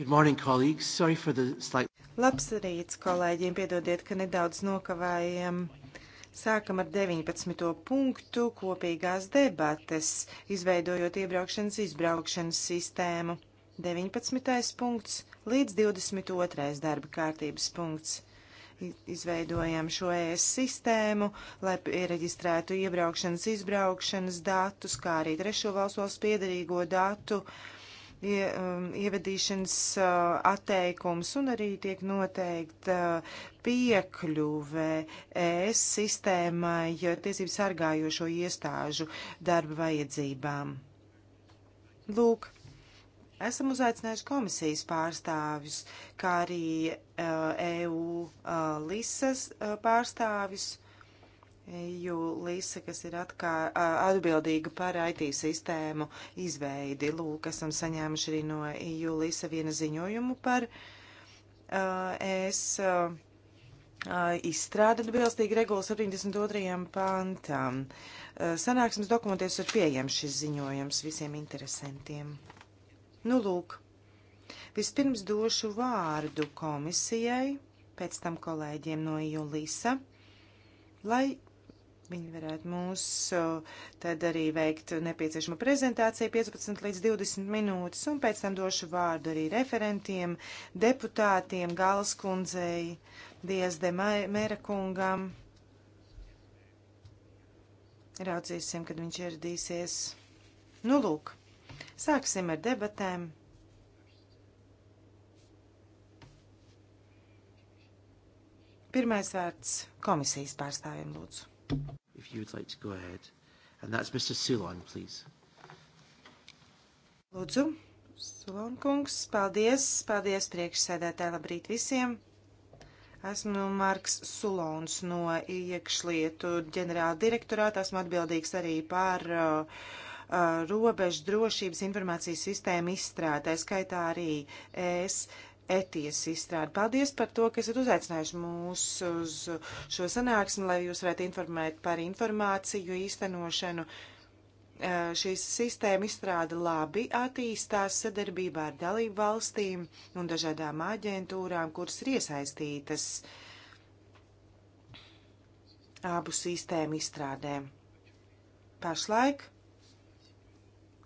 Good morning, colleagues. Sorry for the slight... Labs rīts, kolēģiem. Piedodiet, ka nedaudz nokavējam. Sākam ar 19. punktu kopīgās debates, izveidojot iebraukšanas izbraukšanas sistēmu. 19. punkts līdz 22. darba kārtības punkts izveidojam šo ES sistēmu, lai ieraģistrētu iebraukšanas, izbraukšanas datus, kā arī trešo valstos piedarīgo datu Um, ievedīšanas uh, atteikums un arī tiek noteikta uh, piekļuve uh, ES sistēmai tiesību sargājošo iestāžu darba vajadzībām. Lūk, esam uzaicinājuši komisijas pārstāvjus, kā arī EU lisas pārstāvjus EU Lise, kas ir atkā, atbildīga par IT sistēmu izveidi. Lūk, esam saņēmuši arī no EU Lise viena ziņojumu par uh, es uh, izstrādi atbilstīgi regulu 72. pantam. Uh, sanāksmes dokumentos ir pieejams šis ziņojums visiem interesantiem. Nu, lūk. Vispirms došu vārdu komisijai, pēc tam kolēģiem no Julisa, lai viņi varētu mūs tad arī veikt nepieciešamo prezentāciju 15 līdz 20 minūtes, un pēc tam došu vārdu arī referentiem, deputātiem, Gāles kundzei, Diezde Mēra kungam. Raudzīsim, kad viņš ieradīsies. Nu, lūk, sāksim ar debatēm. Pirmais vārds komisijas pārstāvjiem lūdzu. If you would like to go ahead. And that's Mr. Sulon, please. Lūdzu, Sulon kungs, paldies, paldies priekšsēdētāji, labrīt visiem. Esmu Marks Sulons no iekšlietu ģenerāla direktorāta, esmu atbildīgs arī par uh, uh robežu drošības informācijas sistēmu izstrādē, skaitā arī es. Uh, ETIES izstrādi. Paldies par to, ka esat uzaicinājuši mūs uz šo sanāksmi, lai jūs varētu informēt par informāciju īstenošanu. Eh, šīs sistēma izstrāda labi attīstās sadarbībā ar dalību valstīm un dažādām aģentūrām, kuras ir iesaistītas abu sistēmu izstrādēm. Pašlaik,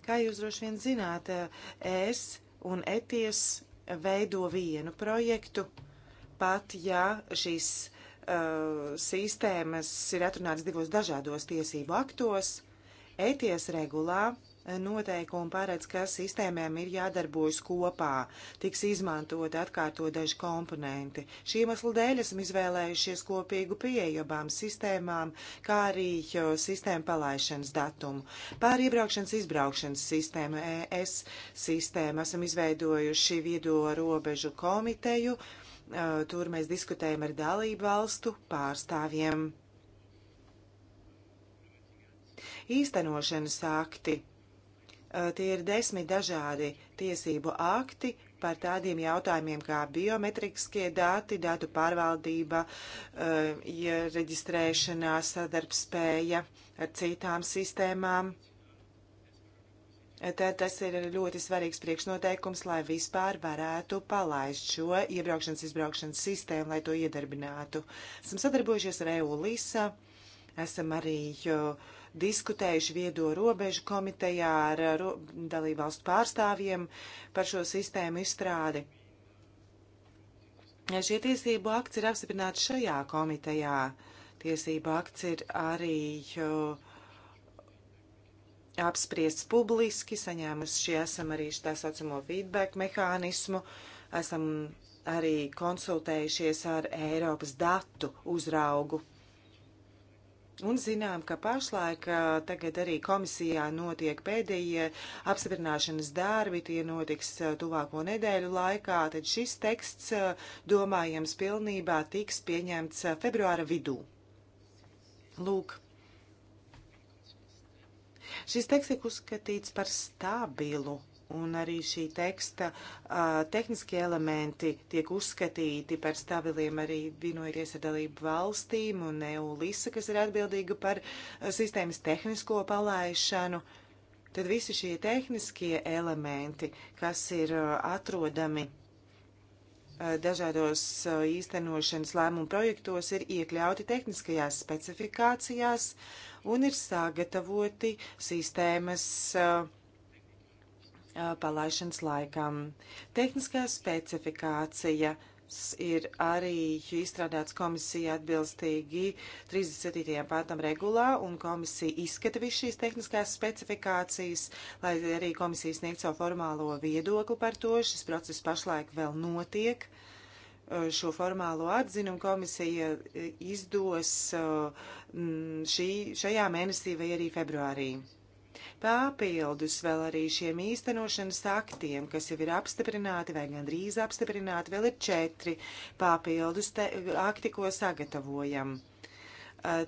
kā jūs droši vien zināt, eh, es un ETIES veido vienu projektu, pat ja šīs uh, sistēmas ir atrunātas divos dažādos tiesību aktos, ETS regulā noteikumi paredz, ka sistēmām ir jādarbojas kopā, tiks izmantot atkārtot daži komponenti. Šī iemesla dēļ esam izvēlējušies kopīgu pieeju abām sistēmām, kā arī sistēmu palaišanas datumu. Pār iebraukšanas izbraukšanas sistēmu ES sistēmu esam izveidojuši viedo robežu komiteju. Tur mēs diskutējam ar dalību valstu pārstāvjiem. Īstenošanas akti Tie ir desmit dažādi tiesību akti par tādiem jautājumiem kā biometriskie dati, datu pārvaldība, reģistrēšanās, sadarbspēja ar citām sistēmām. Tad tas ir ļoti svarīgs priekšnoteikums, lai vispār varētu palaist šo iebraukšanas, izbraukšanas sistēmu, lai to iedarbinātu. Esam sadarbojušies ar EULISA. Uh, Esam arī diskutējuši viedo robežu komitejā ar ro dalībvalstu pārstāvjiem par šo sistēmu izstrādi. Šie tiesību akti ir apstiprināti šajā komitejā. Tiesību akts ir arī apspriests publiski, saņēmuši esam arī tā saucamo feedback mehānismu, esam arī konsultējušies ar Eiropas datu uzraugu Un zinām, ka pašlaik tagad arī komisijā notiek pēdējie apstiprināšanas darbi, tie notiks tuvāko nedēļu laikā, tad šis teksts, domājams, pilnībā tiks pieņemts februāra vidū. Lūk. Šis teksts tiek uzskatīts par stabilu un arī šī teksta uh, tehniskie elementi tiek uzskatīti par stabiliem arī vienojoties ar dalību valstīm un EULISA, kas ir atbildīga par uh, sistēmas tehnisko palaišanu. Tad visi šie tehniskie elementi, kas ir uh, atrodami uh, dažādos uh, īstenošanas lēmumu projektos, ir iekļauti tehniskajās specifikācijās un ir sagatavoti sistēmas uh, palaišanas laikam. Tehniskā specifikācija ir arī izstrādāts komisija atbilstīgi 37. pāntam regulā, un komisija izskata visu šīs tehniskās specifikācijas, lai arī komisija sniegt savu formālo viedokli par to. Šis process pašlaik vēl notiek. Šo formālo atzinumu komisija izdos šī, šajā mēnesī vai arī februārī. Papildus vēl arī šiem īstenošanas aktiem, kas jau ir apstiprināti vai gandrīz apstiprināti, vēl ir četri papildus te, akti, ko sagatavojam.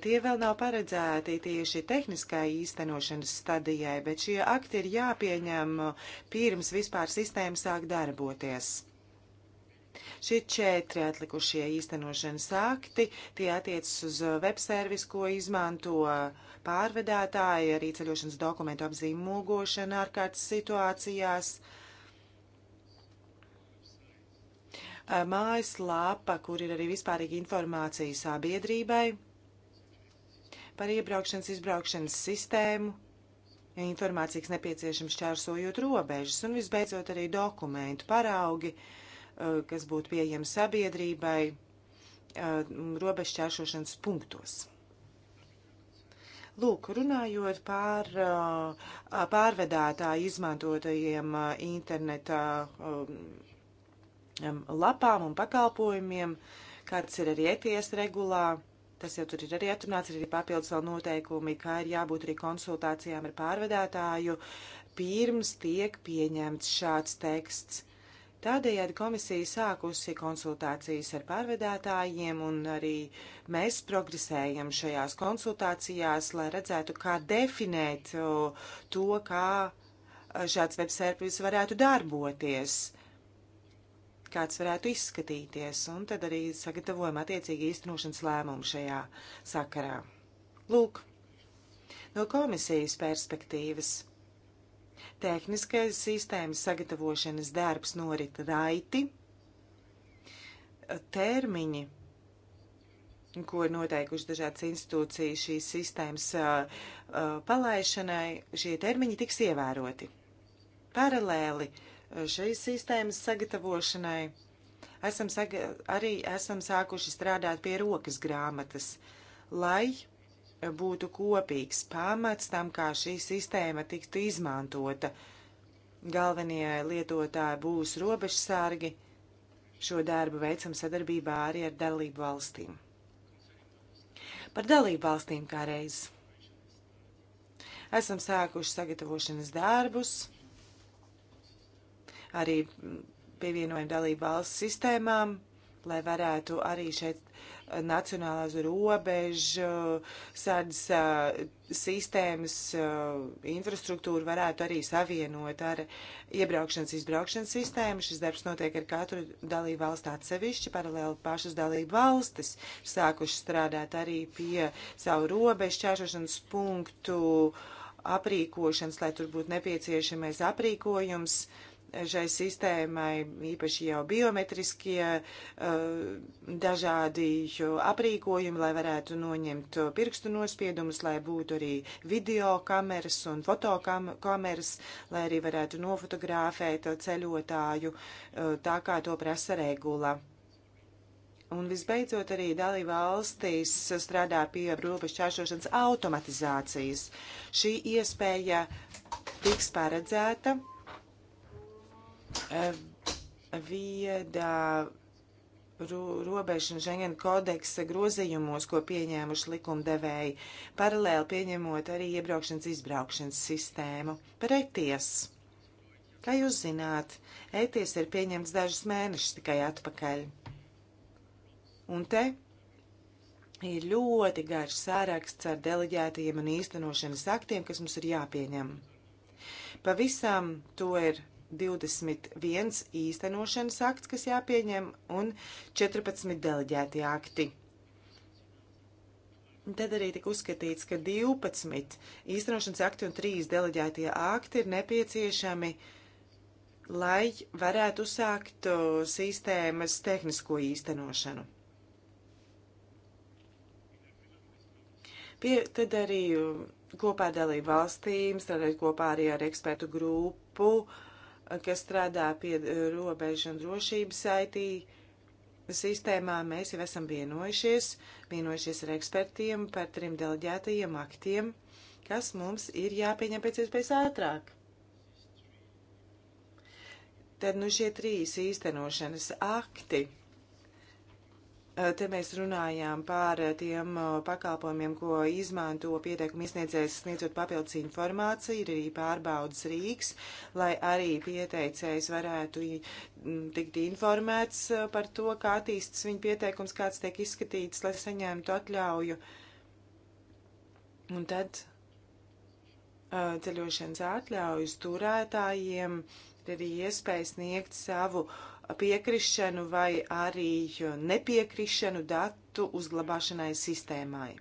Tie vēl nav paredzēti tieši tehniskai īstenošanas stadijai, bet šie akti ir jāpieņem pirms vispār sistēma sāk darboties. Šie četri atlikušie īstenošanas akti, tie attiecas uz uh, web servisu, ko izmanto uh, pārvedētāji, arī ceļošanas dokumentu apzīmogošana ārkārtas situācijās. Uh, Mājaslāpa, kur ir arī vispārīga informācija sabiedrībai par iebraukšanas, izbraukšanas sistēmu, informācijas nepieciešams čārsojot robežas un visbeidzot arī dokumentu paraugi. Uh, Eh, kas būtu pieejams sabiedrībai eh, robežšķēršošanas punktos. Lūk, runājot par eh, pārvedātāju izmantotajiem interneta mm, lapām un pakalpojumiem, kāds ir arī ETS regulā, tas jau tur ir arī atrunāts, ir arī papildus vēl noteikumi, kā ir jābūt arī konsultācijām ar pārvedātāju, pirms tiek pieņemts šāds teksts. Tādējādi komisija sākusi konsultācijas ar pārvedētājiem, un arī mēs progresējam šajās konsultācijās, lai redzētu, kā definēt to, kā šāds web servis varētu darboties, kāds varētu izskatīties, un tad arī sagatavojam attiecīgi īstenošanas lēmumu šajā sakarā. Lūk, no komisijas perspektīvas Tehniskais sistēmas sagatavošanas darbs norit raiti. Termiņi, ko ir noteikuši dažādas institūcijas šīs sistēmas palaišanai, šie termiņi tiks ievēroti. Paralēli šīs sistēmas sagatavošanai esam saga arī esam sākuši strādāt pie rokas grāmatas, lai būtu kopīgs pamats tam, kā šī sistēma tiktu izmantota. Galvenie lietotāji būs robežsārgi. Šo darbu veicam sadarbībā arī ar dalību valstīm. Par dalību valstīm kā reiz. Esam sākuši sagatavošanas darbus. Arī mm, pievienojam dalību valsts sistēmām, lai varētu arī šeit nacionālās robežu sardzes sistēmas e, infrastruktūru varētu arī savienot ar iebraukšanas izbraukšanas sistēmu. Šis darbs notiek ar katru dalību valstu atsevišķi, paralēli pašas dalību valstis sākuši strādāt arī pie savu robežu čēršošanas punktu aprīkošanas, lai tur būtu nepieciešamais aprīkojums. Uh, šai sistēmai, īpaši jau biometriskie eh, dažādi aprīkojumi, lai varētu noņemt pirkstu nospiedumus, lai būtu arī video kameras un fotokameras, lai arī varētu nofotografēt ceļotāju eh, tā, kā to prasa regula. Un visbeidzot, arī dalība valstīs strādā pie robežu čāršošanas automatizācijas. Šī iespēja tiks paredzēta vieda robežu un Schengen kodeksa grozījumos, ko pieņēmuši likumdevēji, paralēli pieņemot arī iebraukšanas izbraukšanas sistēmu. Par ETIES. Kā jūs zināt, ETIES ir pieņemts dažus mēnešus tikai atpakaļ. Un te ir ļoti garš sāraksts ar deleģētajiem un īstenošanas aktiem, kas mums ir jāpieņem. Pavisam to ir 21 īstenošanas akts, kas jāpieņem, un 14 deleģēti akti. Tad arī tika uzskatīts, ka 12 īstenošanas akti un 3 deleģētie akti ir nepieciešami, lai varētu uzsākt sistēmas tehnisko īstenošanu. Pie, tad arī kopā dalību valstīm, strādājot kopā arī ar ekspertu grupu, uh, kas strādā pie robežu un drošības saitī sistēmā, mēs jau esam vienojušies, vienojušies ar ekspertiem par trim deleģētajiem aktiem, kas mums ir jāpieņem pēc iespējas ātrāk. Tad nu šie trīs īstenošanas akti Eh, te mēs runājām par eh, tiem eh, pakalpojumiem, ko izmanto pieteikuma izniedzējs sniedzot papildus informāciju, ir arī pārbaudas rīks, lai arī pieteicējs varētu tikt informēts par to, kā attīstas viņa pieteikums, kāds tiek izskatīts, lai saņemtu atļauju. Un tad ceļošanas atļaujas turētājiem ir arī iespēja sniegt savu uh, piekrišanu vai arī nepiekrišanu datu uzglabāšanai sistēmai.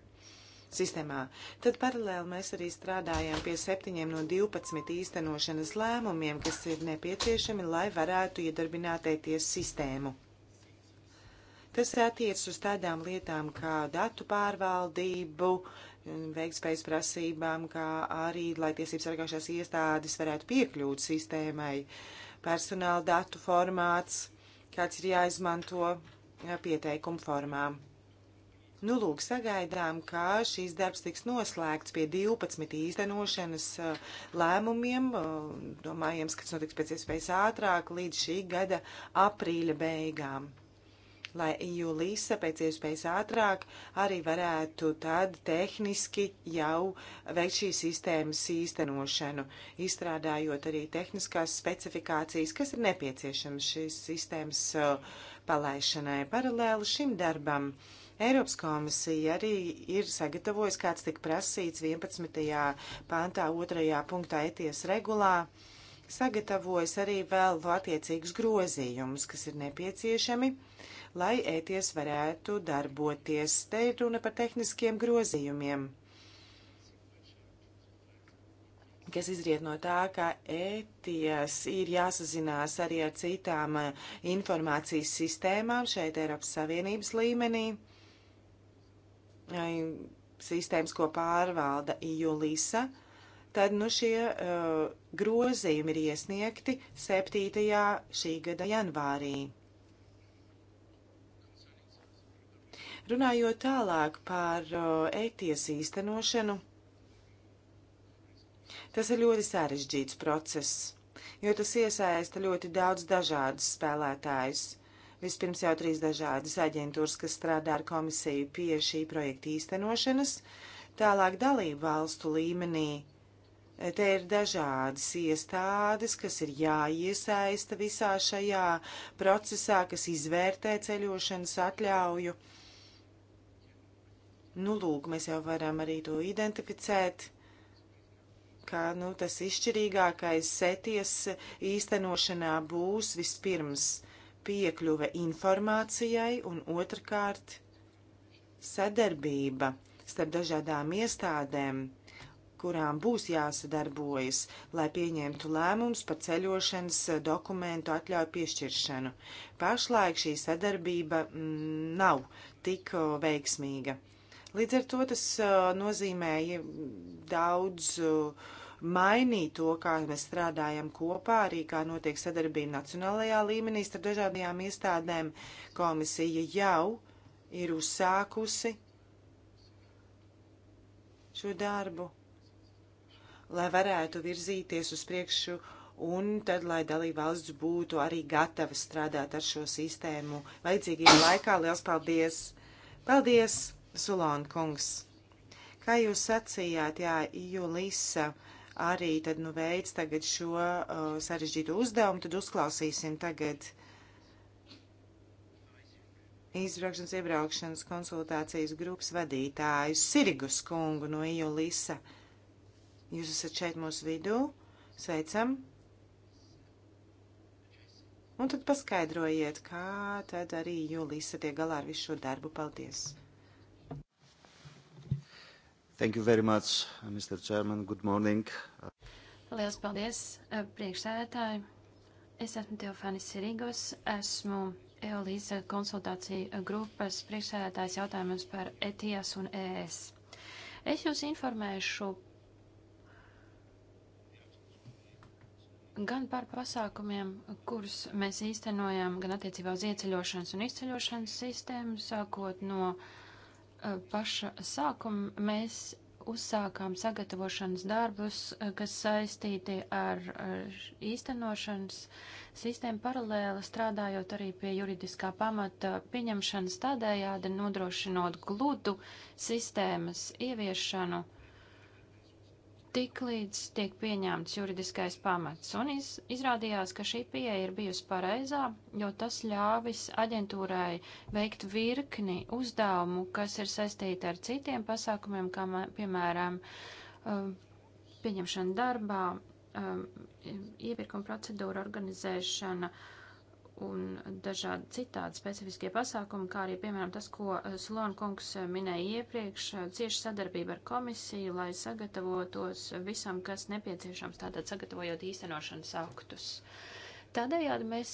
Sistēmā. Tad paralēli mēs arī strādājām pie septiņiem no 12 īstenošanas lēmumiem, kas ir nepieciešami, lai varētu iedarbināt ETS sistēmu. Tas attiec uz tādām lietām kā datu pārvaldību, veiktspējas prasībām, kā arī, lai tiesības sargājušās iestādes varētu piekļūt sistēmai. Uh, personāla datu formāts, kāds ir jāizmanto pieteikumu formā. Nu, lūk, sagaidām, ka šīs darbs tiks noslēgts pie 12 īstenošanas lēmumiem. Domājams, ka tas notiks pēc iespējas ātrāk līdz šī gada aprīļa beigām lai EU līsa pēc iespējas ātrāk arī varētu tad tehniski jau veikt šīs sistēmas īstenošanu, izstrādājot arī tehniskās specifikācijas, kas ir nepieciešams šīs sistēmas uh, palaišanai paralēli šim darbam. Eiropas komisija arī ir sagatavojusi, kāds tika prasīts 11. pāntā 2. punktā ETS regulā, sagatavojas arī vēl attiecīgus grozījumus, kas ir nepieciešami, lai ēties e varētu darboties. Te ir runa par tehniskiem grozījumiem, kas izriet no tā, ka ēties e ir jāsazinās arī ar citām eh, informācijas sistēmām šeit Eiropas Savienības līmenī. Sistēmas, ko pārvalda Julisa tad nu, šie uh, grozījumi ir iesniegti 7. šī gada janvārī. Runājot tālāk par ēties īstenošanu, tas ir ļoti sarežģīts process, jo tas iesaista ļoti daudz dažādus spēlētājus. Vispirms jau trīs dažādas aģentūras, kas strādā ar komisiju pie šī projekta īstenošanas, tālāk dalību valstu līmenī e, Te ir dažādas iestādes, kas ir jāiesaista visā šajā procesā, kas izvērtē ceļošanas atļauju. Nu, lūk, mēs jau varam arī to identificēt, kā nu, tas izšķirīgākais seties īstenošanā būs vispirms piekļuve informācijai un otrkārt sadarbība starp dažādām iestādēm, kurām būs jāsadarbojas, lai pieņemtu lēmums par ceļošanas dokumentu atļauju piešķiršanu. Pašlaik šī sadarbība mm, nav tik veiksmīga. Līdz ar to tas nozīmēja daudz mainīt to, kā mēs strādājam kopā, arī kā notiek sadarbība nacionālajā līmenī starp dažādajām iestādēm. Komisija jau ir uzsākusi šo darbu, lai varētu virzīties uz priekšu un tad, lai dalībvalsts būtu arī gatava strādāt ar šo sistēmu vajadzīgajā laikā. Liels paldies! Paldies! Sulāna kungs. Kā jūs sacījāt, jā, jo Lisa arī tad nu veids tagad šo uh, sarežģītu uzdevumu, tad uzklausīsim tagad izbraukšanas iebraukšanas konsultācijas grupas vadītāju Sirigus kungu no Ijo Lisa. Jūs esat šeit mūsu vidū. Sveicam! Un tad paskaidrojiet, kā tad arī Julisa tiek galā ar visu šo darbu. Paldies! Thank you very much, uh, Mr. Chairman. Good morning. Uh, Liels paldies, uh, priekšsēdētāji. Es esmu Teofanis Sirigos, esmu EOLISA konsultācija grupas priekšsēdētājs jautājumos par ETIAS un ES. Es jūs informēšu gan par pasākumiem, kurus mēs īstenojam, gan attiecībā uz ieceļošanas un izceļošanas sistēmu, sākot no uh, paša sākuma mēs uzsākām sagatavošanas darbus, kas saistīti ar īstenošanas sistēmu paralēli, strādājot arī pie juridiskā pamata pieņemšanas tādējādi nodrošinot gludu sistēmas ieviešanu tik līdz tiek pieņemts juridiskais pamats, un iz, izrādījās, ka šī pieeja ir bijusi pareizā, jo tas ļāvis aģentūrai veikt virkni uzdevumu, kas ir saistīti ar citiem pasākumiem, kā piemēram um, pieņemšana darbā, um, iepirkuma procedūra organizēšana, uh, un dažādi citādi specifiskie pasākumi, kā arī, piemēram, tas, ko eh, Slona kungs eh, minēja iepriekš, eh, cieši sadarbība ar komisiju, lai sagatavotos visam, kas nepieciešams, tātad sagatavojot īstenošanas aktus. Tādējādi mēs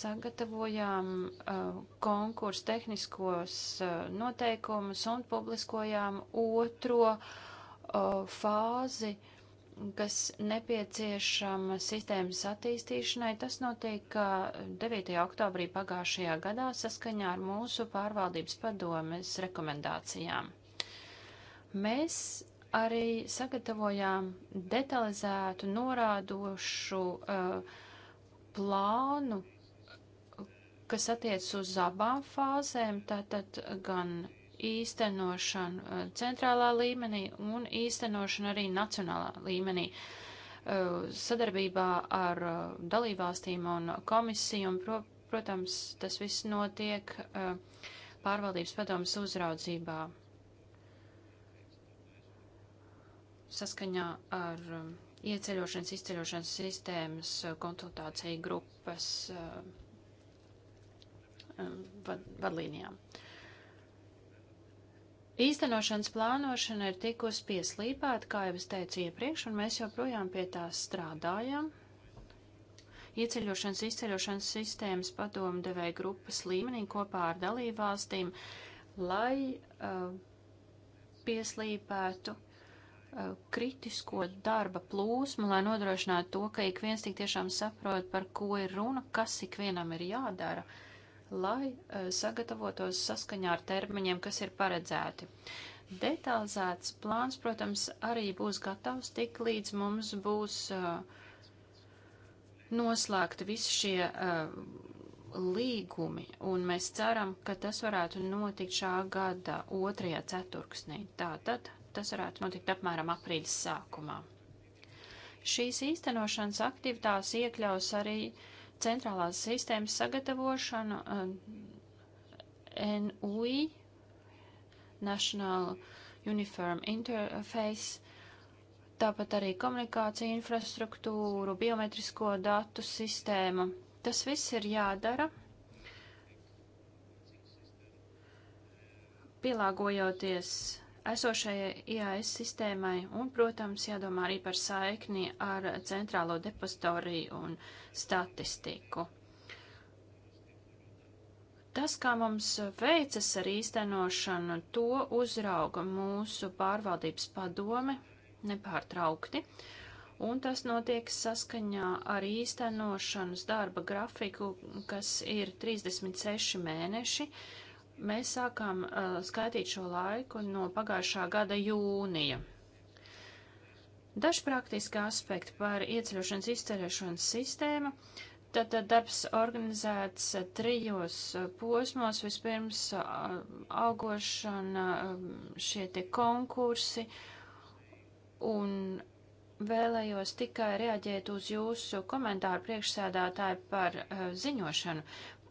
sagatavojām uh, konkursu tehniskos uh, noteikumus un publiskojām otro uh, fāzi uh, kas nepieciešama sistēmas attīstīšanai, tas notiek 9. oktobrī pagājušajā gadā saskaņā ar mūsu pārvaldības padomes rekomendācijām. Mēs arī sagatavojām detalizētu norādošu uh, plānu, kas attiec uz abām fāzēm, tātad gan īstenošanu eh, centrālā līmenī un īstenošanu arī nacionālā līmenī eh, sadarbībā ar eh, dalībvalstīm un komisiju, un, pro, protams, tas viss notiek pārvaldības padomas uzraudzībā saskaņā ar ieceļošanas, izceļošanas sistēmas konsultāciju grupas vadlīnijām. Uh, Īstenošanas plānošana ir tikusi pieslīpēta, kā jau es teicu iepriekš, un mēs joprojām pie tās strādājam. Ieceļošanas, izceļošanas sistēmas padomdevēja grupas līmenī kopā ar dalībvalstīm, lai uh, pieslīpētu uh, kritisko darba plūsmu, lai nodrošinātu to, ka ik viens tik tiešām saprot, par ko ir runa, kas ik vienam ir jādara. Uh, lai e, sagatavotos saskaņā ar termiņiem, kas ir paredzēti. Detalizēts plāns, protams, arī būs gatavs tik līdz mums būs e, noslēgti visi šie e, līgumi, un mēs ceram, ka tas varētu notikt šā gada otrajā ceturksnī. Tātad tas varētu notikt apmēram aprīļa sākumā. Šīs īstenošanas aktivitātes iekļaus arī uh, centrālās sistēmas sagatavošanu eh, NUI, National Uniform Interface, tāpat arī komunikāciju infrastruktūru, biometrisko datu sistēmu. Tas viss ir jādara, pielāgojoties esošajai IAS sistēmai un, protams, jādomā arī par saikni ar centrālo depozitoriju un statistiku. Tas, kā mums veicas ar īstenošanu, to uzrauga mūsu pārvaldības padome nepārtraukti, un tas notiek saskaņā ar īstenošanas darba grafiku, kas ir 36 mēneši, uh, Mēs sākām uh, skaitīt šo laiku no pagājušā gada jūnija. Daži praktiski aspekti par ieceļošanas izcerēšanas sistēmu. Tad darbs organizēts trijos uh, posmos. Vispirms uh, augošana, um, šie tie konkursi un Vēlējos tikai reaģēt uz jūsu komentāru priekšsēdātāju par uh, ziņošanu.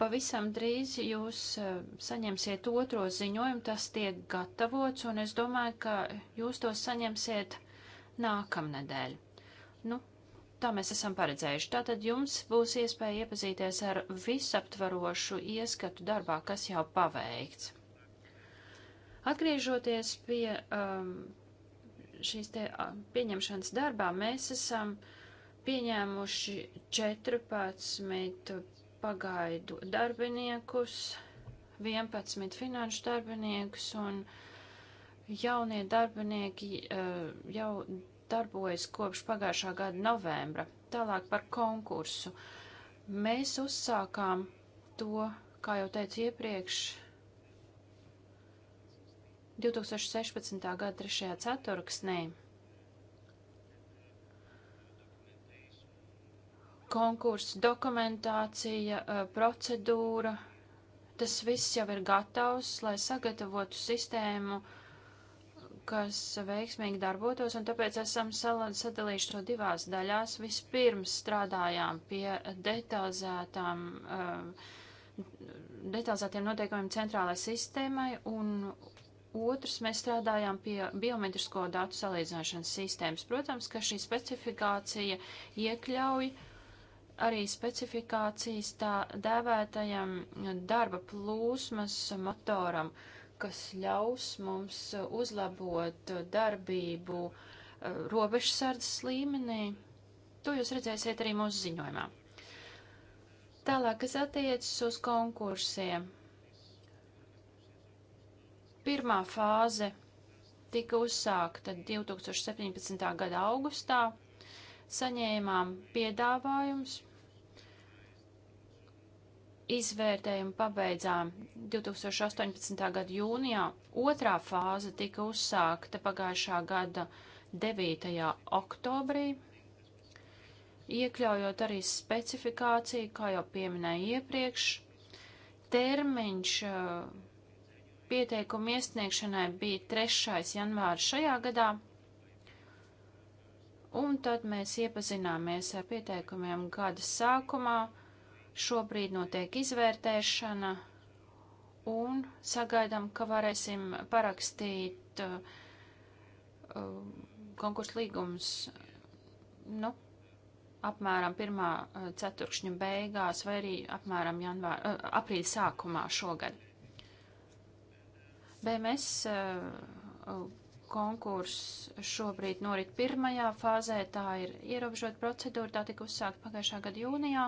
Pavisam drīz jūs uh, saņemsiet otro ziņojumu, tas tiek gatavots, un es domāju, ka jūs to saņemsiet nākamnedēļ. Nu, tā mēs esam paredzējuši. Tātad jums būs iespēja iepazīties ar visaptvarošu ieskatu darbā, kas jau paveikts. Atgriežoties pie um, šīs te pieņemšanas darbā mēs esam pieņēmuši 14 pagaidu darbiniekus, 11 finanšu darbiniekus un jaunie darbinieki jau darbojas kopš pagājušā gada novembra. Tālāk par konkursu. Mēs uzsākām to, kā jau teicu iepriekš, 2016. gada 3. ceturksnī konkursu dokumentācija, eh, procedūra, tas viss jau ir gatavs, lai sagatavotu sistēmu, kas veiksmīgi darbotos, un tāpēc esam sadalījuši to divās daļās. Vispirms strādājām pie detalizētām, eh, detalizētiem noteikumiem centrālai sistēmai, un Otrs, mēs strādājām pie biometrisko datu salīdzināšanas sistēmas. Protams, ka šī specifikācija iekļauj arī specifikācijas tā dēvētajam darba plūsmas motoram, kas ļaus mums uzlabot darbību eh, robežsardzes līmenī. To jūs redzēsiet arī mūsu ziņojumā. Tālāk, kas attiecas uz konkursiem. Pirmā fāze tika uzsākta 2017. gada augustā. Saņēmām piedāvājumus, izvērtējumu pabeidzām 2018. gada jūnijā. Otrā fāze tika uzsākta pagājušā gada 9. oktobrī, iekļaujot arī specifikāciju, kā jau pieminēju iepriekš. Termiņš uh, Pieteikumu iesniegšanai bija 3. janvārs šajā gadā, un tad mēs iepazināmies ar pieteikumiem gada sākumā. Šobrīd notiek izvērtēšana, un sagaidām, ka varēsim parakstīt uh, konkursu līgums, nu, apmēram pirmā uh, ceturkšņa beigās vai arī apmēram janvāra, uh, aprīļa sākumā šogad. BMS eh, konkurss šobrīd norit pirmajā fāzē, tā ir ierobežot procedūra, tā tika uzsākt pagājušā gada jūnijā.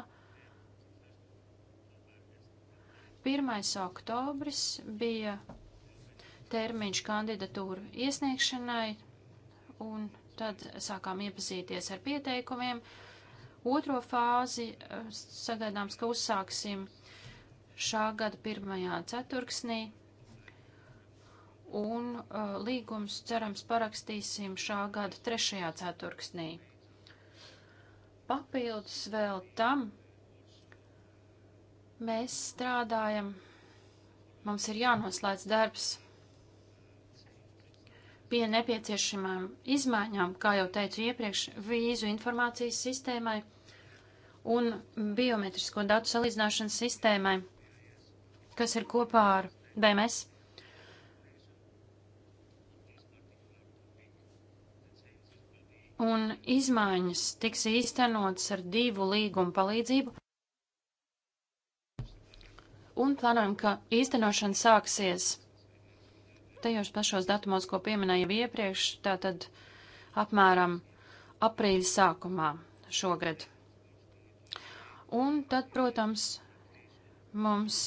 1. oktobris bija termiņš kandidatūru iesniegšanai, un tad sākām iepazīties ar pieteikumiem. Otro fāzi eh, sagaidāms, ka uzsāksim šā gada pirmajā ceturksnī un uh, līgums cerams parakstīsim šā gada trešajā ceturksnī. Papildus vēl tam mēs strādājam, mums ir jānoslēdz darbs pie nepieciešamām izmaiņām, kā jau teicu iepriekš, vīzu informācijas sistēmai un biometrisko datu salīdzināšanas sistēmai, kas ir kopā ar BMS. un izmaiņas tiks īstenotas ar divu līgumu palīdzību. Un plānojam, ka īstenošana sāksies tajos pašos datumos, ko pieminēju iepriekš, tātad apmēram aprīļa sākumā šogad. Un tad, protams, mums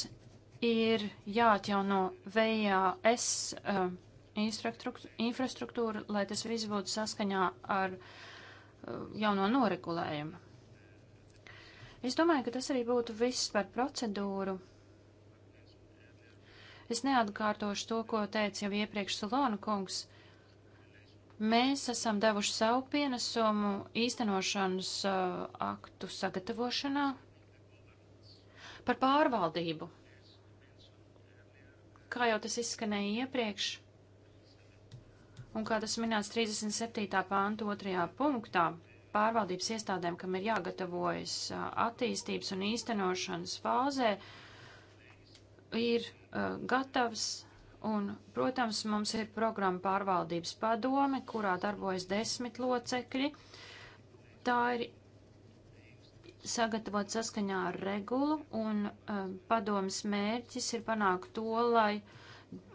ir jāatjauno VAS. Uh, um, infrastruktūru, lai tas viss būtu saskaņā ar uh, jauno noregulējumu. Es domāju, ka tas arī būtu viss par procedūru. Es neatkārtošu to, ko teica jau iepriekš Solona kungs. Mēs esam devuši savu pienesumu īstenošanas uh, aktu sagatavošanā par pārvaldību. Kā jau tas izskanēja iepriekš, Un kā tas minēts 37. pānta otrajā punktā, pārvaldības iestādēm, kam ir jāgatavojas attīstības un īstenošanas fāzē, ir uh, gatavs Un, protams, mums ir programma pārvaldības padome, kurā darbojas desmit locekļi. Tā ir sagatavot saskaņā ar regulu, un um, padomas mērķis ir panākt to, lai uh,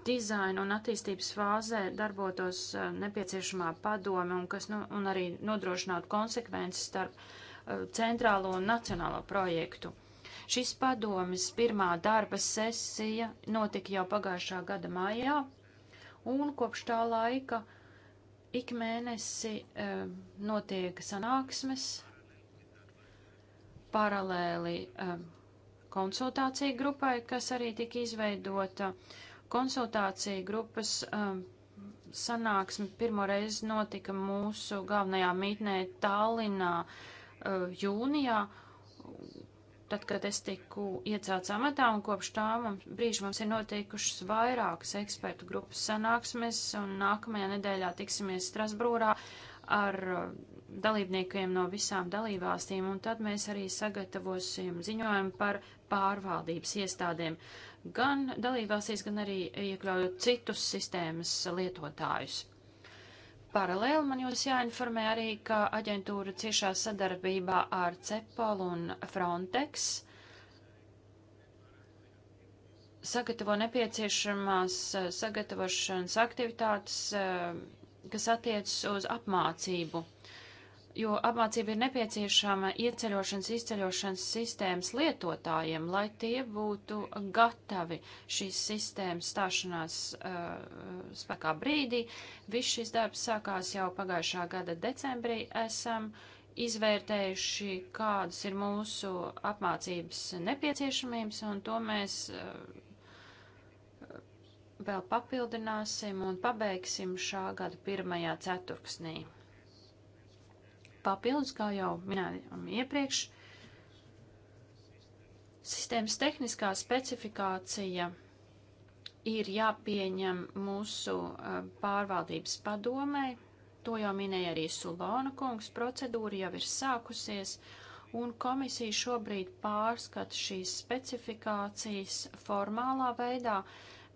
dizaina un attīstības fāzē darbotos eh, nepieciešamā padome un, kas, nu, un arī nodrošinātu konsekvences starp eh, centrālo un nacionālo projektu. Šis padomis pirmā darba sesija notika jau pagājušā gada maijā, un kopš tā laika ik mēnesi e, notiek sanāksmes, paralēli e, konsultācija grupai, kas arī tika izveidota. E, Konsultācija grupas um, sanāksme pirmo reizi notika mūsu galvenajā mītnē Tallinā uh, jūnijā, tad, kad es tiku iecelts amatā, un kopš tā mums, brīža mums ir notikušas vairākas ekspertu grupas sanāksmes, un nākamajā nedēļā tiksimies Strasbūrā ar um, dalībniekiem no visām dalībvalstīm, un tad mēs arī sagatavosim ziņojumu par pārvaldības iestādēm, gan dalībvalstīs, gan arī iekļaujot citus sistēmas lietotājus. Paralēli man jūs jāinformē arī, ka aģentūra ciešā sadarbībā ar CEPOL un Frontex sagatavo nepieciešamās uh, sagatavošanas aktivitātes uh, kas attiecas uz apmācību, jo apmācība ir nepieciešama ieceļošanas, izceļošanas sistēmas lietotājiem, lai tie būtu gatavi šīs sistēmas stāšanās uh, spēkā brīdī. Viss šis darbs sākās jau pagājušā gada decembrī. Esam izvērtējuši, kādas ir mūsu apmācības nepieciešamības, un to mēs uh, vēl papildināsim un pabeigsim šā gada pirmajā ceturksnī. Papildus, kā jau minējām iepriekš, sistēmas tehniskā specifikācija ir jāpieņem mūsu eh, pārvaldības padomē. To jau minēja arī Sulona kungs, procedūra jau ir sākusies, un komisija šobrīd pārskata šīs specifikācijas formālā veidā,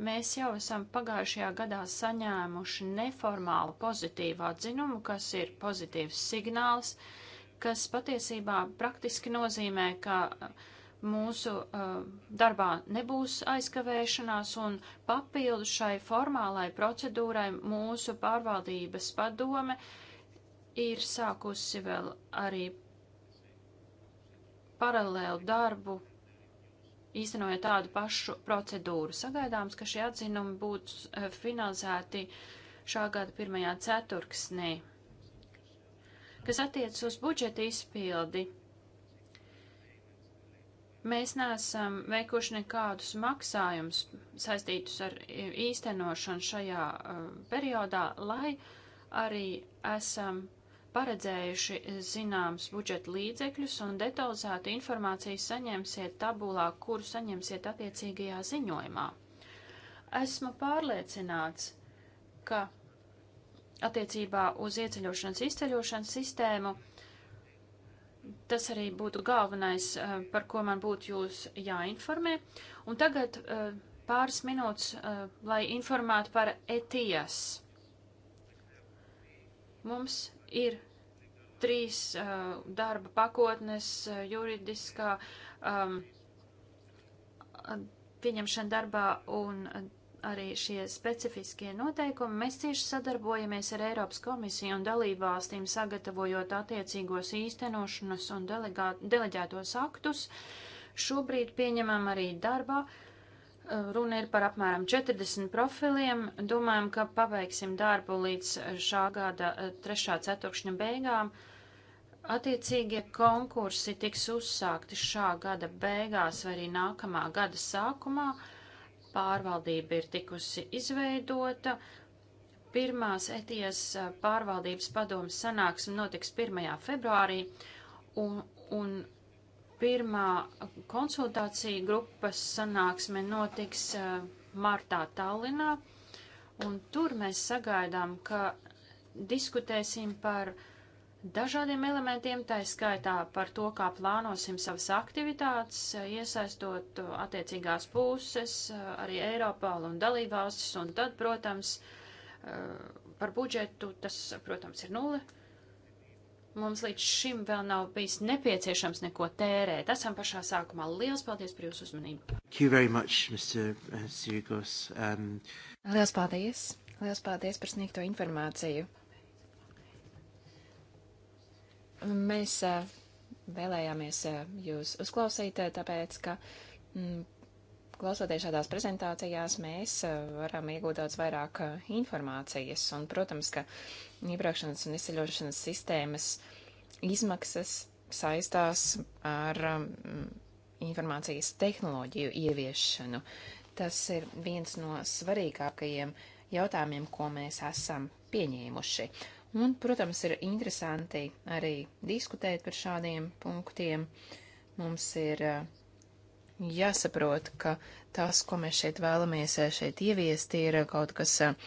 Mēs jau esam pagājušajā gadā saņēmuši neformālu pozitīvu atzinumu, kas ir pozitīvs signāls, kas patiesībā praktiski nozīmē, ka uh, mūsu uh, darbā nebūs aizkavēšanās un papildu šai formālai procedūrai mūsu pārvaldības padome ir sākusi vēl arī paralēlu darbu īstenojot tādu pašu procedūru. Sagaidāms, ka šie atzinumi būs eh, finalizēti šā gada pirmajā ceturksnī. Kas attiecas uz budžeta izpildi, mēs neesam veikuši nekādus maksājumus saistītus ar e, īstenošanu šajā uh, periodā, lai arī esam uh, paredzējuši zināms budžeta līdzekļus un detalizētu informāciju saņemsiet tabulā, kuru saņemsiet attiecīgajā ziņojumā. Esmu pārliecināts, ka attiecībā uz ieceļošanas izceļošanas sistēmu tas arī būtu galvenais, eh, par ko man būtu jūs jāinformē. Un tagad eh, pāris minūtes, eh, lai informētu par ETIAS. Mums Ir trīs uh, darba pakotnes, uh, juridiskā um, pieņemšana darbā un uh, arī šie specifiskie noteikumi. Mēs cieši sadarbojamies ar Eiropas komisiju un dalībvalstīm, sagatavojot attiecīgos īstenošanas un delegā, deleģētos aktus. Šobrīd pieņemam arī darbā uh, Runa ir par apmēram 40 profiliem. Domājam, ka pabeigsim darbu līdz šā gada 3. Eh, ceturkšņa beigām. Attiecīgie konkursi tiks uzsākti šā gada beigās vai arī nākamā gada sākumā. Pārvaldība ir tikusi izveidota. Pirmās etijas eh, pārvaldības padomas sanāksme notiks 1. februārī, un, un Pirmā konsultācija grupas sanāksme notiks eh, martā Tallinā, un tur mēs sagaidām, ka diskutēsim par dažādiem elementiem, tā skaitā par to, kā plānosim savas aktivitātes, eh, iesaistot eh, attiecīgās puses, arī Eiropālu un dalībvalstis, un tad, protams, par budžetu tas, protams, ir nulle Mums līdz šim vēl nav bijis nepieciešams neko tērēt. Esam pašā sākumā. Lielas paldies par jūsu uzmanību. Much, Mr. Uh, Sirigos. Um... Lielas paldies. Lielas paldies par sniegto informāciju. Mēs uh, vēlējāmies uh, jūs uzklausīt, tāpēc, ka mm, Klausoties šādās prezentācijās, mēs eh, varam iegūt daudz vairāk eh, informācijas, un, protams, ka iebraukšanas un izceļošanas sistēmas izmaksas saistās ar um, informācijas tehnoloģiju ieviešanu. Tas ir viens no svarīgākajiem jautājumiem, ko mēs esam pieņēmuši. Un, protams, ir interesanti arī diskutēt par šādiem punktiem. Mums ir uh, jāsaprot, ka tas, ko mēs šeit vēlamies eh, šeit ieviest, ir kaut kas eh,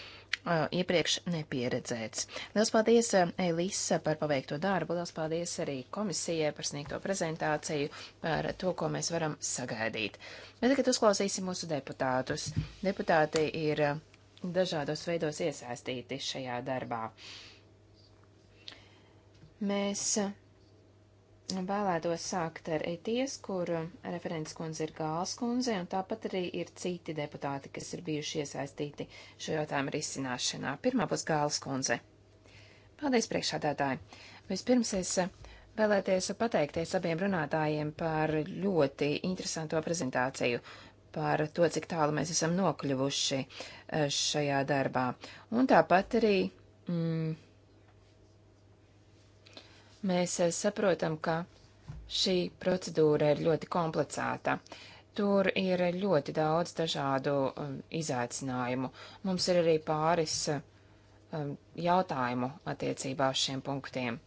iepriekš nepieredzēts. Lielas paldies eh, Elisa par paveikto darbu, lielas paldies arī komisijai par sniegto prezentāciju, par to, ko mēs varam sagaidīt. Bet tagad uzklausīsim mūsu deputātus. Deputāti ir dažādos veidos iesaistīti šajā darbā. Mēs vēlētos sākt ar ETIES, kur referents kundze ir Gāls kundze, un tāpat arī ir citi deputāti, kas ir bijuši iesaistīti šo jautājumu risināšanā. Pirmā būs Gāls kundze. Paldies priekšādātāji! Vispirms es vēlēties pateikties abiem runātājiem par ļoti interesanto prezentāciju par to, cik tālu mēs esam nokļuvuši eh, šajā darbā. Un tāpat arī mm, Mēs eh, saprotam, ka šī procedūra ir ļoti komplicēta. Tur ir ļoti daudz dažādu um, izaicinājumu. Mums ir arī pāris um, jautājumu attiecībā uz šiem punktiem.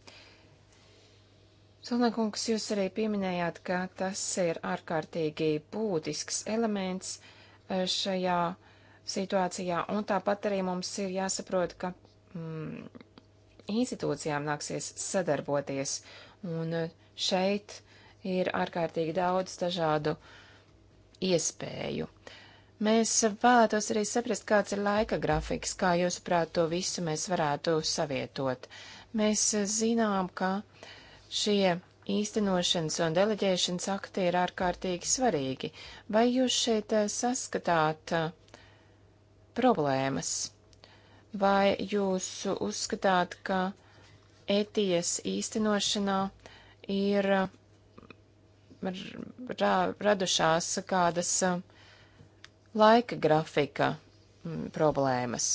Solnekungs, jūs arī pieminējāt, ka tas ir ārkārtīgi būtisks elements eh, šajā situācijā, un tāpat arī mums ir jāsaprot, ka mm, institūcijām nāksies sadarboties, un šeit ir ārkārtīgi daudz dažādu iespēju. Mēs vēlētos arī saprast, kāds ir laika grafiks, kā jūsuprāt to visu mēs varētu savietot. Mēs zinām, ka šie īstenošanas un deleģēšanas akti ir ārkārtīgi svarīgi. Vai jūs šeit eh, saskatāt eh, problēmas? Vai jūs uzskatāt, ka etijas īstenošanā ir ra radušās kādas uh, laika grafika mm, problēmas?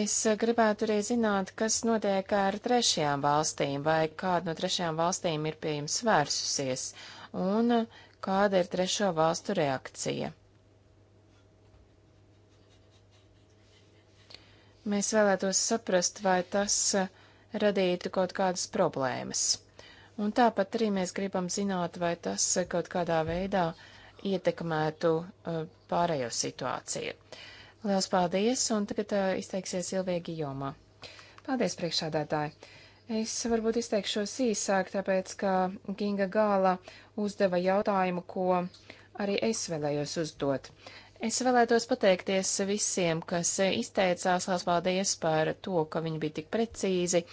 Es uh, gribētu arī zināt, kas notiek ar trešajām valstīm, vai kāda no trešajām valstīm ir pie jums vērsusies, un uh, kāda ir trešo valstu reakcija. Mēs vēlētos saprast, vai tas radītu kaut kādas problēmas. Un tāpat arī mēs gribam zināt, vai tas kaut kādā veidā ietekmētu uh, pārējo situāciju. Lielas paldies, un tagad uh, izteiksies Ilvija Gijoma. Paldies, priekšādātāji! Es varbūt izteikšos īsāk, tāpēc, ka Ginga Gāla uzdeva jautājumu, ko arī es vēlējos uzdot. Es vēlētos pateikties visiem, kas izteicās, lās paldies par to, ka viņi bija tik precīzi,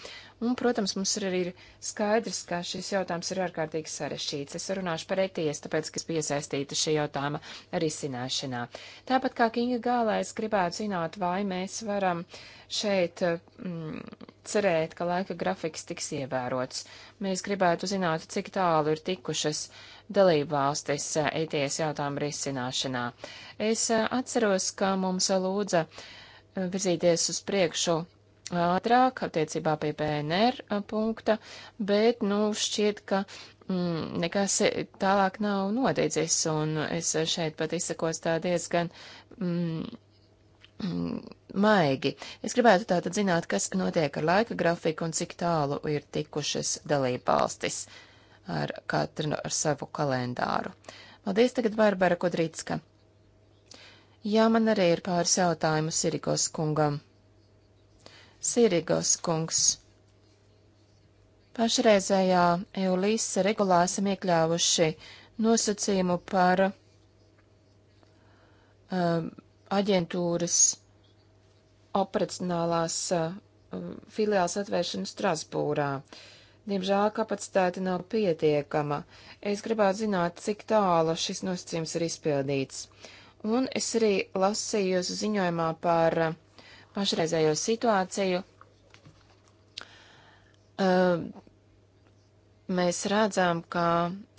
Un, protams, mums ir arī ir skaidrs, ka šis jautājums ir ārkārtīgi sarežģīts. Es runāšu par ETS, tāpēc, ka es biju iesaistīta šī jautājuma risināšanā. Tāpat kā Kinga Gālē, es gribētu zināt, vai mēs varam šeit mm, cerēt, ka laika grafiks tiks ievērots. Mēs gribētu zināt, cik tālu ir tikušas dalībvalstis ETS eh, e jautājumu risināšanā. Es eh, atceros, ka mums lūdza eh, virzīties uz priekšu ātrāk attiecībā pie PNR punkta, bet, nu, šķiet, ka mm, nekas tālāk nav noticis, un es šeit pat izsakos tā diezgan mm, mm, maigi. Es gribētu tātad zināt, kas notiek ar laika grafiku un cik tālu ir tikušas dalībvalstis ar katru ar savu kalendāru. Paldies tagad Barbara Kodrītska. Jā, man arī ir pāris jautājumu Sirikos kungam. Sīrigos kungs. Pašreizējā EULIS regulā esam iekļāvuši nosacījumu par um, aģentūras operacionālās uh, filiāls atvēršanu Strasbūrā. Diemžēl kapacitāte nav pietiekama. Es gribētu zināt, cik tālu šis nosacījums ir izpildīts. Un es arī lasīju ziņojumā par uh, pašreizējo situāciju, uh, mēs redzam, ka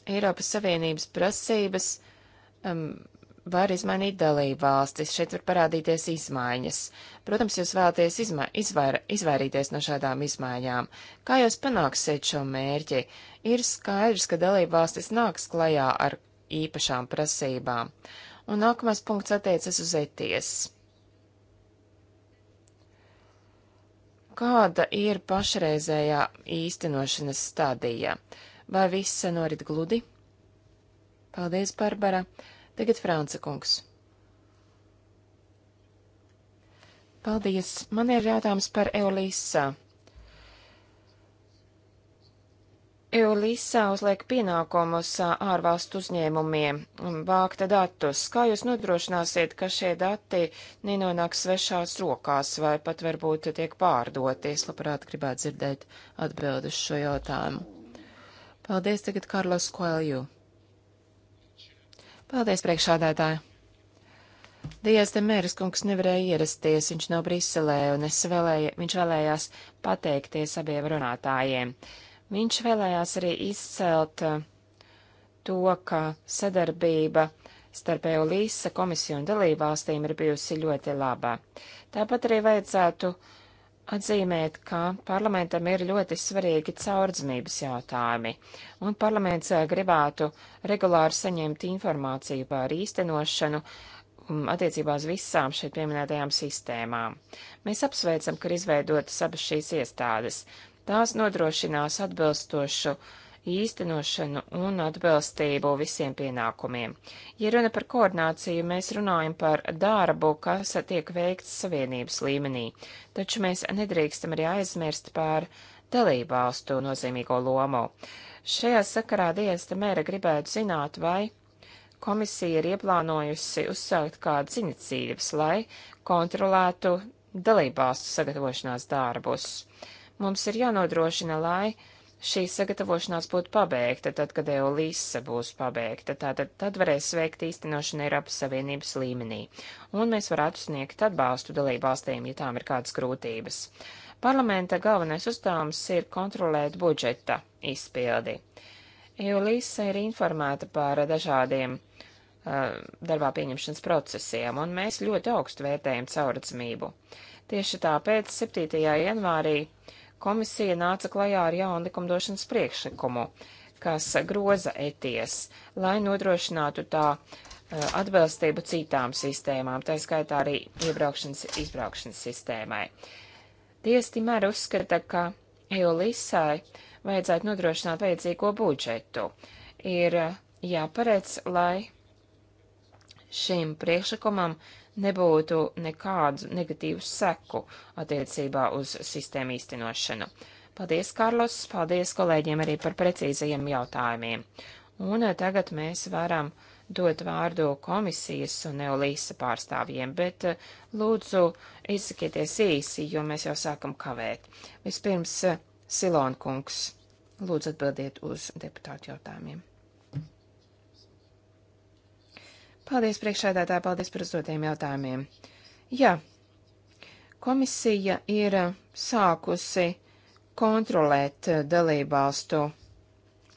Eiropas Savienības prasības um, var izmainīt dalību valstis, šeit var parādīties izmaiņas. Protams, jūs vēlaties izma izvair izvairīties no šādām izmaiņām. Kā jūs panāksiet šo mērķi? Ir skaidrs, ka dalību valstis nāks klajā ar īpašām prasībām. Un nākamais punkts attiecas uz ETIES. Kāda ir pašreizējā īstenošanas stadija? Vai viss norit gludi? Paldies, Barbara. Tagad Franca kungs. Paldies. Man ir jautājums par Eulīsā. EULISA uzliek pienākumus ārvalstu uzņēmumiem vākt datus. Kā jūs nodrošināsiet, ka šie dati nenonāks svešās rokās vai pat varbūt tiek pārdoti? Es labprāt gribētu dzirdēt atbildes šo jautājumu. Paldies tagad Karlos Koelju. Paldies priekšādētāji. Dijas Demēras kungs nevarēja ierasties, viņš nav Briselē, un es vēlēju, viņš vēlējās pateikties abiem runātājiem. Uh, Viņš vēlējās arī izcelt eh, to, ka sadarbība starp EULISA komisiju un dalībvalstīm ir bijusi ļoti labā. Tāpat arī vajadzētu atzīmēt, ka parlamentam ir ļoti svarīgi caurdzamības jautājumi, un parlaments eh, gribētu regulāri saņemt informāciju par īstenošanu um, attiecībā uz visām šeit pieminētajām sistēmām. Mēs apsveicam, ka ir izveidotas abas šīs iestādes. Tās nodrošinās atbilstošu īstenošanu un atbilstību visiem pienākumiem. Ja runa par koordināciju, mēs runājam par darbu, kas tiek veikts savienības līmenī, taču mēs nedrīkstam arī aizmirst par dalībvalstu nozīmīgo lomu. Šajā sakarā Diesta mēra gribētu zināt, vai komisija ir ieplānojusi uzsākt kādas iniciatīvas, lai kontrolētu dalībvalstu sagatavošanās darbus. Mums ir jānodrošina, lai šī sagatavošanās būtu pabeigta, tad, kad EOLISA būs pabeigta, tātad tad varēs veikt īstenošanu Eiropas Savienības līmenī, un mēs varētu sniegt atbalstu dalībvalstīm, ja tām ir kādas grūtības. Parlamenta galvenais uzdevums ir kontrolēt budžeta izpildi. EOLISA ir informēta par dažādiem uh, darbā pieņemšanas procesiem, un mēs ļoti augstu vērtējam caurredzamību. Tieši tāpēc 7. janvārī uh, komisija nāca klajā ar jaunu likumdošanas priekšlikumu, kas groza ETIES, lai nodrošinātu tā eh, atbilstību citām sistēmām, tā skaitā arī iebraukšanas, izbraukšanas sistēmai. Tiesa timēr uzskata, ka Eolisai vajadzētu nodrošināt vajadzīgo budžetu. Ir eh, jāparedz, lai šim priekšlikumam nebūtu nekādu negatīvu seku attiecībā uz sistēmu īstenošanu. Paldies, Karlos, paldies kolēģiem arī par precīzajiem jautājumiem. Un eh, tagad mēs varam dot vārdu komisijas un neolīsa pārstāvjiem, bet eh, lūdzu izsakieties īsi, jo mēs jau sākam kavēt. Vispirms eh, Silonkungs, lūdzu atbildiet uz deputātu jautājumiem. Paldies priekšādātāji, paldies par uzdotajiem jautājumiem. Jā, komisija ir sākusi kontrolēt eh, dalībvalstu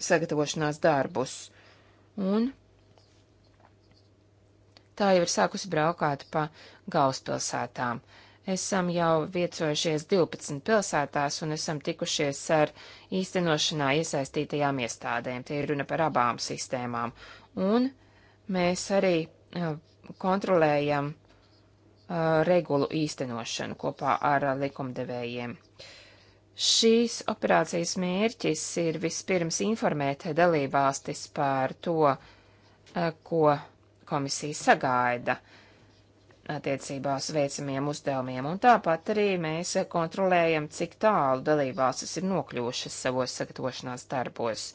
sagatavošanās darbus, un tā jau ir sākusi braukāt pa galvaspilsētām. Esam jau viecojušies 12 pilsētās un esam tikušies ar īstenošanā iesaistītajām iestādēm. Tie ir runa par abām sistēmām. Un Mēs arī kontrolējam regulu īstenošanu kopā ar likumdevējiem. Šīs operācijas mērķis ir vispirms informēt dalībvalstis par to, ko komisija sagaida attiecībā uz veicamiem uzdevumiem, un tāpat arī mēs kontrolējam, cik tālu dalībvalstis ir nokļuvušas savos sagatavošanās darbos.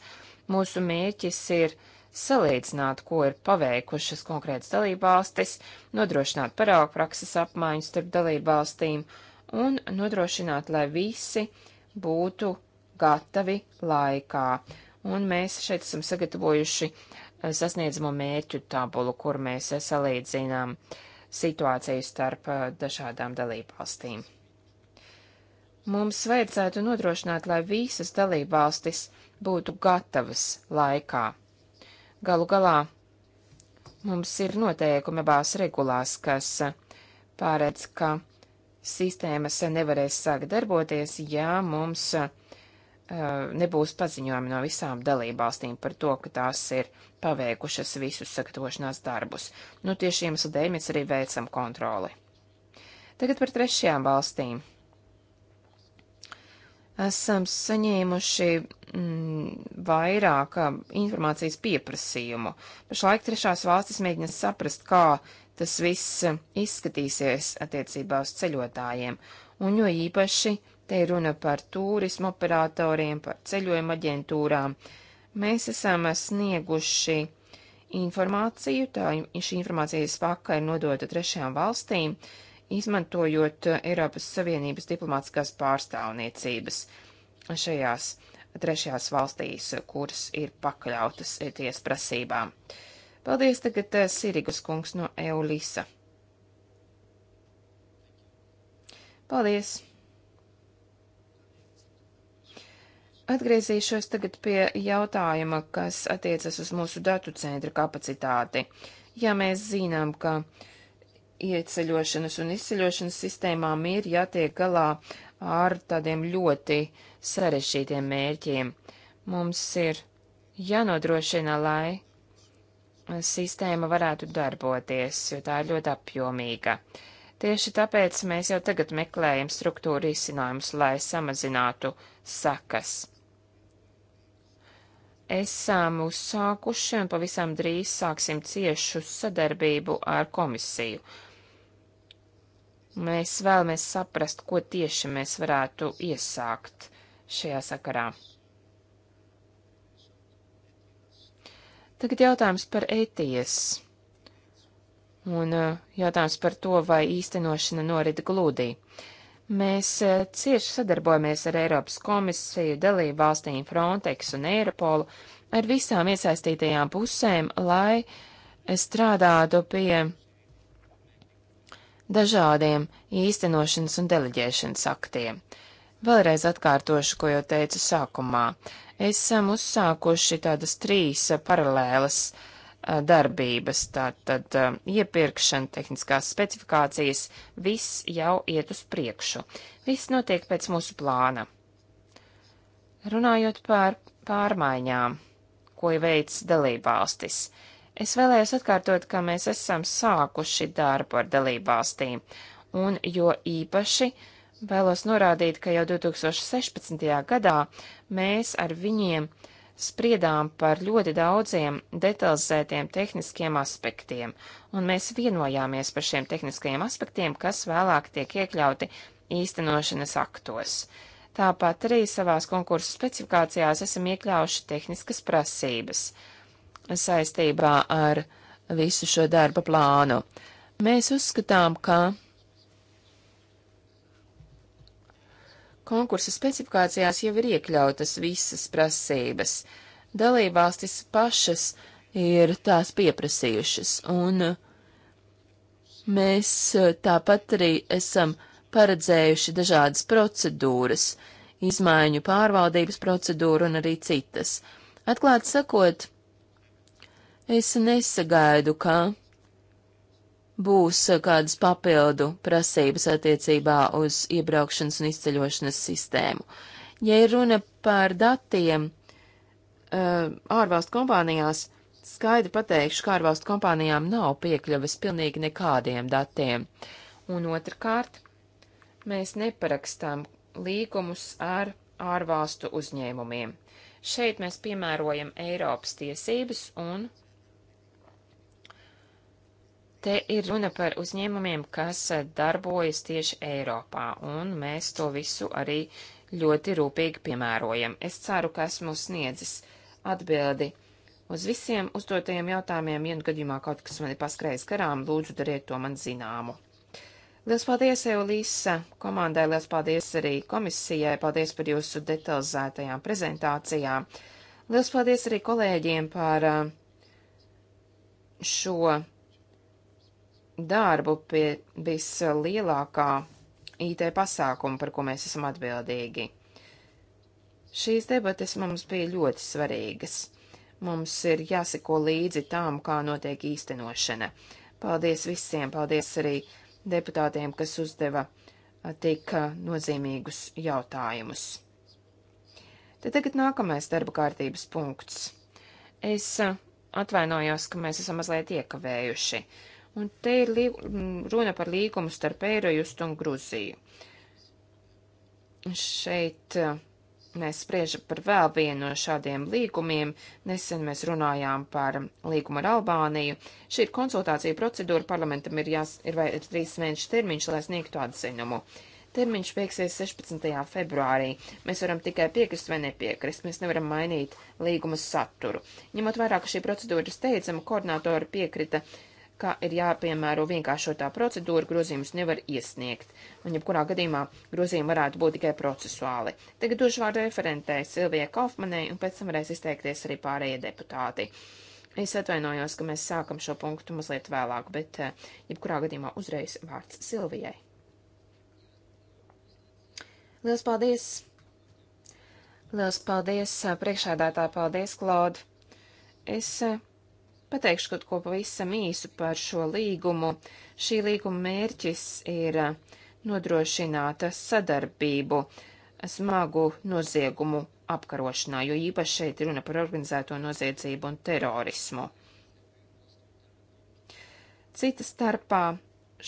Mūsu mērķis ir uh, salīdzināt, ko ir paveikušas konkrētas dalībvalstis, nodrošināt paraugu prakses apmaiņu starp dalībvalstīm un nodrošināt, lai visi būtu gatavi laikā. Un mēs šeit esam sagatavojuši eh, sasniedzamo mērķu tabulu, kur mēs eh, salīdzinām situāciju starp eh, dažādām dalībvalstīm. Mums vajadzētu nodrošināt, lai visas dalībvalstis būtu gatavas laikā Galu galā mums ir noteikumi bāzes regulās, kas pārēdz, ka sistēmas nevarēs sākt darboties, ja mums uh, nebūs paziņojumi no visām dalībvalstīm par to, ka tās ir paveikušas visus sagatavošanās darbus. Nu, tieši iemeslu dēļ mēs arī veicam kontroli. Tagad par trešajām valstīm. Esam saņēmuši mm, vairāk informācijas pieprasījumu. Pašlaik trešās valstis mēģina saprast, kā tas viss izskatīsies attiecībā uz ceļotājiem, un jo īpaši te ir runa par turismu operatoriem, par ceļojuma aģentūrām. Mēs esam snieguši informāciju, tā šī informācijas paka ir nodota trešajām valstīm, izmantojot Eiropas Savienības diplomātiskās pārstāvniecības šajās trešajās valstīs, kuras ir pakļautas ETS prasībām. Paldies tagad eh, Sirigus kungs no Eulisa. Paldies! Atgriezīšos tagad pie jautājuma, kas attiecas uz mūsu datu centra kapacitāti. Ja mēs zinām, ka ieceļošanas un izceļošanas sistēmām ir jātiek galā ar tādiem ļoti uh, sarešķītiem mērķiem. Mums ir jānodrošina, lai sistēma varētu darboties, jo tā ir ļoti apjomīga. Tieši tāpēc mēs jau tagad meklējam struktūru izcinājumus, lai samazinātu sakas. Esam uzsākuši un pavisam drīz sāksim ciešu sadarbību ar komisiju. Mēs vēlamies saprast, ko tieši mēs varētu iesākt šajā sakarā. Tagad jautājums par ETS. Un uh, jautājums par to, vai īstenošana norita glūdī. Mēs uh, cieši sadarbojamies ar Eiropas komisiju, dalību valstīm Frontex un Eiropolu, ar visām iesaistītajām pusēm, lai strādātu pie dažādiem īstenošanas un deleģēšanas aktiem. Uh, Vēlreiz atkārtošu, ko jau teicu sākumā. Esam uzsākuši tādas trīs paralēlas darbības, tātad iepirkšana, tehniskās specifikācijas, viss jau iet uz priekšu. Viss notiek pēc mūsu plāna. Runājot par pārmaiņām, ko veic dalībvalstis, es vēlējos atkārtot, ka mēs esam sākuši darbu ar dalībvalstīm, un jo īpaši uh, Vēlos norādīt, ka jau 2016. gadā mēs ar viņiem spriedām par ļoti daudziem detalizētiem tehniskiem aspektiem, un mēs vienojāmies par šiem tehniskajiem aspektiem, kas vēlāk tiek iekļauti īstenošanas aktos. Tāpat arī savās konkursu specifikācijās esam iekļauši tehniskas prasības saistībā ar visu šo darba plānu. Mēs uzskatām, ka Konkursu specifikācijās jau ir iekļautas visas prasības. Dalībvalstis pašas ir tās pieprasījušas, un mēs e, tāpat arī esam paredzējuši dažādas procedūras, izmaiņu pārvaldības procedūru un arī citas. Atklāt sakot, es nesagaidu, ka būs kādas papildu prasības attiecībā uz iebraukšanas un izceļošanas sistēmu. Ja ir runa par datiem eh, ārvalstu kompānijās, skaidri pateikšu, ka ārvalstu kompānijām nav piekļuves pilnīgi nekādiem datiem. Un otrkārt, mēs neparakstām līgumus ar ārvalstu uzņēmumiem. Šeit mēs piemērojam Eiropas tiesības un Te ir runa par uzņēmumiem, kas eh, darbojas tieši Eiropā, un mēs to visu arī ļoti rūpīgi piemērojam. Es ceru, ka esmu sniedzis atbildi uz visiem uzdotajiem jautājumiem. Ja nu gadījumā kaut kas man ir paskrējis garām, lūdzu dariet to man zināmu. Lielas paldies, Eulīsa, komandai, lielas paldies arī komisijai, paldies par jūsu detalizētajām prezentācijām. Lielas paldies arī kolēģiem par eh, šo darbu pie vislielākā IT pasākuma, par ko mēs esam atbildīgi. Šīs debates mums bija ļoti svarīgas. Mums ir jāseko līdzi tām, kā notiek īstenošana. Paldies visiem, paldies arī deputātiem, kas uzdeva tik nozīmīgus jautājumus. Te tagad nākamais darba kārtības punkts. Es atvainojos, ka mēs esam mazliet iekavējuši. Uh, Un te ir lī, mm, runa par līgumu starp Eirojustu un Gruziju. Šeit eh, mēs spriežam par vēl vienu no šādiem līgumiem. Nesen mēs runājām par līgumu ar Albāniju. Šī ir konsultācija procedūra, parlamentam ir, jās, ir vai ir trīs mēnešu termiņš, lai sniegtu atzinumu. Termiņš beigsies 16. februārī. Mēs varam tikai piekrist vai nepiekrist, mēs nevaram mainīt līguma saturu. Ņemot vairāk, ka šī procedūra ir steidzama, koordinātori piekrita uh, ka ir jāpiemēro vienkāršotā procedūra, grozījumus nevar iesniegt, un jebkurā gadījumā grozījumi varētu būt tikai procesuāli. Tagad došu vārdu referentē Silvijai Kaufmanai, un pēc tam varēs izteikties arī pārējie deputāti. Es atvainojos, ka mēs sākam šo punktu mazliet vēlāk, bet eh, jebkurā gadījumā uzreiz vārds Silvijai. Liels paldies! Liels paldies eh, priekšādātā, paldies, Klaud! Es eh, Pateikšu kaut ko pavisam īsu par šo līgumu. Šī līguma mērķis ir nodrošināt sadarbību smagu noziegumu apkarošanā, jo īpaši šeit runa par organizēto noziedzību un terorismu. Cita starpā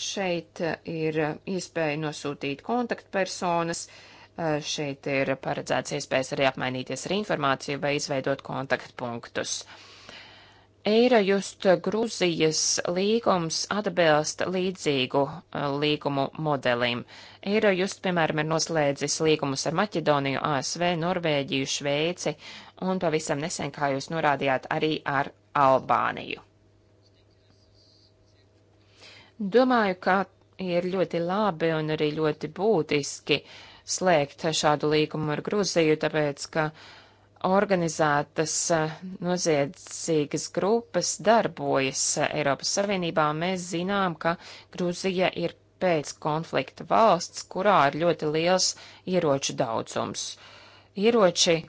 šeit ir iespēja nosūtīt kontaktpersonas, šeit ir paredzēts iespējas arī apmainīties ar informāciju vai izveidot kontaktpunktus. punktus. Eirojust Grūzijas līgums atbilst līdzīgu e, līgumu modelim. Eirojust, piemēram, ir noslēdzis līgumus ar Maķedoniju, ASV, Norvēģiju, Šveici un pavisam nesen, kā jūs norādījāt, arī ar Albāniju. Domāju, ka ir ļoti labi un arī ļoti būtiski slēgt šādu līgumu ar Grūziju, tāpēc, ka uh, organizētas eh, noziedzīgas grupas darbojas eh, Eiropas Savienībā. Mēs zinām, ka Grūzija ir pēc konflikta valsts, kurā ir ļoti liels ieroču daudzums. Ieroči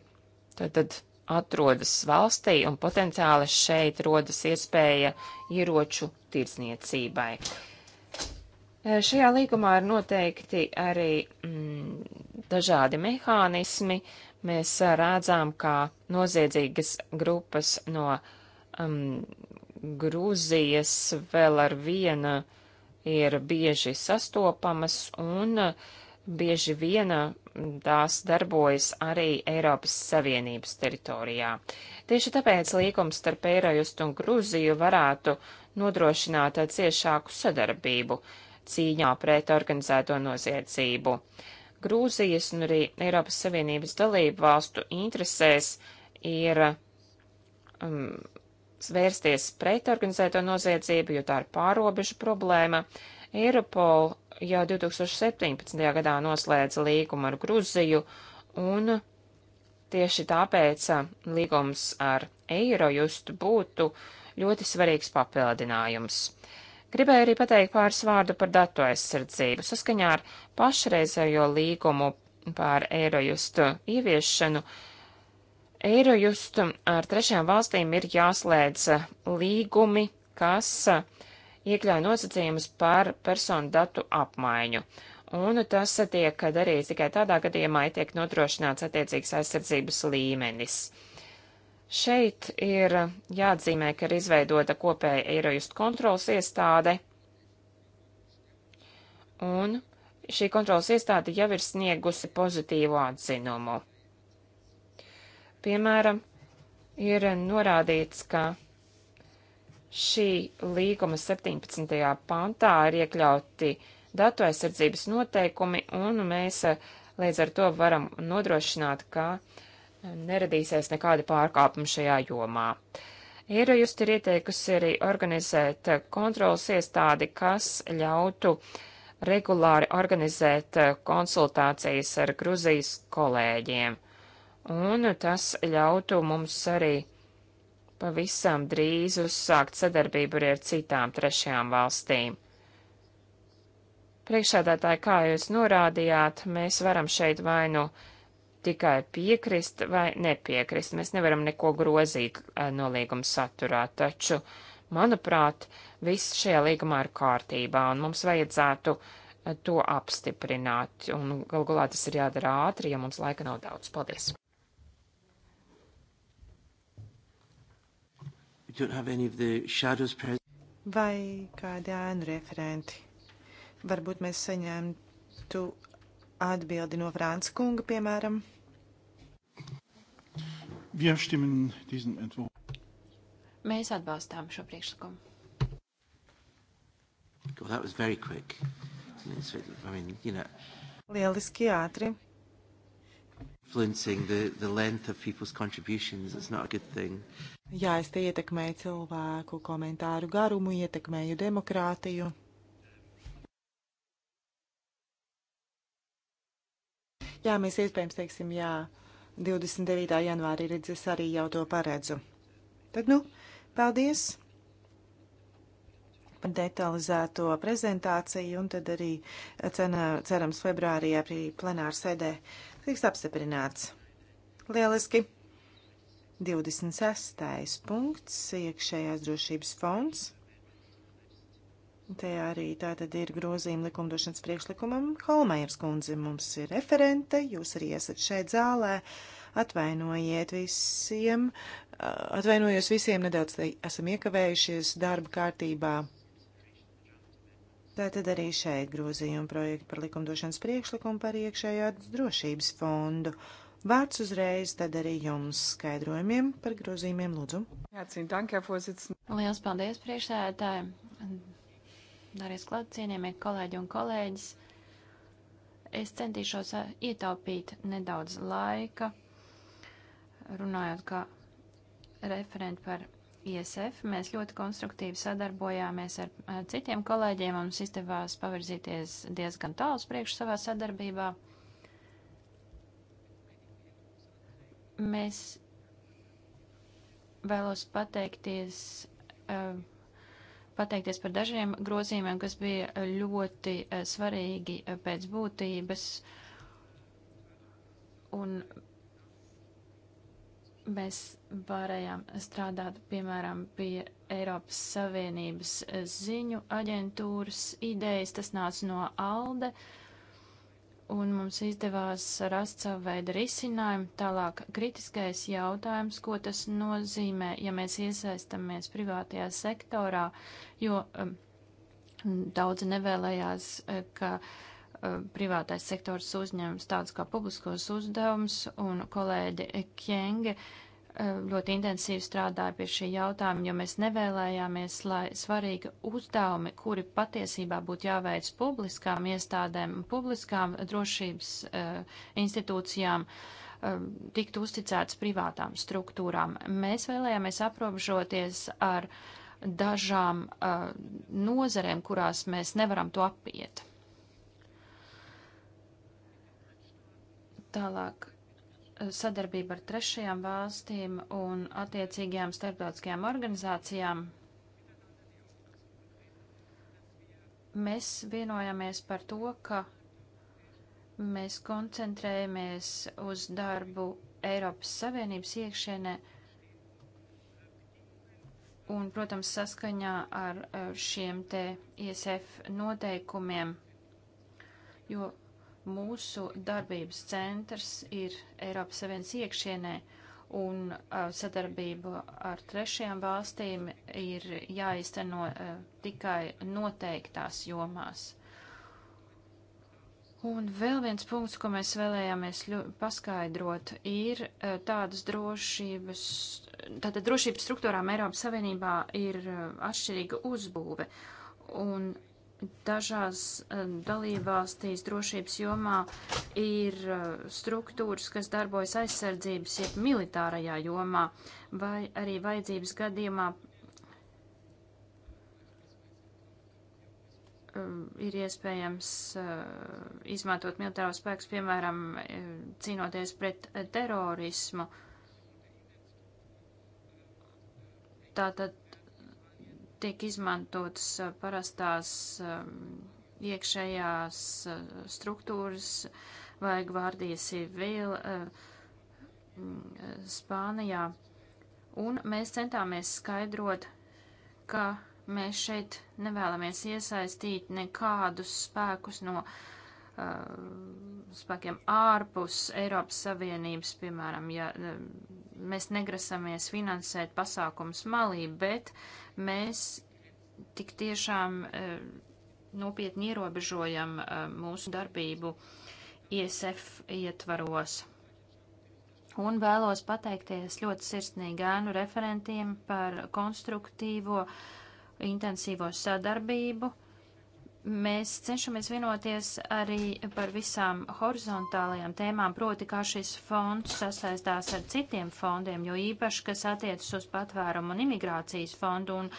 tad atrodas valstī un potenciāli šeit rodas iespēja ieroču tirdzniecībai. Eh, šajā līgumā ir noteikti arī mm, dažādi mehānismi, uh, Mēs redzam, kā noziedzīgas grupas no um, Grūzijas vēl ar vienu ir bieži sastopamas un bieži viena tās darbojas arī Eiropas Savienības teritorijā. Tieši tāpēc līkums starp Eirojust un Grūziju varētu nodrošināt ciešāku sadarbību cīņā pret organizēto noziedzību. Grūzijas un arī Eiropas Savienības dalību valstu interesēs ir um, vērsties pret organizēto noziedzību, jo tā ir pārobežu problēma. Eiropol jau 2017. gadā noslēdza līgumu ar Gruziju, un tieši tāpēc um, līgums ar Eirojustu būtu ļoti svarīgs papildinājums. Uh, Gribēju arī pateikt pāris vārdu par datu aizsardzību. Saskaņā ar pašreizējo līgumu pār Eirojustu ieviešanu, Eirojustu ar trešajām valstīm ir jāslēdz līgumi, kas iekļauj nosacījumus par personu datu apmaiņu. Un tas tiek darīts tikai tādā gadījumā, ja tiek nodrošināts attiecīgs aizsardzības līmenis. Šeit ir jāatzīmē, ka ir izveidota kopēja Eirojust kontrols iestāde, un šī kontrols iestāde jau ir sniegusi pozitīvu atzinumu. Piemēram, ir norādīts, ka šī līguma 17. pantā ir iekļauti datu aizsardzības noteikumi, un mēs eh, līdz ar to varam nodrošināt, ka uh, neradīsies nekādi pārkāpumi šajā jomā. Ir jūs ir ieteikusi arī organizēt kontrolas iestādi, kas ļautu regulāri organizēt konsultācijas ar Gruzijas kolēģiem. Un tas ļautu mums arī pavisam drīz uzsākt sadarbību arī ar citām trešajām valstīm. Priekšādātāji, kā jūs norādījāt, mēs varam šeit vainu no tikai piekrist vai nepiekrist. Mēs nevaram neko grozīt eh, no līguma saturā, taču, manuprāt, viss šajā līgumā ir kārtībā, un mums vajadzētu eh, to apstiprināt, un galgulā tas ir jādara ātri, ja mums laika nav daudz. Paldies! Vai kādi ēnu referenti? Varbūt mēs saņemtu atbildi no Frānca kunga, piemēram. Mēs atbalstām šo priekšlikumu. Well, that was very quick. I mean, you know, Lieliski ātri. Influencing the, the length of people's contributions is not a good thing. Jā, es te ietekmēju cilvēku komentāru garumu, ietekmēju demokrātiju. Jā, mēs iespējams teiksim, jā, 29. janvārī redzes arī jau to paredzu. Tad, nu, paldies! detalizēto prezentāciju, un tad arī cena, cerams februārī arī plenāra sēdē tiks apstiprināts. Lieliski! 26. punkts - iekšējās drošības fonds. Te arī tātad ir grozījuma likumdošanas priekšlikumam. Holmairs kundze mums ir referente, jūs arī esat šeit zālē. Atvainojiet visiem, atvainojos visiem, nedaudz te esam iekavējušies darba kārtībā. Tātad arī šeit grozījuma projekti par likumdošanas priekšlikumu par iekšējo drošības fondu. Vārds uzreiz tad arī jums skaidrojumiem par grozījumiem, lūdzu. Liels paldies priekšsēdētāji! Darīs klāt, cienījamie kolēģi un kolēģis. Es centīšos eh, ietaupīt nedaudz laika, runājot kā referenti par ISF. Mēs ļoti konstruktīvi sadarbojāmies ar, ar eh, citiem kolēģiem, mums izdevās pavirzīties diezgan tālu priekš savā sadarbībā. Mēs vēlos pateikties uh, pateikties par dažiem grozījumiem, kas bija ļoti eh, svarīgi eh, pēc būtības. Un mēs varējām strādāt, piemēram, pie Eiropas Savienības eh, ziņu aģentūras idejas. Tas nāca no ALDE. Uh, un mums izdevās rast savu veidu risinājumu. Tālāk, kritiskais jautājums, ko tas nozīmē, ja mēs iesaistamies privātajā sektorā, jo um, daudzi nevēlējās, eh, ka um, privātais sektors uzņems tādus kā publiskos uzdevumus, un kolēģi Kjenge uh, Eh, ļoti intensīvi strādāja pie šī jautājuma, jo mēs nevēlējāmies, lai svarīgi uzdevumi, kuri patiesībā būtu jāveic publiskām iestādēm, publiskām drošības uh, institūcijām, uh, tiktu uzticēts privātām struktūrām. Mēs vēlējāmies aprobežoties ar dažām uh, nozerēm, kurās mēs nevaram to apiet. Tālāk sadarbība ar trešajām valstīm un attiecīgajām starptautiskajām organizācijām. Mēs vienojamies par to, ka mēs koncentrējamies uz darbu Eiropas Savienības iekšienē un, protams, saskaņā ar šiem te ISF noteikumiem, jo Mūsu darbības centrs ir Eiropas Savienības iekšienē, un uh, sadarbību ar trešajām valstīm ir jāizteno uh, tikai noteiktās jomās. Un vēl viens punkts, ko mēs vēlējāmies paskaidrot, ir uh, tādas drošības, tātad drošības struktūrām Eiropas Savienībā ir uh, atšķirīga uzbūve. Un Dažās e, dalībvalstīs drošības jomā ir e, struktūras, kas darbojas aizsardzības, jeb militārajā jomā, vai arī vajadzības gadījumā e, ir iespējams izmantot militāro spēkus, piemēram, cīnoties pret terorismu. Tātad tiek izmantotas parastās iekšējās struktūras vai Gvārdijas civil Spānijā. Un mēs centāmies skaidrot, ka mēs šeit nevēlamies iesaistīt nekādus spēkus no uh, spēkiem ārpus Eiropas Savienības, piemēram, ja mēs negrasamies finansēt pasākums malī, bet mēs tik tiešām nopietni ierobežojam mūsu darbību ISF ietvaros. Un vēlos pateikties ļoti sirsnīgi ēnu referentiem par konstruktīvo, intensīvo sadarbību. Mēs cenšamies vienoties arī par visām horizontālajām tēmām, proti, kā šis fonds sasaistās ar citiem fondiem, jo īpaši, kas attiecas uz patvērumu un imigrācijas fondu un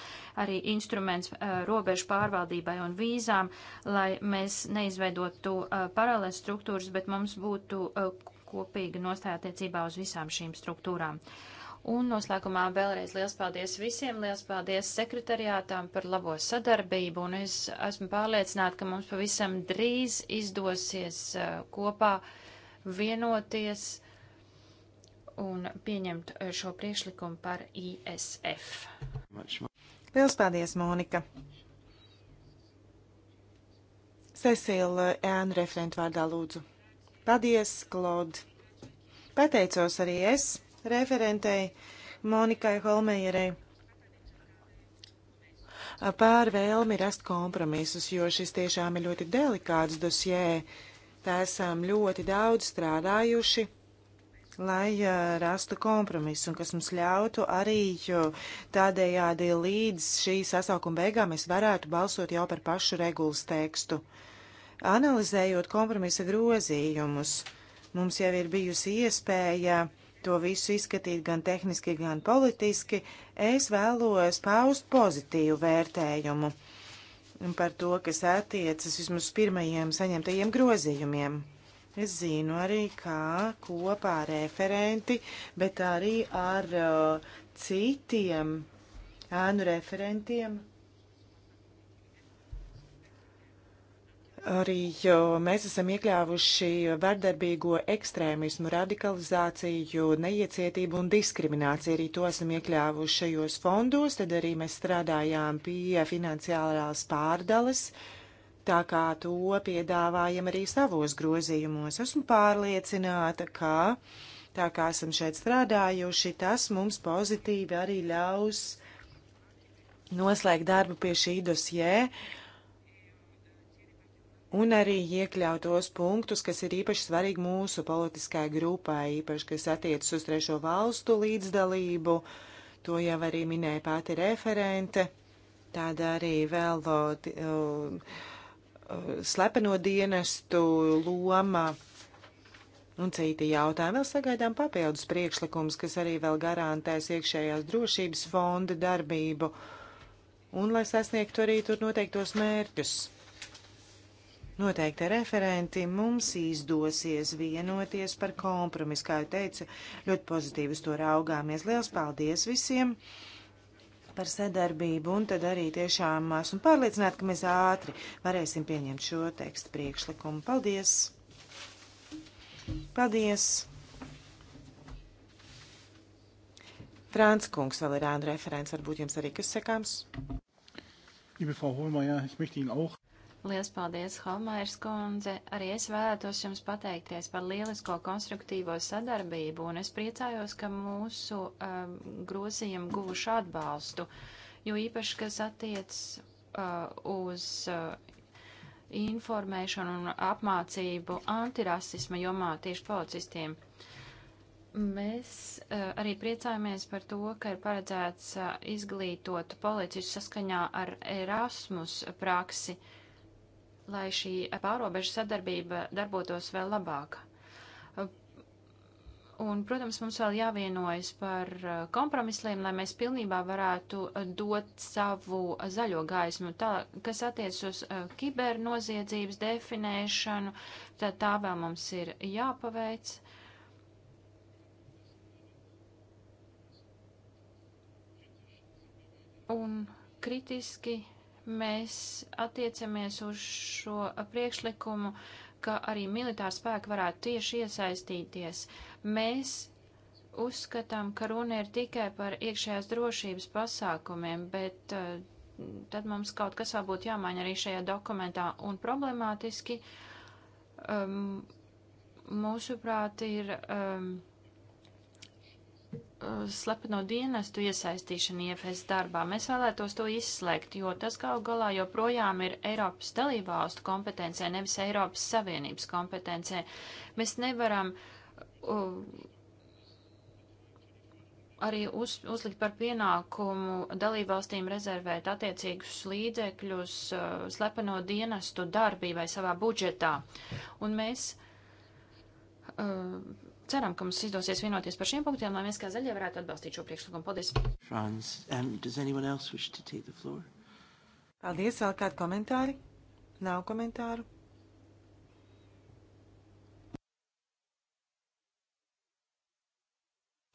arī instruments uh, robežu pārvaldībai un vīzām, lai mēs neizveidotu uh, paralēlas struktūras, bet mums būtu uh, kopīga nostāja attiecībā uz visām šīm struktūrām. Uh, Un noslēgumā vēlreiz liels paldies visiem, liels paldies sekretariātām par labo sadarbību, un es esmu pārliecināta, ka mums pavisam drīz izdosies kopā vienoties un pieņemt šo priekšlikumu par ISF. Liels paldies, Monika! Cecila ēnu referentu vārdā lūdzu. Paldies, Klod! Pateicos arī es! referentei Monikai Holmejerei par vēlmi rast kompromisus, jo šis tiešām ir ļoti delikāts dosjē. Tā esam ļoti daudz strādājuši, lai eh, rastu kompromisu, un kas mums ļautu arī tādējādi līdz šī sasaukuma beigām mēs varētu balsot jau par pašu regulas tekstu. Analizējot kompromisa grozījumus, mums jau ir bijusi iespēja to visu izskatīt gan tehniski, gan politiski, es vēlos paust pozitīvu vērtējumu par to, kas attiecas vismaz pirmajiem saņemtajiem grozījumiem. Es zinu arī, kā kopā referenti, bet arī ar uh, citiem ēnu referentiem Arī mēs esam iekļāvuši vardarbīgo ekstrēmismu, radikalizāciju, neiecietību un diskrimināciju. Arī to esam iekļāvuši šajos fondos. Tad arī mēs strādājām pie finansiālās pārdales, tā kā to piedāvājam arī savos grozījumos. Esmu pārliecināta, ka tā kā esam šeit strādājuši, tas mums pozitīvi arī ļaus noslēgt darbu pie šī dosjē. Yeah un arī iekļautos punktus, kas ir īpaši svarīgi mūsu politiskā grupā, īpaši, kas attiecas uz trešo valstu līdzdalību, to jau arī minēja pati referente, tāda arī vēl uh, slepeno dienestu loma un citi jautājumi. Vēl sagaidām papildus priekšlikums, kas arī vēl garantēs iekšējās drošības fonda darbību, un lai sasniegtu arī tur noteiktos mērķus noteikti referenti, mums izdosies vienoties par kompromisu. Kā jau teicu, ļoti pozitīvi uz to raugāmies. Liels paldies visiem! par sadarbību, un tad arī tiešām esmu pārliecināta, ka mēs ātri varēsim pieņemt šo tekstu priekšlikumu. Paldies! Paldies! Frāns Kungs vēl ir āna referents, varbūt jums arī kas sekāms? Liebe Frau Holmeier, ich möchte Ihnen auch. Lielas paldies, Holmairs kundze. Arī es vēlētos jums pateikties par lielisko konstruktīvo sadarbību, un es priecājos, ka mūsu um, grozījumi guvuši atbalstu, jo īpaši, kas attiec uh, uz uh, informēšanu un apmācību antirasisma jomā tieši policistiem. Mēs uh, arī priecājamies par to, ka ir paredzēts uh, izglītot policistu saskaņā ar Erasmus praksi. Uh, lai šī pārobežu sadarbība darbotos vēl labāk. Un, protams, mums vēl jāvienojas par uh, kompromisliem, lai mēs pilnībā varētu uh, dot savu zaļo gaismu. Tā, kas attiec uz uh, kibernoziedzības definēšanu, tad tā vēl mums ir jāpaveic. Un kritiski mēs attiecamies uz šo priekšlikumu, ka arī militāri spēki varētu tieši iesaistīties. Mēs uzskatām, ka runa ir tikai par iekšējās drošības pasākumiem, bet uh, tad mums kaut kas vēl būtu jāmaina arī šajā dokumentā. Un problemātiski, um, mūsuprāt, ir. Um, slepeno dienestu iesaistīšanu IFS darbā. Mēs vēlētos to izslēgt, jo tas galu galā joprojām ir Eiropas dalībvalstu kompetencē, nevis Eiropas Savienības kompetencē. Mēs nevaram uh, arī uz, uzlikt par pienākumu dalībvalstīm rezervēt attiecīgus līdzekļus uh, slepeno dienestu darbībai savā budžetā. Un mēs uh, ceram, ka mums izdosies vienoties par šiem punktiem, lai mēs kā zaļie varētu atbalstīt šo priekšlikumu. Paldies! Franz, um, Paldies! Vēl kādi komentāri? Nav komentāru.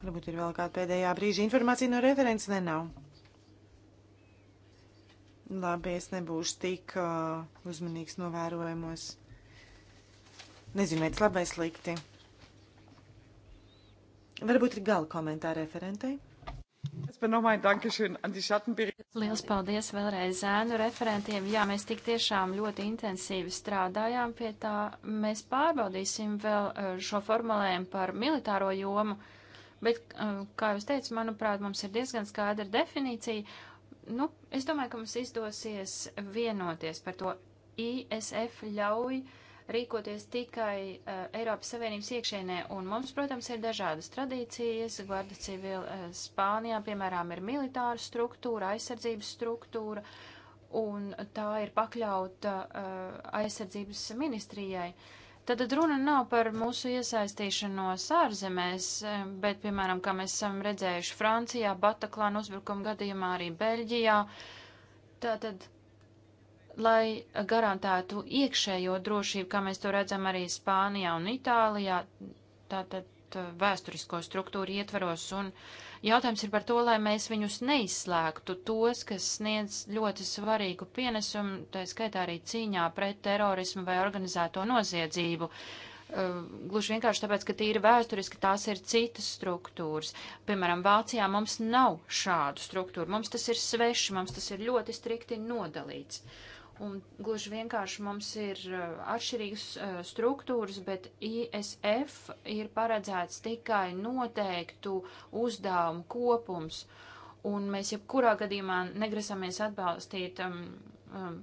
Varbūt ir vēl kāda pēdējā brīža informācija no referents, ne nav. Labi, es nebūšu tik uh, uzmanīgs novērojumos. Nezinu, vai tas labi vai slikti. Varbūt ir gal komentāri referentai. Liels paldies vēlreiz ēnu referentiem. Jā, mēs tik tiešām ļoti intensīvi strādājām pie tā. Mēs pārbaudīsim vēl eh, šo formulējumu par militāro jomu, bet, eh, kā jūs teicu, manuprāt, mums ir diezgan skaidra definīcija. Nu, es domāju, ka mums izdosies vienoties par to. ISF ļauj uh, rīkoties tikai uh, Eiropas Savienības iekšēnē. Un mums, protams, ir dažādas tradīcijas. Gvarda civila uh, e, Spānijā, piemēram, ir militāra struktūra, aizsardzības struktūra, un tā ir pakļauta uh, aizsardzības ministrijai. Tad runa nav par mūsu iesaistīšanos ārzemēs, bet, piemēram, kā mēs esam redzējuši Francijā, Bataklāna uzbrukuma gadījumā, arī Beļģijā. Tātad lai garantētu iekšējo drošību, kā mēs to redzam arī Spānijā un Itālijā, tātad vēsturisko struktūru ietvaros. Un jautājums ir par to, lai mēs viņus neizslēgtu, tos, kas sniedz ļoti svarīgu pienesumu, tā skaitā arī cīņā pret terorismu vai organizēto noziedzību. Uh, gluži vienkārši tāpēc, ka tīri vēsturiski tās ir citas struktūras. Piemēram, Vācijā mums nav šādu struktūru. Mums tas ir sveši, mums tas ir ļoti strikti nodalīts. Uh, Un gluži vienkārši mums ir e, atšķirīgas e, struktūras, bet ISF ir paredzēts tikai noteiktu uzdevumu kopums. Un mēs jebkurā gadījumā negrasamies atbalstīt um, um,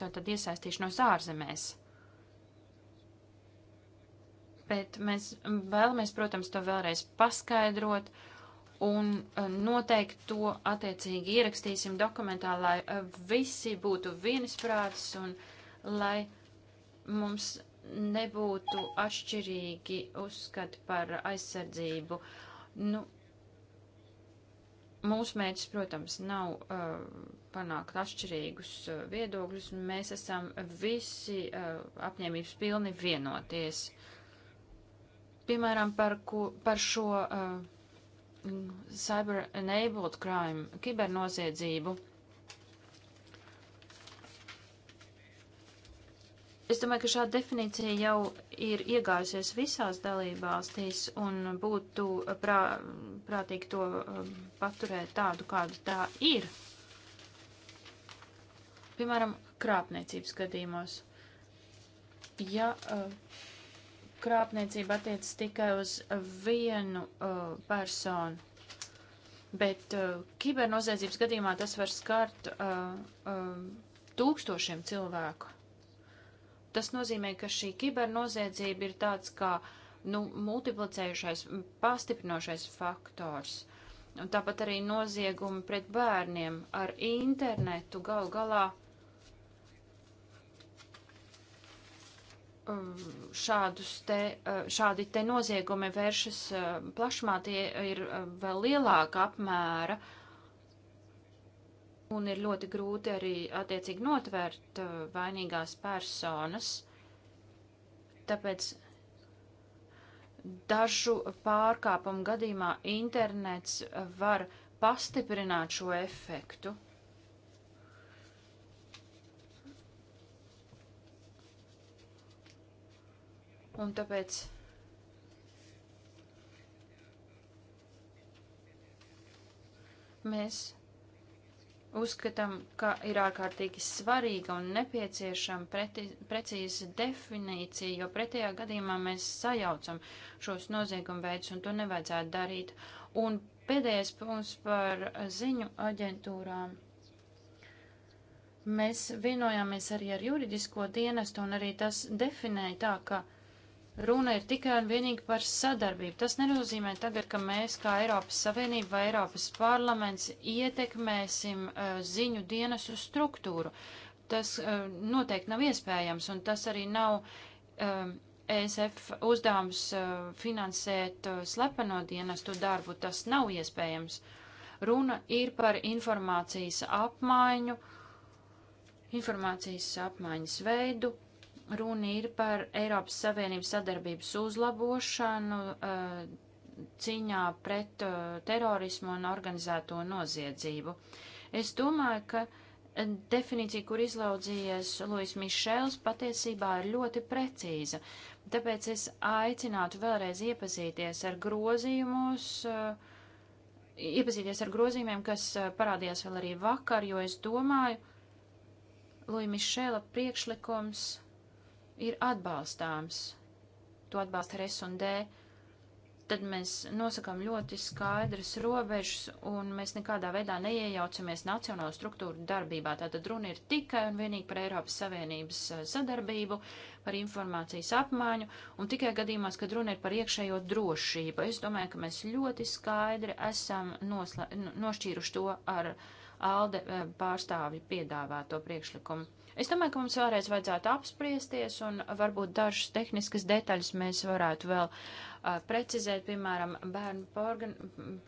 tātad iesaistīšanos ārzemēs. Bet mēs vēlamies, protams, to vēlreiz paskaidrot. Uh, un eh, noteikti to attiecīgi ierakstīsim dokumentā, lai eh, visi būtu viensprāts un lai mums nebūtu atšķirīgi uzskati par aizsardzību. Nu, mūsu mērķis, protams, nav uh, panākt atšķirīgus uh, viedokļus. Mēs esam visi uh, apņēmības pilni vienoties. Piemēram, par, ko, par šo uh, cyber-enabled crime, kibernoziedzību. Es domāju, ka šāda definīcija jau ir iegājusies visās dalībvalstīs un būtu prā, prātīgi to um, paturēt tādu, kāda tā ir. Piemēram, krāpniecības gadījumos. Ja uh, krāpniecība attiecas tikai uz vienu uh, personu, bet uh, kibernoziedzības gadījumā tas var skart uh, uh, tūkstošiem cilvēku. Tas nozīmē, ka šī kibernoziedzība ir tāds kā nu, multiplicējušais, pastiprinošais faktors. Un tāpat arī noziegumi pret bērniem ar internetu gal galā šādus te, šādi te noziegumi vēršas eh, plašumā, tie ir eh, vēl lielāka apmēra un ir ļoti grūti arī attiecīgi notvērt eh, vainīgās personas. Tāpēc dažu pārkāpumu gadījumā internets var pastiprināt šo efektu. Un tāpēc mēs uzskatām, ka ir ārkārtīgi svarīga un nepieciešama preti, precīza definīcija, jo pretējā gadījumā mēs sajaucam šos noziegumu veidus, un to nevajadzētu darīt. Un pēdējais punkts par ziņu aģentūrām. Mēs vienojāmies arī ar juridisko dienestu, un arī tas definēja tā, ka Runa ir tikai un vienīgi par sadarbību. Tas nenozīmē tagad, ka mēs kā Eiropas Savienība vai Eiropas parlaments ietekmēsim uh, ziņu dienesu struktūru. Tas uh, noteikti nav iespējams, un tas arī nav um, eh, ESF uzdevums uh, finansēt uh, slepeno dienestu darbu. Tas nav iespējams. Runa ir par informācijas apmaiņu, informācijas apmaiņas veidu, Runa ir par Eiropas Savienības sadarbības uzlabošanu eh, cīņā pret eh, terorismu un organizēto noziedzību. Es domāju, ka eh, definīcija, kur izlaudzījies Luis Mišels, patiesībā ir ļoti precīza. Tāpēc es aicinātu vēlreiz iepazīties ar grozījumus, iepazīties ar grozījumiem, kas parādījās vēl arī vakar, jo es domāju, Luis Mišela priekšlikums ir atbalstāms. To atbalsta ar S un D. Tad mēs nosakām ļoti skaidras robežas un mēs nekādā veidā neiejaucamies nacionālo struktūru darbībā. Tātad runa ir tikai un vienīgi par Eiropas Savienības eh, sadarbību, par informācijas apmaiņu un tikai gadījumās, kad runa ir par iekšējo drošību. Es domāju, ka mēs ļoti skaidri esam nošķīruši to ar ALDE eh, pārstāvju piedāvāto priekšlikumu. Es domāju, ka mums vēlreiz vajadzētu apspriesties un varbūt dažas tehniskas detaļas mēs varētu vēl uh, precizēt, piemēram, bērnu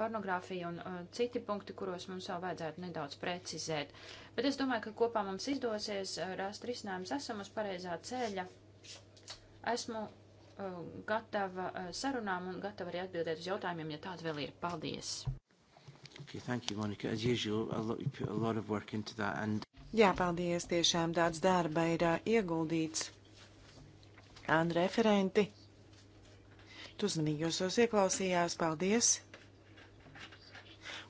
pornogrāfiju un uh, citi punkti, kuros mums vēl vajadzētu nedaudz precizēt. Bet es domāju, ka kopā mums izdosies uh, rast risinājums, esam uz pareizā ceļa. Esmu uh, gatava uh, sarunām un gatava arī atbildēt uz jautājumiem, ja tāds vēl ir. Paldies! Okay, thank you, Monica. As usual, a lot, you put a lot of work into that, and Jā, paldies. Tiešām daudz darba ir uh, ieguldīts. Un referenti, tu uzmanīgi jūsos ieklausījās. Paldies.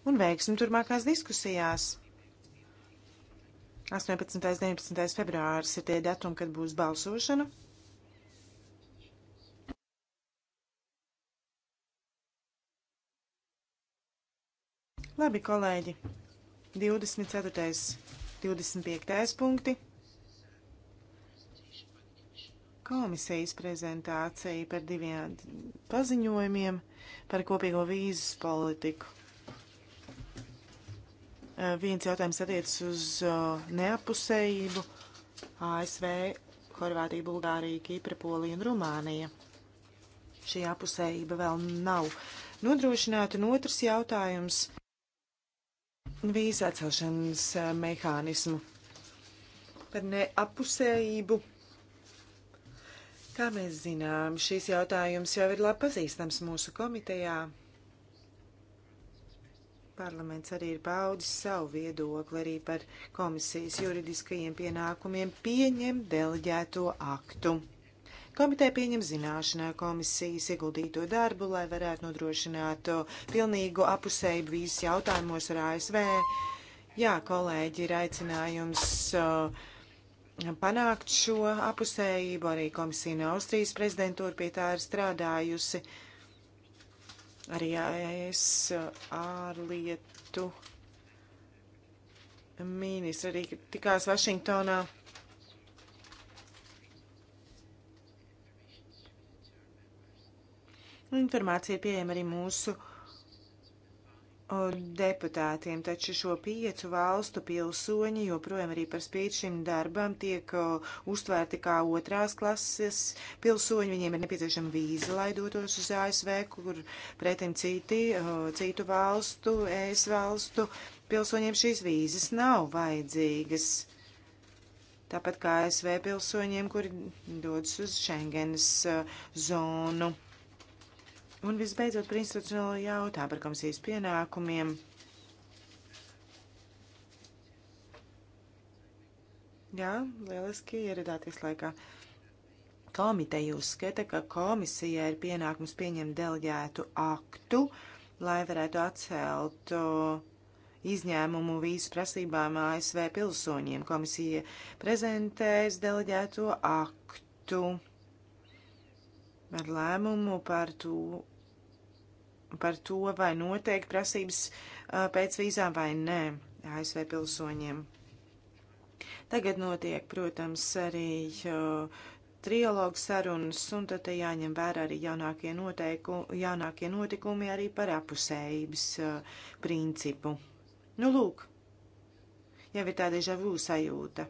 Un veiksim turmākās diskusijās. 18. un 19. februāris ir tie datumi, kad būs balsošana. Labi, kolēģi, 24. 25. punkti. Komisijas prezentācija par diviem paziņojumiem par kopīgo vīzas politiku. Eh, viens jautājums attiecas uz eh, neapusējību ASV, Horvātija, Bulgārija, Kipra, Polija un Rumānija. Šī apusējība vēl nav nodrošināta. Un otrs jautājums vīzu atcelšanas eh, mehānismu, par neapusējību. Kā mēs zinām, šīs jautājums jau ir labi pazīstams mūsu komitejā. Parlaments arī ir paudis savu viedokli arī par komisijas juridiskajiem pienākumiem pieņemt deleģēto aktu. Komiteja pieņem zināšanā komisijas ieguldīto darbu, lai varētu nodrošināt uh, pilnīgu apusēju vīzes jautājumos ar ASV. Jā, kolēģi ir aicinājums. Uh, panākt šo apusējību. Arī komisija no Austrijas prezidentūra pie tā ir strādājusi. Arī es ārlietu ministra arī tikās Vašingtonā Informācija pieejama arī mūsu deputātiem, taču šo piecu valstu pilsoņi joprojām arī par spīti šim darbam tiek uztvērti kā otrās klases pilsoņi. Viņiem ir nepieciešama vīza, lai dotos uz ASV, kur pretim citi, citu valstu, ES valstu pilsoņiem šīs vīzas nav vajadzīgas. Tāpat kā ASV pilsoņiem, kuri dodas uz Schengenas zonu. Un visbeidzot par institucionālo jautājumu par komisijas pienākumiem. Jā, lieliski ieradāties laikā. Komiteja uzskata, ka komisija ir pienākums pieņemt deleģētu aktu, lai varētu atcelt izņēmumu vīzu prasībām ASV pilsoņiem. Komisija prezentēs deleģēto aktu ar lēmumu par to par to, vai noteikti prasības pēc vīzām vai nē ASV pilsoņiem. Tagad notiek, protams, arī trialogu sarunas, un tad jāņem vērā arī jaunākie, noteikumi, jaunākie notikumi arī par apusējības principu. Nu, lūk, jau ir tāda žavū sajūta.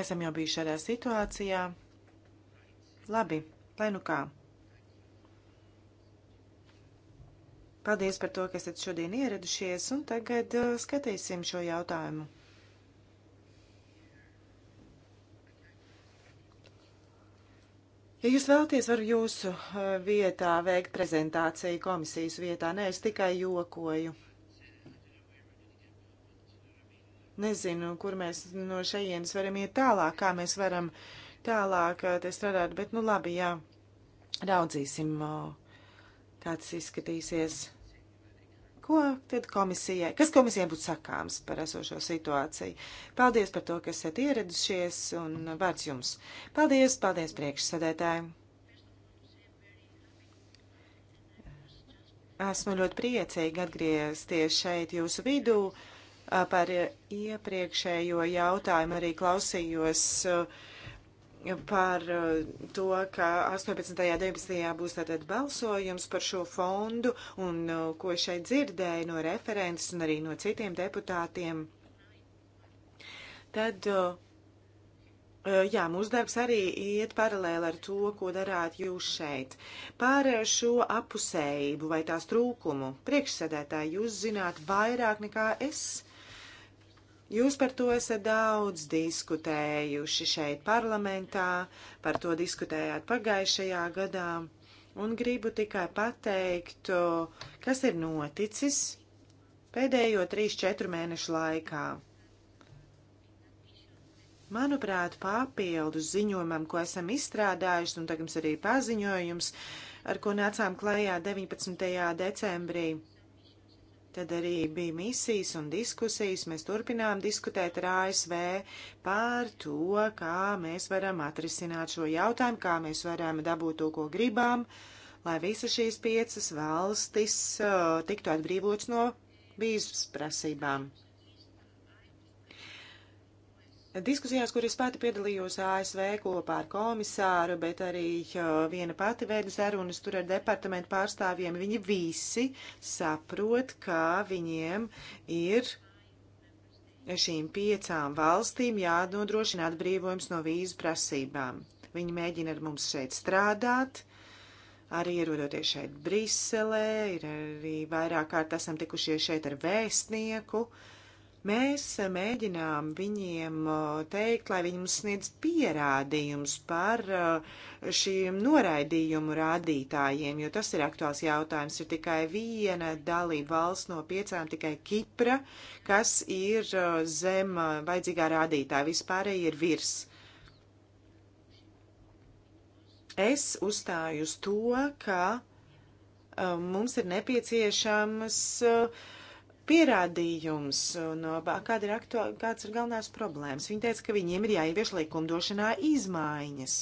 Esam jau bijuši šādā situācijā. Labi, lai nu kā. Paldies par to, ka esat šodien ieradušies, un tagad uh, skatīsim šo jautājumu. Ja jūs vēlaties, varu jūsu uh, vietā veikt prezentāciju komisijas vietā. Nē, es tikai jokoju. Nezinu, kur mēs no šejienes varam iet tālāk, kā mēs varam tālāk eh, te strādāt, bet nu labi, jā, raudzīsim, kāds izskatīsies. Ko tad komisijai, kas komisijai būtu sakāms par esošo situāciju? Paldies par to, ka esat ieradušies un vārds jums. Paldies, paldies priekšsadētājiem. Esmu ļoti priecīgi atgriezties šeit jūsu vidū. Par iepriekšējo jautājumu arī klausījos uh, par uh, to, ka 18. un 19. būs tātad balsojums par šo fondu un uh, ko šeit dzirdēju no referentes un arī no citiem deputātiem. Tad Jā, mūsu darbs arī iet paralēli ar to, ko darāt jūs šeit. Par šo apusējību vai tās trūkumu priekšsēdētāji jūs zināt vairāk nekā es. Jūs par to esat daudz diskutējuši šeit parlamentā, par to diskutējāt pagājušajā gadā, un gribu tikai pateikt, kas ir noticis pēdējo 3-4 mēnešu laikā. Manuprāt, papildus ziņojumam, ko esam izstrādājuši, un tagad mums arī paziņojums, ar ko nācām klajā 19. decembrī Tad arī bija misijas un diskusijas. Mēs turpinām diskutēt ar ASV par to, kā mēs varam atrisināt šo jautājumu, kā mēs varam dabūt to, ko gribam, lai visas šīs piecas valstis uh, tiktu atbrīvots no vīzas prasībām diskusijās, kuras pati piedalījos ASV kopā ar komisāru, bet arī viena pati veida sarunas tur ar departamentu pārstāvjiem, viņi visi saprot, ka viņiem ir šīm piecām valstīm jānodrošina atbrīvojums no vīzu prasībām. Viņi mēģina ar mums šeit strādāt. Arī ierodoties šeit Briselē, ir arī vairāk kārt esam tikušies šeit ar vēstnieku, uh, Mēs mēģinām viņiem uh, teikt, lai viņi mums sniedz pierādījums par uh, šiem noraidījumu rādītājiem, jo tas ir aktuāls jautājums. Ir tikai viena dalība valsts no piecām, tikai Kipra, kas ir uh, zem vajadzīgā rādītāja, vispārēji ir virs. Es uzstāju uz to, ka mums ir nepieciešams uh, pierādījums un uh, kāda ir aktu, kāds ir galvenās problēmas. Viņi teica, ka viņiem ir jāievieš likumdošanā izmaiņas.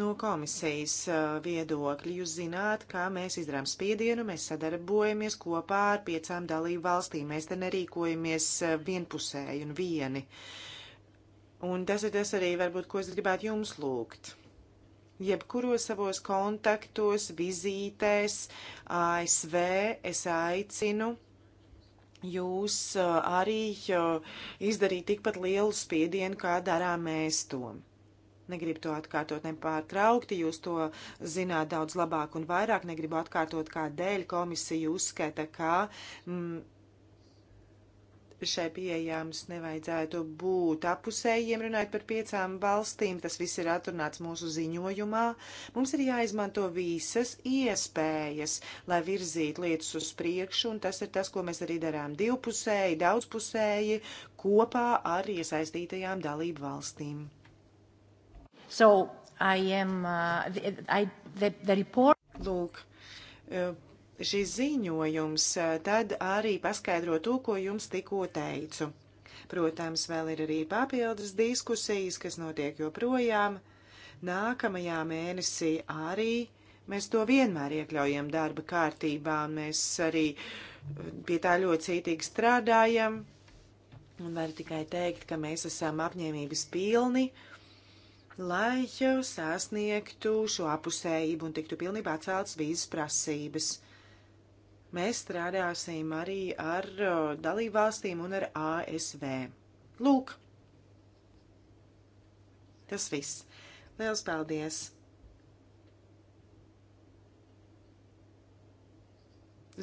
No komisijas uh, viedokļa jūs zināt, kā mēs izdarām spiedienu, mēs sadarbojamies kopā ar piecām dalību valstīm, mēs te nerīkojamies uh, vienpusēji un vieni. Un tas ir tas arī varbūt, ko es gribētu jums lūgt jebkuros savos kontaktos, vizītēs ASV es aicinu jūs arī izdarīt tikpat lielu spiedienu, kā darām mēs to. Negribu to atkārtot nepārtraukti, jūs to zināt daudz labāk un vairāk. Negribu atkārtot, kādēļ komisija uzskata, ka mm, šai pieejām nevajadzētu būt apusējiem, runājot par piecām valstīm. Tas viss ir atrunāts mūsu ziņojumā. Mums ir jāizmanto visas iespējas, lai virzītu lietas uz priekšu, un tas ir tas, ko mēs arī darām divpusēji, daudzpusēji, kopā ar iesaistītajām dalību valstīm. So, I am, uh, the, I, the, the report... Lūk, uh, šis ziņojums, tad arī paskaidro to, ko jums tikko teicu. Protams, vēl ir arī papildus diskusijas, kas notiek joprojām. Nākamajā mēnesī arī mēs to vienmēr iekļaujam darba kārtībā, mēs arī pie tā ļoti cītīgi strādājam. Un varu tikai teikt, ka mēs esam apņēmības pilni, lai sasniegtu šo apusējību un tiktu pilnībā atceltas vīzas prasības. Mēs strādāsim arī ar dalībvalstīm un ar ASV. Lūk, tas viss. Liels paldies!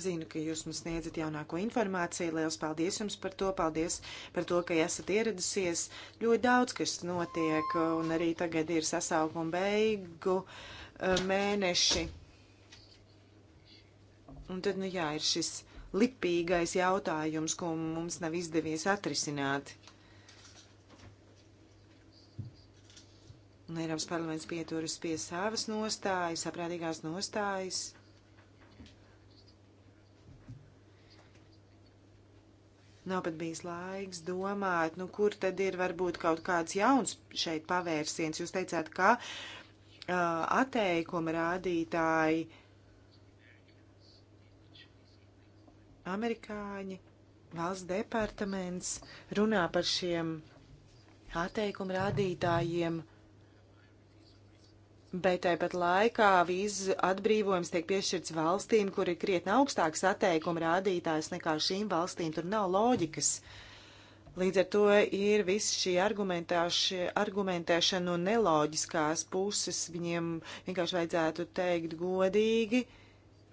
Zinu, ka jūs mums sniedzat jaunāko informāciju. Lielas paldies jums par to. Paldies par to, ka esat ieradusies. Ļoti daudz kas notiek, un arī tagad ir sasaukuma beigu e, mēneši. Un tad, nu jā, ir šis lipīgais jautājums, ko mums nav izdevies atrisināt. Un Eiropas parlaments pieturas pie savas nostājas, saprātīgās nostājas. Nav pat bijis laiks domāt, nu kur tad ir varbūt kaut kāds jauns šeit pavērsiens. Jūs teicāt, ka uh, atteikuma rādītāji amerikāņi, valsts departaments runā par šiem atteikumu rādītājiem, bet tāpat laikā vīzu atbrīvojums tiek piešķirts valstīm, kur ir krietni augstāks atteikumu rādītājs nekā šīm valstīm. Tur nav loģikas. Līdz ar to ir viss šī argumentēšana un neloģiskās puses. Viņiem vienkārši vajadzētu teikt godīgi, uh,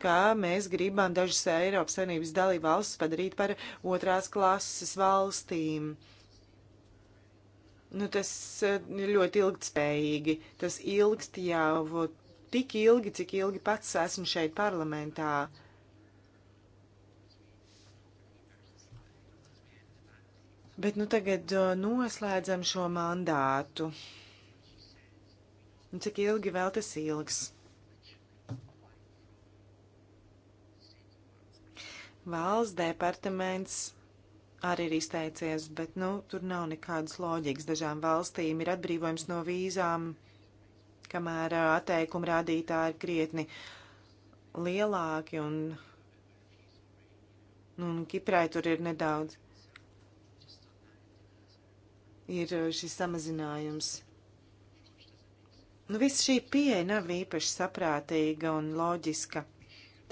ka mēs gribam dažas Eiropas Savienības dalību valstis padarīt par otrās klases valstīm. Nu, tas eh, ir ļoti ilgtspējīgi. Tas ilgst jau tik ilgi, cik ilgi pats esmu šeit parlamentā. Bet nu tagad eh, noslēdzam šo mandātu. Un cik ilgi vēl tas ilgs? Valsts departaments arī ir izteicies, bet nu, tur nav nekādas loģikas. Dažām valstīm ir atbrīvojums no vīzām, kamēr atteikuma rādītāji ir krietni lielāki, un, nu, un Kiprai tur ir nedaudz. Ir šis samazinājums. Nu, viss šī pieeja nav īpaši saprātīga un loģiska.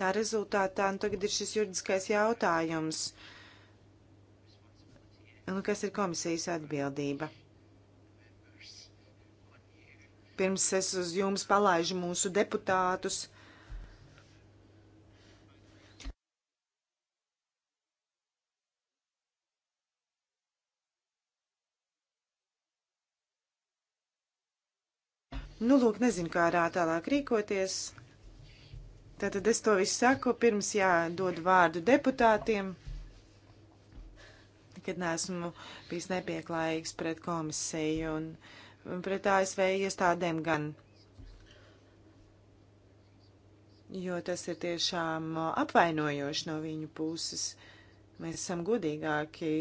Tā rezultātā nu, tagad ir šis juridiskais jautājums. Nu, kas ir komisijas atbildība? Pirms es uz jums palaižu mūsu deputātus. Nu, lūk, nezinu, kā ārā tālāk rīkoties. Tātad es to visu saku, pirms jādod vārdu deputātiem, kad neesmu bijis nepieklājīgs pret komisiju un, un pret ASV iestādēm gan. Jo tas ir tiešām apvainojoši no viņu puses. Mēs esam godīgāki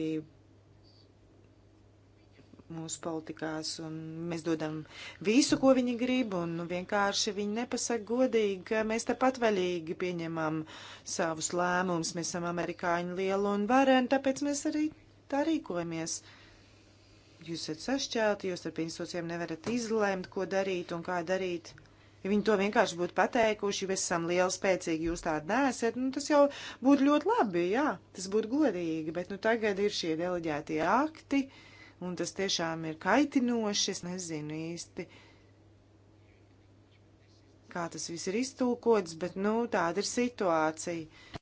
mūsu politikās, un mēs dodam visu, ko viņi grib, un nu, vienkārši viņi nepasaka godīgi, ka mēs tepat vaļīgi pieņemam savus lēmumus, mēs esam amerikāņu lielu un vareni, tāpēc mēs arī tā rīkojamies. Jūs esat sašķelti, jūs ar institūcijiem nevarat izlēmt, ko darīt un kā darīt. Ja viņi to vienkārši būtu pateikuši, ja esam lieli, spēcīgi, jūs tādi nesat, nu, tas jau būtu ļoti labi, jā, tas būtu godīgi, bet nu tagad ir šie deleģētie akti. Uh, un tas tiešām ir kaitinoši, es nezinu īsti, kā tas viss ir iztūkots, bet, nu, tāda ir situācija.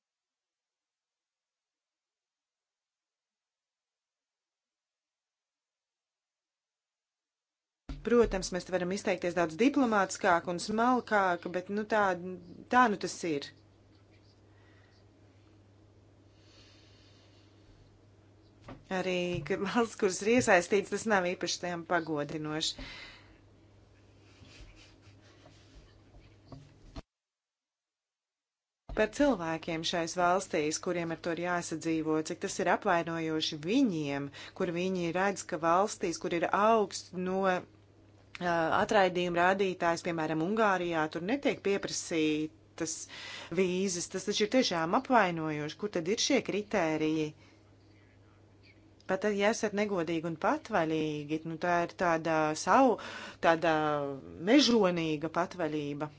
Protams, mēs varam izteikties daudz diplomātiskāk un smalkāk, bet nu, tā, tā nu tas ir. arī valsts, kuras ir iesaistīts, tas nav īpaši tiem pagodinoši. Par cilvēkiem šais valstīs, kuriem ar to ir jāsadzīvo, cik tas ir apvainojoši viņiem, kur viņi redz, ka valstīs, kur ir augsts no uh, atraidījuma rādītājs, piemēram, Ungārijā, tur netiek pieprasītas vīzes. Tas taču ir tiešām apvainojoši, kur tad ir šie kritēriji. Uh, Pat ja esat negodīgi un patvaļīgi, nu tā ir tāda savu, tāda mežonīga patvaļība.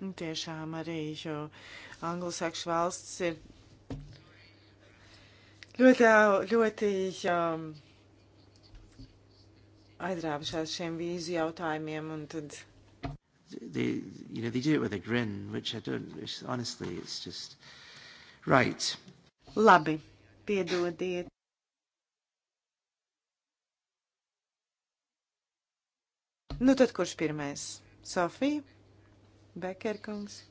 Un nu, tiešām arī, jo anglosakšu valsts ir ļoti, ļoti um, aizrāvušās šiem vīzu jautājumiem, un tad they, you know, they do it with a grin, which I don't, which honestly, it's just, right. Labi, piedodiet. Nu tad kurš pirmais? Sofija? Bekerkungs?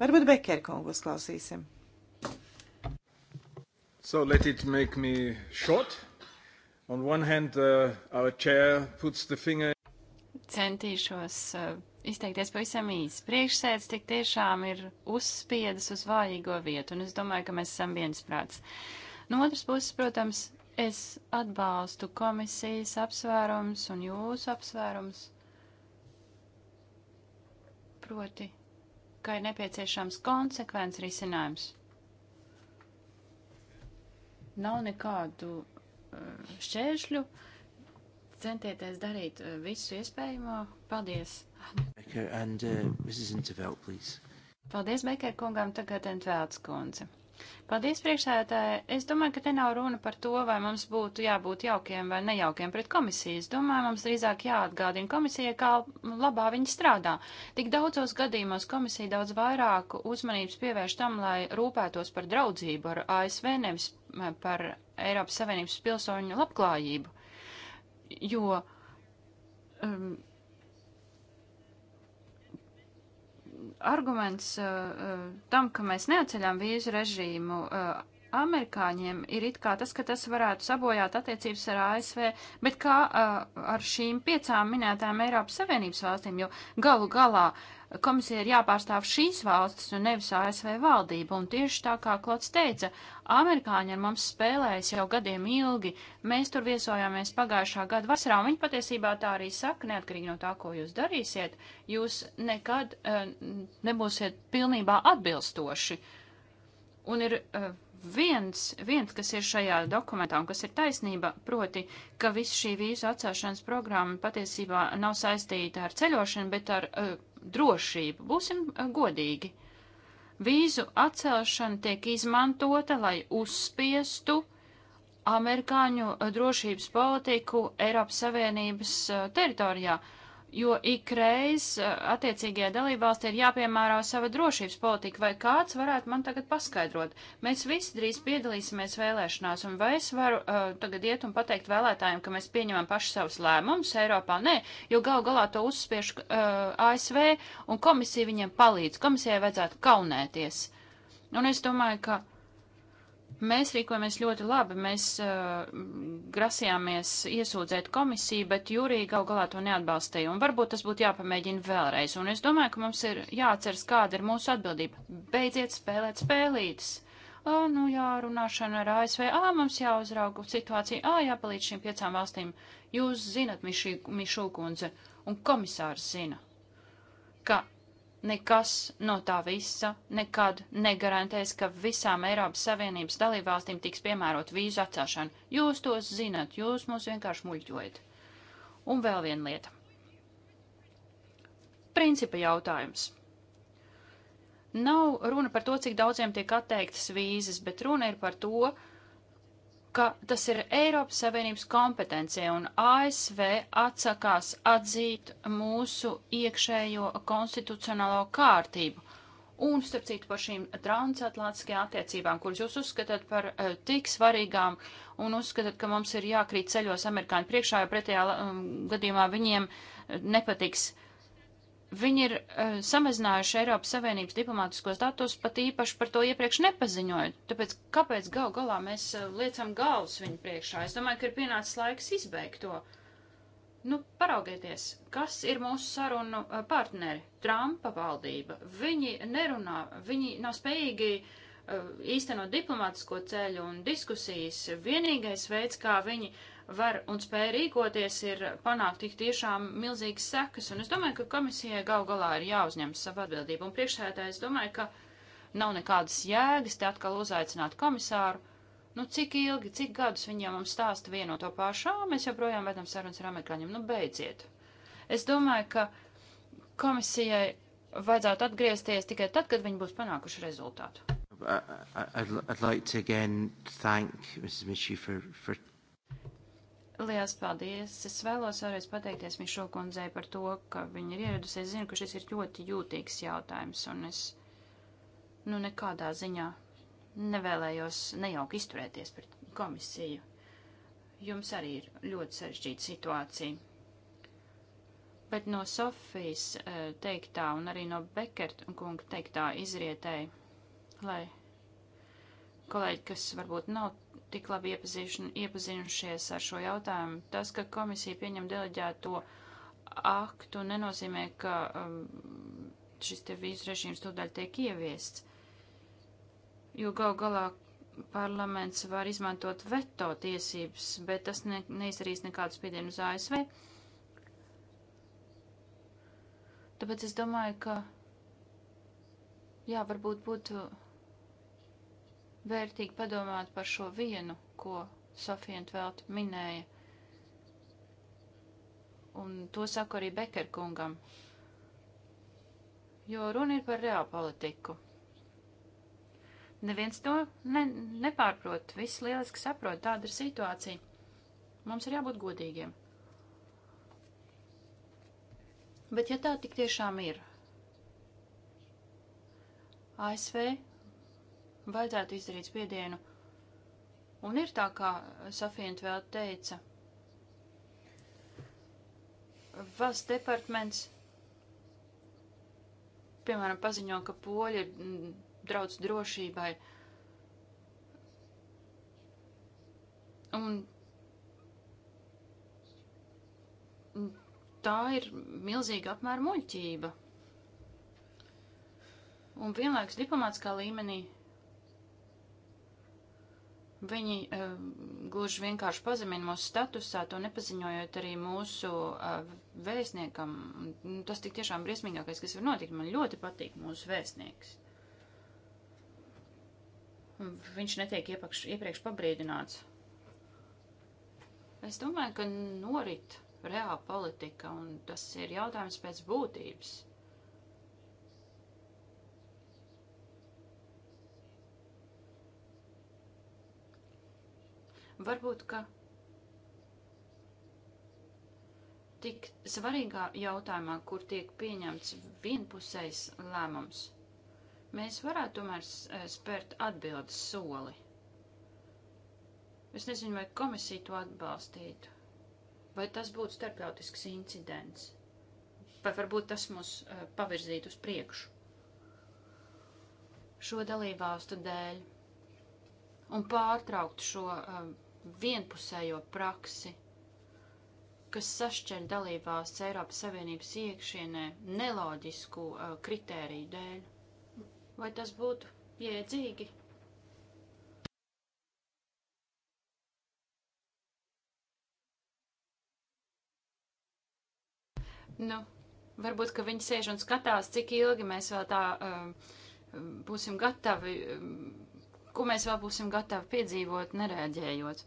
Varbūt Bekerkungu uzklausīsim. So let it make me short. On one hand, uh, our chair puts the finger. Centīšos uh, izteikties pavisam īsi. Priekšsēdus tik tiešām ir uzspiedis uz vājīgo vietu, un es domāju, ka mēs esam viensprāts. No otras puses, protams, es atbalstu komisijas apsvērums un jūsu apsvērums. Proti, ka ir nepieciešams konsekvents risinājums. Nav nekādu eh, šķēršļu. Centieties darīt eh, visu iespējamo. Paldies! Becker and uh, Mrs. Mhm. Intervelt, please. Paldies, Becker kungam, tagad Entvelts kundze. Paldies, priekšsēdētāji. Es domāju, ka te nav runa par to, vai mums būtu jābūt jaukiem vai nejaukiem pret komisiju. Es domāju, mums drīzāk jāatgādina komisijai, kā labā viņi strādā. Tik daudzos gadījumos komisija daudz vairāk uzmanības pievērš tam, lai rūpētos par draudzību ar ASV, nevis eh, par Eiropas Savienības pilsoņu labklājību. Jo um, arguments uh, uh, tam, ka mēs neatceļām vīzu režīmu uh, amerikāņiem, ir it kā tas, ka tas varētu sabojāt attiecības ar ASV, bet kā uh, ar šīm piecām minētām Eiropas Savienības valstīm, jo galu galā komisija ir jāpārstāv šīs valstis un nevis ASV valdība. Un tieši tā kā Klots teica, amerikāņi ar mums spēlējas jau gadiem ilgi. Mēs tur viesojāmies pagājušā gada vasarā, un viņi patiesībā tā arī saka, neatkarīgi no tā, ko jūs darīsiet, jūs nekad uh, nebūsiet pilnībā atbilstoši. Un ir uh, viens, viens, kas ir šajā dokumentā un kas ir taisnība, proti, ka viss šī vīzu atcelšanas programma patiesībā nav saistīta ar ceļošanu, bet ar uh, drošību. Būsim eh, godīgi. Vīzu atcelšana tiek izmantota, lai uzspiestu amerikāņu eh, drošības politiku Eiropas Savienības eh, teritorijā. Uh, jo ikreiz e, attiecīgajā dalībvalstī ir jāpiemēro sava drošības politika, vai kāds varētu man tagad paskaidrot. Mēs visi drīz piedalīsimies vēlēšanās, un vai es varu uh, tagad iet un pateikt vēlētājiem, ka mēs pieņemam paši savus lēmumus Eiropā? Nē, jo gal galā to uzspiež uh, e, ASV, un komisija viņiem palīdz. Komisijai vajadzētu kaunēties. Un es domāju, ka Mēs rīkojamies ļoti labi, mēs uh, grasījāmies iesūdzēt komisiju, bet jūrija gal galā to neatbalstīja, un varbūt tas būtu jāpamēģina vēlreiz, un es domāju, ka mums ir jāatceras, kāda ir mūsu atbildība. Beidziet spēlēt spēlītes! Ā, nu jā, runāšana ar ASV, ā, mums jāuzrauga situācija, ā, jāpalīdz šīm piecām valstīm. Jūs zinat, Mišūkundze, un komisārs zina, ka Nekas no tā visa nekad negarantēs, ka visām Eiropas Savienības dalībvalstīm tiks piemērot vīzu atcelšanu. Jūs tos zinat, jūs mūs vienkārši muļķojat. Un vēl viena lieta. Principa jautājums. Nav runa par to, cik daudziem tiek atteiktas vīzes, bet runa ir par to, uh, ka tas ir Eiropas Savienības kompetencija, un ASV atsakās atzīt mūsu iekšējo konstitucionālo kārtību. Un, starp citu, par šīm transatlantiskajām attiecībām, kuras jūs uzskatāt par uh, tik svarīgām un uzskatāt, ka mums ir jākrīt ceļos amerikāņu priekšā, jo pretējā um, gadījumā viņiem eh, nepatiks uh, Viņi ir uh, samazinājuši Eiropas Savienības diplomātisko status, pat īpaši par to iepriekš nepaziņojot. Tāpēc kāpēc gal galā mēs uh, liecam galvas viņu priekšā? Es domāju, ka ir pienācis laiks izbeigt to. Nu, paraugieties, kas ir mūsu sarunu uh, partneri? Trumpa valdība. Viņi nerunā, viņi nav spējīgi uh, īstenot diplomātisko ceļu un diskusijas. Vienīgais veids, kā viņi uh, var un spēja rīkoties, ir panākt tik tiešām milzīgas sekas. Un es domāju, ka komisijai gal galā ir jāuzņem savu atbildību. Un priekšsēdētāji, es domāju, ka nav nekādas jēgas te atkal uzaicināt komisāru. Nu, cik ilgi, cik gadus viņiem mums stāsta vieno to pašu, mēs joprojām vedam sarunas ar amerikāņiem. Nu, beidziet. Es domāju, ka komisijai vajadzētu atgriezties tikai tad, kad viņi būs panākuši rezultātu. I, uh, uh, uh, I'd, I'd like to again thank Mrs. Michu for, for Lielas paldies! Es vēlos vēlreiz pateikties Mišo kundzei par to, ka viņa ir ieradusies. Es zinu, ka šis ir ļoti jūtīgs jautājums, un es, nu, nekādā ziņā nevēlējos nejauki izturēties pret komisiju. Jums arī ir ļoti sarežģīta situācija. Bet no Sofijas eh, teiktā un arī no Bekerta kunga teiktā izrietēja, lai kolēģi, kas varbūt nav tik labi iepazinušies ar šo jautājumu. Tas, ka komisija pieņem deleģēto aktu, nenozīmē, ka um, šis te vīzu režīms tūdaļ tiek ieviests, jo gal galā parlaments var izmantot veto tiesības, bet tas ne, neizdarīs nekādu spiedienu uz ASV. Tāpēc es domāju, ka jā, varbūt būtu vērtīgi padomāt par šo vienu, ko Sofija Tvelt minēja. Un to saku arī Beker kungam. Jo runa ir par reālpolitiku. Neviens to ne, nepārprot. Viss lieliski saprot, tāda ir situācija. Mums ir jābūt godīgiem. Bet ja tā tik tiešām ir, ASV vajadzētu izdarīt spiedienu. Un ir tā, kā Safienta vēl teica, valsts departaments, piemēram, paziņo, ka poļi ir mm, draudz drošībai. Un tā ir milzīga apmēra muļķība. Un vienlaikus diplomātiskā līmenī Viņi uh, gluži vienkārši pazemina mūsu statusā, to nepaziņojot arī mūsu uh, vēstniekam. Tas tik tiešām briesmīgākais, kas var notikt. Man ļoti patīk mūsu vēstnieks. Viņš netiek iepakš, iepriekš pabrīdināts. Es domāju, ka norit reāla politika, un tas ir jautājums pēc būtības. Varbūt, ka tik svarīgā jautājumā, kur tiek pieņemts vienpusējs lēmums, mēs varētu tomēr eh, spērt atbildes soli. Es nezinu, vai komisija to atbalstītu, vai tas būtu starptautisks incidents, vai varbūt tas mūs eh, pavirzītu uz priekšu. Šo dalībvalstu dēļ un pārtraukt šo uh, vienpusējo praksi, kas sašķeļ dalībās Eiropas Savienības iekšienē neloģisku uh, kritēriju dēļ. Vai tas būtu jēdzīgi? Nu, varbūt, ka viņi sēž un skatās, cik ilgi mēs vēl tā um, būsim gatavi, um, ko mēs vēl būsim gatavi piedzīvot, nereaģējot.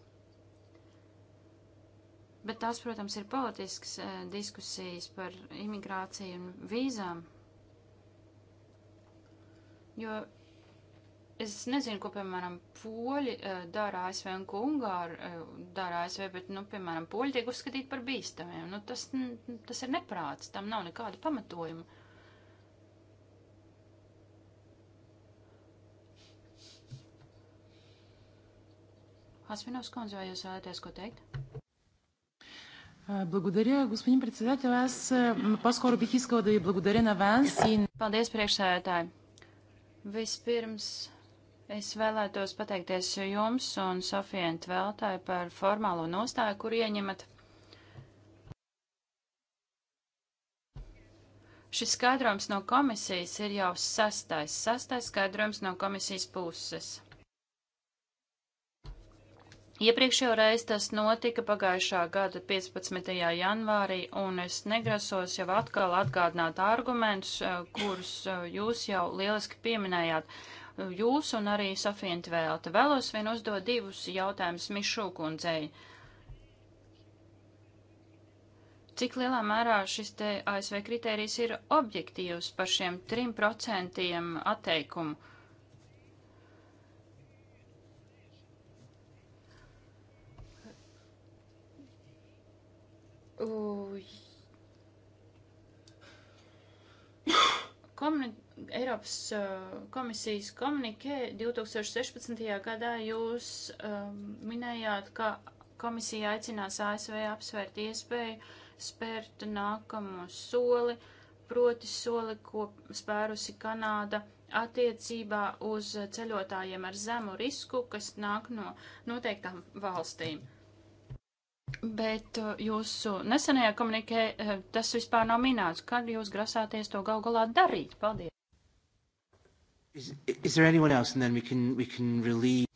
Bet tās, protams, ir politisks eh, diskusijas par imigrāciju un vīzām. Jo es nezinu, ko, piemēram, poļi eh, dara ASV un ko Ungāri eh, dara ASV, bet, nu, piemēram, poļi tiek uzskatīti par bīstamiem. Nu, tas, tas ir neprāts, tam nav nekāda pamatojuma. Asminovs kundze, vai jūs vēlaties ko teikt? Благодаря, господин председател. Аз по-скоро бих искала да ви благодаря на Ванс. И... Paldies, priekšsēdētāji. Vispirms es vēlētos pateikties jums un Sofijai Tveltai par formālo nostāju, kur ieņemat. Šis skaidrojums no komisijas ir jau sastais, sastais skaidrojums no komisijas puses. Iepriekšējo reizi tas notika pagājušā gada 15. janvārī, un es negrasos jau atkal atgādināt argumentus, eh, kurus eh, jūs jau lieliski pieminējāt. Jūs un arī Safienta vēlta. Vēlos vien uzdot divus jautājumus Mišu kundzei. Cik lielā mērā šis te ASV kritērijs ir objektīvs par šiem 3% atteikumu? Komuni Eiropas uh, komisijas komunikē 2016. gadā jūs um, minējāt, ka komisija aicinās ASV apsvērt iespēju spērt nākamo soli, proti soli, ko spērusi Kanāda attiecībā uz ceļotājiem ar zemu risku, kas nāk no noteiktām valstīm. Bet uh, jūsu nesenajā komunikē uh, tas vispār nav minēts. Kad jūs grasāties to gal galā darīt? Paldies! Is, is there anyone else? And then we can, we can relieve.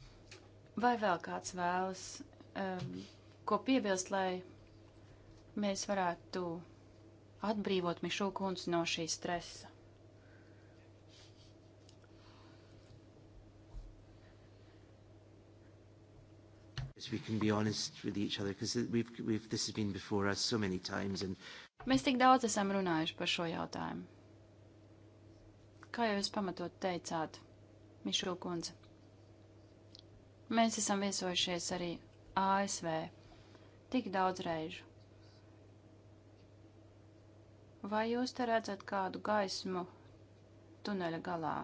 Vai vēl kāds vēlas um, ko piebilst, lai mēs varētu atbrīvot Mišu kundzi no šī stresa? so we can be honest with each other, because we've, we've, this has been before us so many times. And... Mēs tik daudz esam runājuši par šo jautājumu. Kā jau jūs pamatot teicāt, Mišo kundze, mēs esam viesojušies arī ASV tik daudz reižu. Vai jūs te redzat kādu gaismu tuneļa galā?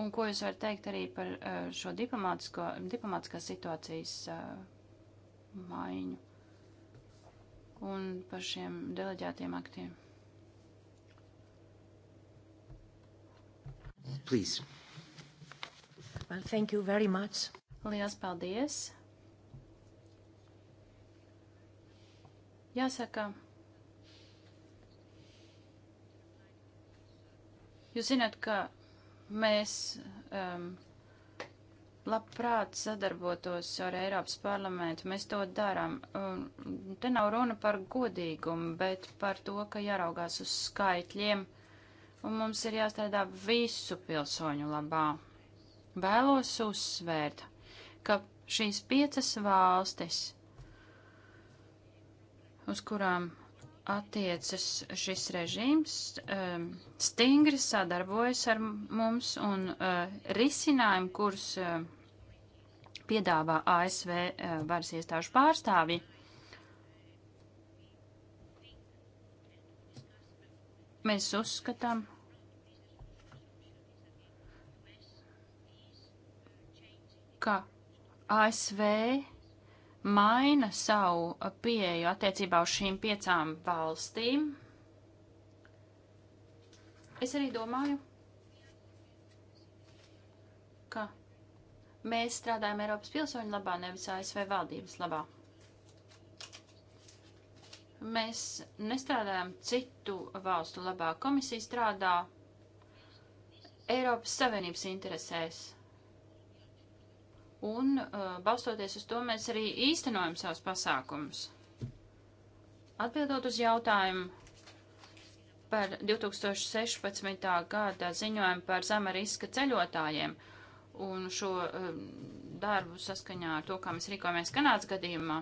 Un ko jūs varat teikt arī par eh, šo diplomātiskās situācijas eh, maiņu un par šiem deleģētiem aktiem? Please. Well, thank you very much. Lielas paldies. Jāsaka, jūs zināt, ka Mēs um, labprāt sadarbotos ar Eiropas parlamentu, mēs to darām. Um, te nav runa par godīgumu, bet par to, ka jāraugās uz skaitļiem, un mums ir jāstrādā visu pilsoņu labā. Vēlos uzsvērt, ka šīs piecas valstis, uz kurām attiecas šis režīms, um, stingri sadarbojas ar mums un uh, risinājumi, kurus uh, piedāvā ASV uh, varas iestāžu pārstāvji. Mēs uzskatām, ka ASV maina savu pieeju attiecībā uz šīm piecām valstīm. Es arī domāju, ka mēs strādājam Eiropas pilsoņu labā, nevis ASV valdības labā. Mēs nestrādājam citu valstu labā. Komisija strādā Eiropas Savienības interesēs. Un uh, balstoties uz to, mēs arī īstenojam savus pasākumus. Atbildot uz jautājumu par 2016. gada ziņojumu par zema riska ceļotājiem un šo um, darbu saskaņā ar to, kā mēs rīkojamies Kanādas gadījumā,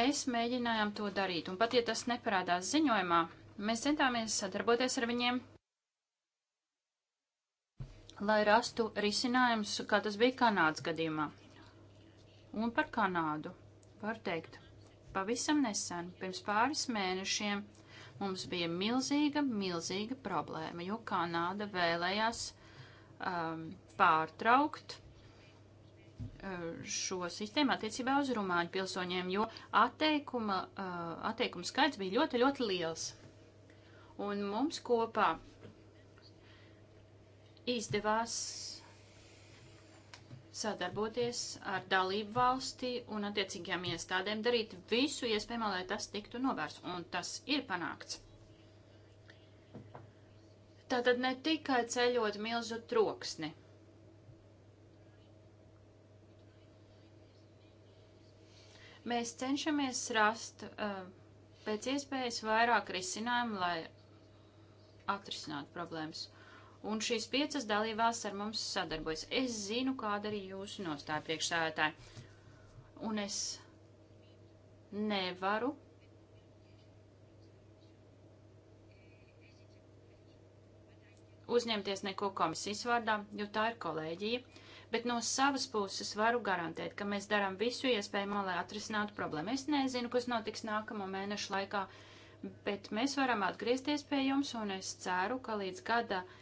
mēs mēģinājām to darīt. Un pat ja tas neparādās ziņojumā, mēs centāmies sadarboties ar viņiem, lai rastu risinājums, kā tas bija Kanādas gadījumā. Un par Kanādu var teikt, pavisam nesen, pirms pāris mēnešiem, mums bija milzīga, milzīga problēma, jo Kanāda vēlējās um, pārtraukt uh, šo sistēmu attiecībā uz rumāņu pilsoņiem, jo atteikuma, uh, atteikuma skaits bija ļoti, ļoti liels. Un mums kopā izdevās sadarboties ar dalību valsti un attiecīgajām iestādēm, darīt visu iespējamo, lai tas tiktu novērsts. Un tas ir panākts. Tātad ne tikai ceļot milzu troksni. Mēs cenšamies rast uh, pēc iespējas vairāk risinājumu, lai atrisinātu problēmas un šīs piecas dalībās ar mums sadarbojas. Es zinu, kāda arī jūsu nostāja priekšsēdētāji. Un es nevaru. Uzņemties neko komisijas vārdā, jo tā ir kolēģija, bet no savas puses varu garantēt, ka mēs darām visu iespējamo, lai atrisinātu problēmu. Es nezinu, kas notiks nākamo mēnešu laikā, bet mēs varam atgriezties pie jums, un es ceru, ka līdz gada uh,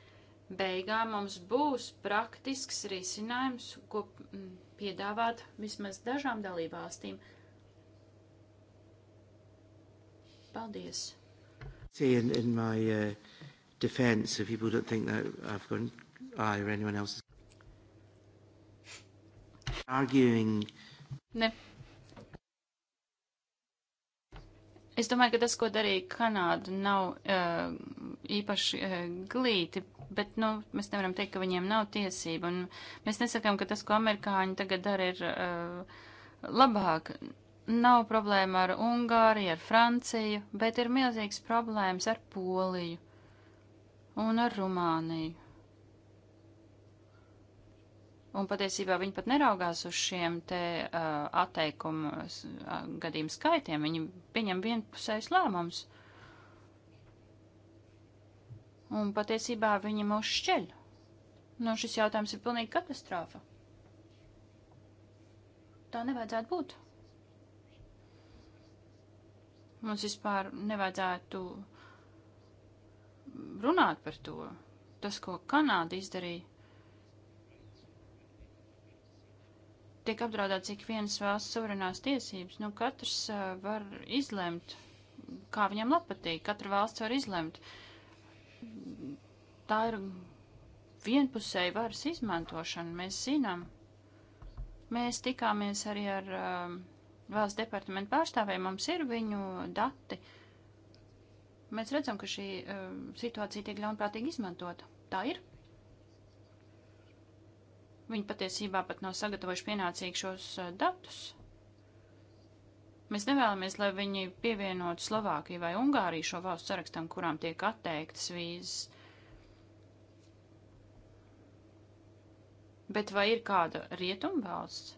beigām mums būs praktisks risinājums, ko mm, piedāvāt vismaz dažām dalībvalstīm. Paldies! In, in my, uh, defense, so people don't think that I've gone, I or anyone else is arguing. Ne. Es domāju, ka tas, ko darīja Kanāda, nav uh, īpaši uh, glīti bet, nu, mēs nevaram teikt, ka viņiem nav tiesība, un mēs nesakām, ka tas, ko amerikāņi tagad dara, ir uh, labāk. Nav problēma ar Ungāriju, ar Franciju, bet ir milzīgs problēmas ar Poliju un ar Rumāniju. Un patiesībā viņi pat neraugās uz šiem te uh, atteikumu uh, gadījumu skaitiem, viņi pieņem vienpusējs lēmums. Uh, Un patiesībā viņi mūs šķeļ. Nu, šis jautājums ir pilnīgi katastrofa. Tā nevajadzētu būt. Mums vispār nevajadzētu runāt par to. Tas, ko Kanāda izdarīja, tiek apdraudēts ik vienas valsts suverenās tiesības. Nu, katrs uh, var izlemt, kā viņam patīk. Katra valsts var izlemt. Uh, tā ir vienpusēja varas izmantošana. Mēs zinām, mēs tikāmies arī ar uh, valsts departamentu pārstāvēju, mums ir viņu dati. Mēs redzam, ka šī uh, situācija tiek ļaunprātīgi izmantota. Tā ir. Viņi patiesībā pat nav sagatavojuši pienācīgos uh, datus. Mēs nevēlamies, lai viņi pievienotu Slovākiju vai Ungāriju šo valstu sarakstam, kurām tiek atteiktas vīzes. Bet vai ir kāda rietumvalsts?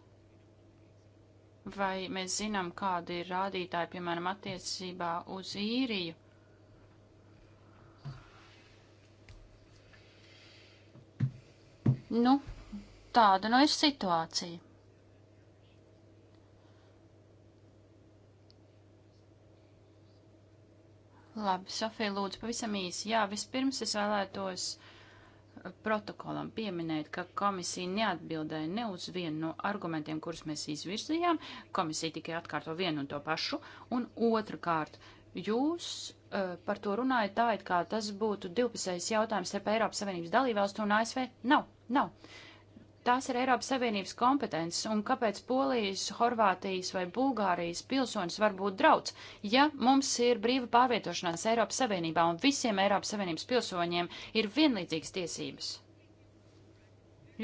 Vai mēs zinām, kādi ir rādītāji, piemēram, attiecībā uz īriju? Nu, tāda nu ir situācija. Labi, Sofija, lūdzu, pavisam īsi. Jā, vispirms es vēlētos uh, protokolam pieminēt, ka komisija neatbildēja ne uz vienu no argumentiem, kurus mēs izvirzījām. Komisija tikai atkārto vienu un to pašu. Un otrkārt, jūs uh, par to runājat tā, it kā tas būtu divpusējs jautājums starp Eiropas Savienības dalībvalstu un ASV. Nav, nav tās ir Eiropas Savienības kompetences un kāpēc Polijas, Horvātijas vai Bulgārijas pilsonis var būt drauds, ja mums ir brīva pārvietošanās Eiropas Savienībā un visiem Eiropas Savienības pilsoņiem ir vienlīdzīgas tiesības.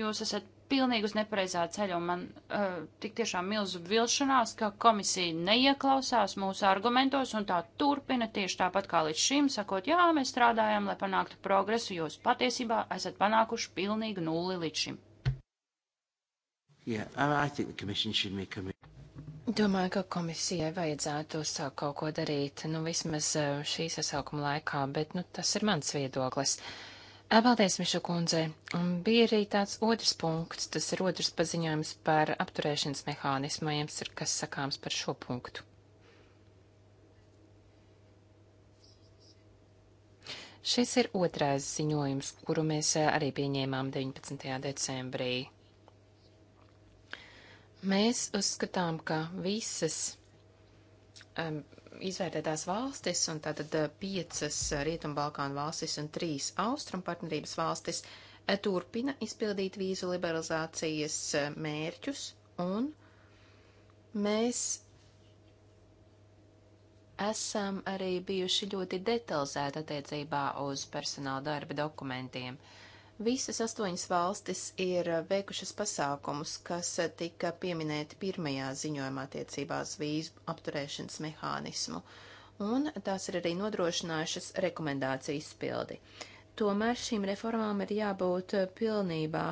Jūs esat pilnīgi uz nepareizā ceļa, un man uh, tik tiešām milzu vilšanās, ka komisija neieklausās mūsu argumentos, un tā turpina tieši tāpat kā līdz šim, sakot, jā, mēs strādājam, lai panāktu progresu, jūs patiesībā esat panākuši pilnīgi nulli līdz šim. Yeah, I think the commission should make a move. Domāju, ka komisijai vajadzētu sākt kaut ko darīt, nu vismaz eh, šī sasaukuma laikā, bet nu, tas ir mans viedoklis. Eh, paldies, Miša kundze. Un bija arī tāds otrs punkts, tas ir otrs paziņojums par apturēšanas mehānismu, jums ir kas sakāms par šo punktu. Šis ir otrais ziņojums, kuru mēs eh, arī pieņēmām 19. decembrī. Mēs uzskatām, ka visas um, izvērtētās valstis, un tātad eh, piecas Rietumbalkānu valstis un trīs Austrum partnerības valstis, eh, turpina izpildīt vīzu liberalizācijas eh, mērķus, un mēs esam arī bijuši ļoti detalizēti attiecībā uz personāla darba dokumentiem. Uh, Visas astoņas valstis ir veikušas pasākumus, kas tika pieminēti pirmajā ziņojumā attiecībā uz vīzu apturēšanas mehānismu, un tās ir arī nodrošinājušas rekomendāciju izpildi. Tomēr šīm reformām ir jābūt pilnībā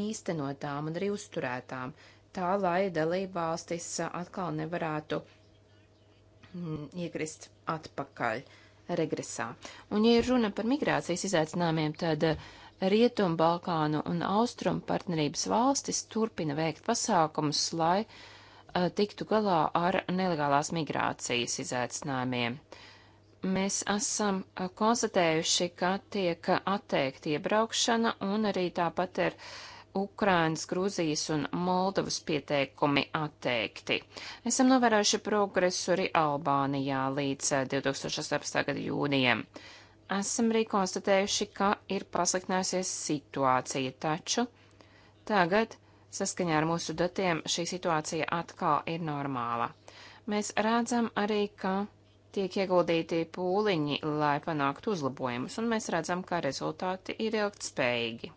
īstenotām un arī uzturētām, tā lai dalība valstis atkal nevarētu mm, iekrist atpakaļ regresā. Un, ja ir runa par migrācijas izaicinājumiem, tad Rietumbalkānu un Austrumu partnerības valstis turpina veikt pasākumus, lai uh, tiktu galā ar nelegālās migrācijas izaicinājumiem. Mēs esam uh, konstatējuši, ka tiek atteikti iebraukšana un arī tāpat ir Ukrainas, Grūzijas un Moldovas pieteikumi atteikti. Esam novērojuši progresu arī Albānijā līdz 2018. gada jūnijam. Uh, esam arī konstatējuši, ka ir pasliktinājusies situācija, taču tagad, saskaņā ar mūsu datiem, šī situācija atkal ir normāla. Mēs redzam arī, ka tiek ieguldīti pūliņi, lai panāktu uzlabojumus, un mēs redzam, ka rezultāti ir ilgtspējīgi.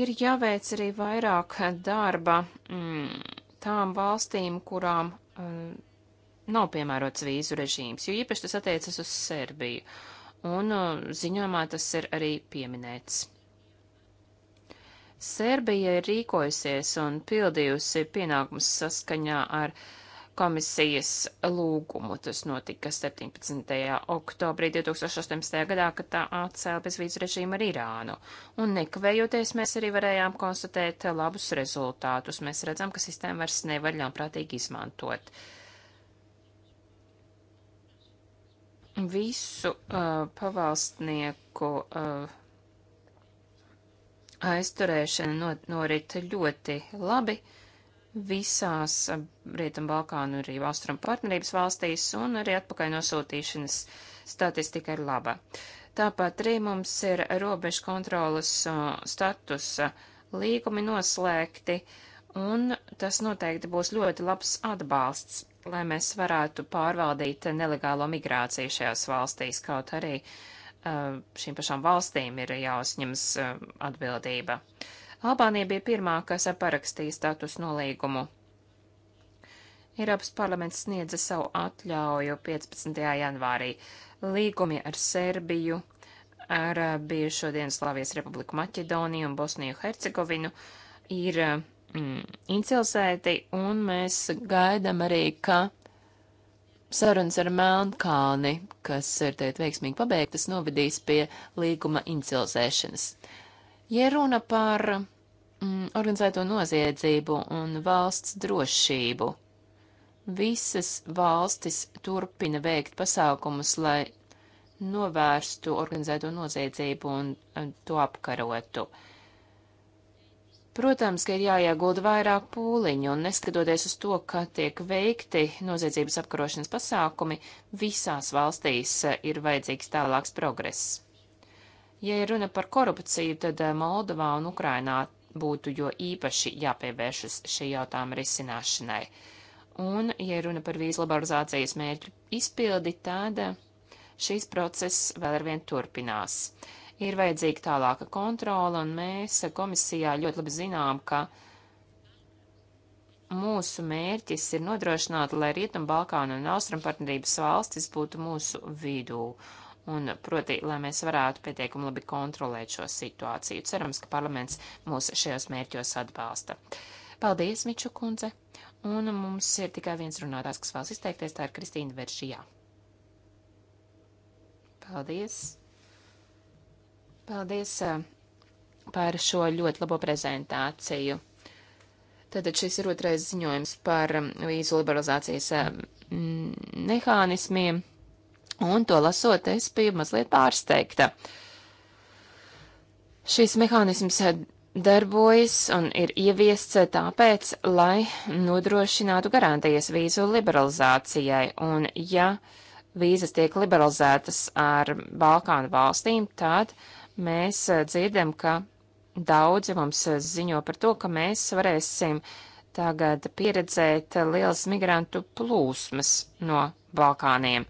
Ir jāveic arī vairāk darba mm, tām valstīm, kurām mm, nav piemērots vīzu režīms, jo īpaši tas attiecas uz Serbiju. Uh, un uh, ziņojumā tas ir arī pieminēts. Serbija ir rīkojusies un pildījusi pienākumus saskaņā ar komisijas lūgumu. Tas notika 17. oktobrī 2018. gadā, kad tā atcēla bezvīzu režīmu ar Irānu. Un nekavējoties mēs arī varējām konstatēt labus rezultātus. Mēs redzam, ka sistēma vairs nevar ļaunprātīgi izmantot. Uh, visu uh, pavalstnieku uh, aizturēšana not, norita ļoti labi visās uh, Rietumbalkānu un arī Austrum partnerības valstīs, un arī atpakaļ nosūtīšanas statistika ir laba. Tāpat arī mums ir robežu kontrolas uh, statusa līgumi noslēgti, un tas noteikti būs ļoti labs atbalsts lai mēs varētu pārvaldīt nelegālo migrāciju šajās valstīs, kaut arī uh, šīm pašām valstīm ir jāuzņems uh, atbildība. Albānija bija pirmā, kas parakstīja status nolīgumu. Eiropas parlaments sniedza savu atļauju 15. janvārī. Līgumi ar Serbiju, ar uh, bijušo Dienaslāvijas republiku Maķedoniju un Bosniju Hercegovinu ir mm, incelsēti, un mēs gaidām arī, ka sarunas ar Melnkalni, kas ir teikt veiksmīgi pabeigtas, novedīs pie līguma incelsēšanas. Ja runa par mm, organizēto noziedzību un valsts drošību, visas valstis turpina veikt pasākumus, lai novērstu organizēto noziedzību un eh, to apkarotu. Uh, Protams, ka ir jāiegulda vairāk pūliņu, un neskatoties uz to, ka tiek veikti noziedzības apkarošanas pasākumi, visās valstīs eh, ir vajadzīgs tālāks progress. Ja ir runa par korupciju, tad eh, Moldovā un Ukrainā būtu jo īpaši jāpievēršas šī jautājuma risināšanai. Un, ja runa par vīzu liberalizācijas mērķu izpildi, tad eh, šīs process vēl arvien turpinās ir vajadzīga tālāka kontrola, un mēs komisijā ļoti labi zinām, ka mūsu mērķis ir nodrošināt, lai Rietumbalkāna un Austrumpartnerības valstis būtu mūsu vidū, un proti, lai mēs varētu pietiekami labi kontrolēt šo situāciju. Cerams, ka parlaments mūs šajos mērķos atbalsta. Paldies, Miču kundze! Un mums ir tikai viens runātājs, kas vēlas izteikties, tā ir Kristīna Veržijā. Paldies! Paldies eh, par šo ļoti labo prezentāciju. Tātad šis ir otrais ziņojums par mm, vīzu liberalizācijas eh, mm, mehānismiem, un to lasot, es biju mazliet pārsteigta. Šis mehānisms eh, darbojas un ir ieviests tāpēc, lai nodrošinātu garantijas vīzu liberalizācijai, un ja vīzas tiek liberalizētas ar Balkānu valstīm, tad Mēs eh, dzirdam, ka daudzi mums eh, ziņo par to, ka mēs varēsim tagad pieredzēt liels migrantu plūsmas no Balkāniem,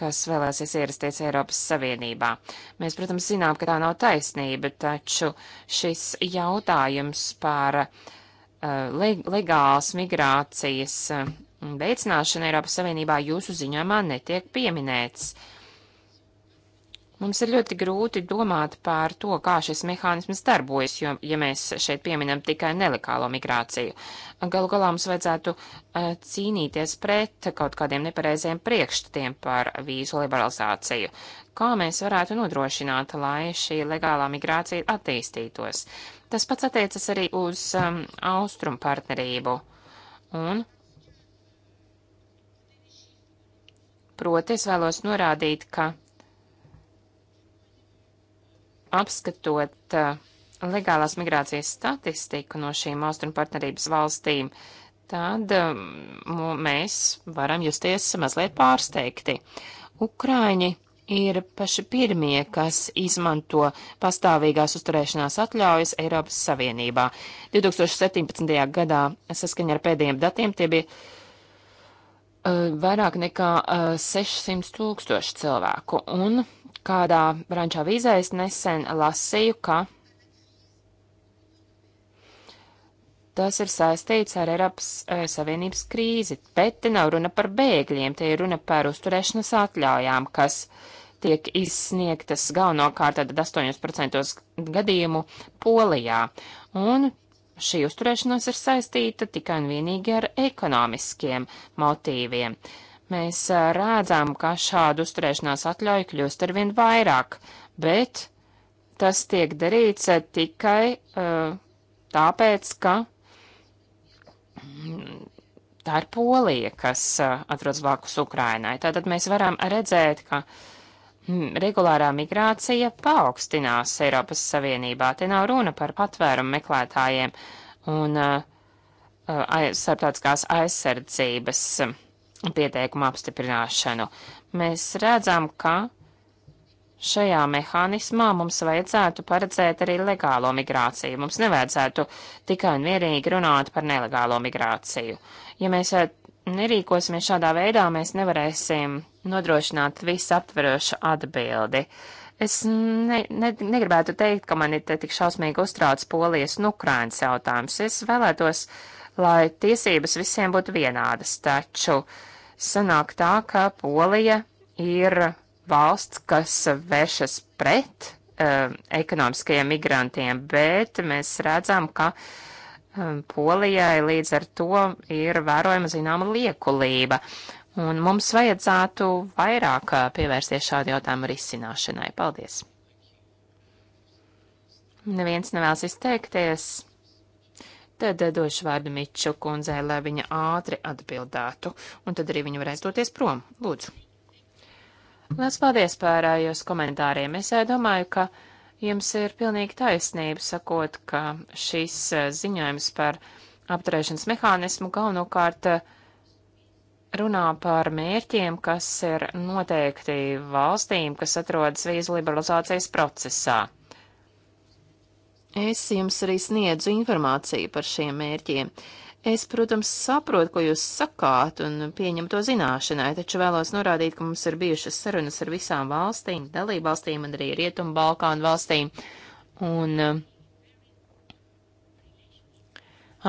kas vēlēsies ierasties Eiropas Savienībā. Mēs, protams, zinām, ka tā nav taisnība, taču šis jautājums par uh, legālas migrācijas veicināšanu Eiropas Savienībā jūsu ziņojumā netiek pieminēts. Uh, Mums ir ļoti grūti domāt par to, kā šis mehānisms darbojas, jo, ja mēs šeit pieminam tikai nelikālo migrāciju, galu galā mums vajadzētu eh, cīnīties pret kaut kādiem nepareiziem priekšstatiem par vīzu liberalizāciju. Kā mēs varētu nodrošināt, lai šī legālā migrācija attīstītos? Tas pats attiecas arī uz um, austrumu partnerību. Un Proti es vēlos norādīt, ka apskatot eh, legālās migrācijas statistiku no šīm austrumu partnerības valstīm, tad mm, mēs varam justies mazliet pārsteigti. Ukraiņi ir paši pirmie, kas izmanto pastāvīgās uzturēšanās atļaujas Eiropas Savienībā. 2017. gadā saskaņā ar pēdējiem datiem tie bija uh, vairāk nekā uh, eh, 600 tūkstoši cilvēku, un kādā rančā vīzē es nesen lasīju, ka tas ir saistīts ar Eiropas e, Savienības krīzi, bet te nav runa par bēgļiem, te ir runa par uzturēšanas atļaujām, kas tiek izsniegtas galvenokārt tad 8% gadījumu Polijā. Un šī uzturēšanās ir saistīta tikai un vienīgi ar ekonomiskiem motīviem. Uh, Mēs redzam, ka šādu uzturēšanās atļauju kļūst arvien vairāk, bet tas tiek darīts tikai uh, tāpēc, ka mm, tā ir Polija, kas uh, atrodas blakus Ukrainai. Tātad mēs varam redzēt, ka mm, regulārā migrācija paaugstinās Eiropas Savienībā. Te nav runa par patvērumu meklētājiem un uh, starptautiskās aizsardzības. Uh, pieteikumu apstiprināšanu. Mēs redzam, ka Šajā mehānismā mums vajadzētu paredzēt arī legālo migrāciju. Mums nevajadzētu tikai un vienīgi runāt par nelegālo migrāciju. Ja mēs eh, nerīkosimies šādā veidā, mēs nevarēsim nodrošināt visaptverošu atbildi. Es ne, ne, negribētu teikt, ka mani te tik šausmīgi uztrauc polijas un ukrainas jautājums. Es vēlētos, lai tiesības visiem būtu vienādas, taču uh, sanāk tā, ka Polija ir valsts, kas vēršas pret um, ekonomiskajiem migrantiem, bet mēs redzam, ka um, Polijai līdz ar to ir vērojama zināma liekulība. Un mums vajadzētu vairāk eh, pievērsties šādu jautājumu risināšanai. Paldies! Neviens nevēlas izteikties. Tad eh, došu vārdu Miču kundzei, lai viņa ātri atbildētu, un tad arī viņa varēs doties prom. Lūdzu. Lielas paldies par eh, jūsu komentāriem. Es eh, domāju, ka jums ir pilnīgi taisnība sakot, ka šis ziņojums par apturēšanas mehānismu galvenokārt runā par mērķiem, kas ir noteikti valstīm, kas atrodas vīzu liberalizācijas procesā. Es jums arī sniedzu informāciju par šiem mērķiem. Es, protams, saprotu, ko jūs sakāt un pieņem to zināšanai, taču vēlos norādīt, ka mums ir bijušas sarunas ar visām valstīm, dalībvalstīm un arī Rietumu Balkānu valstīm. Un uh,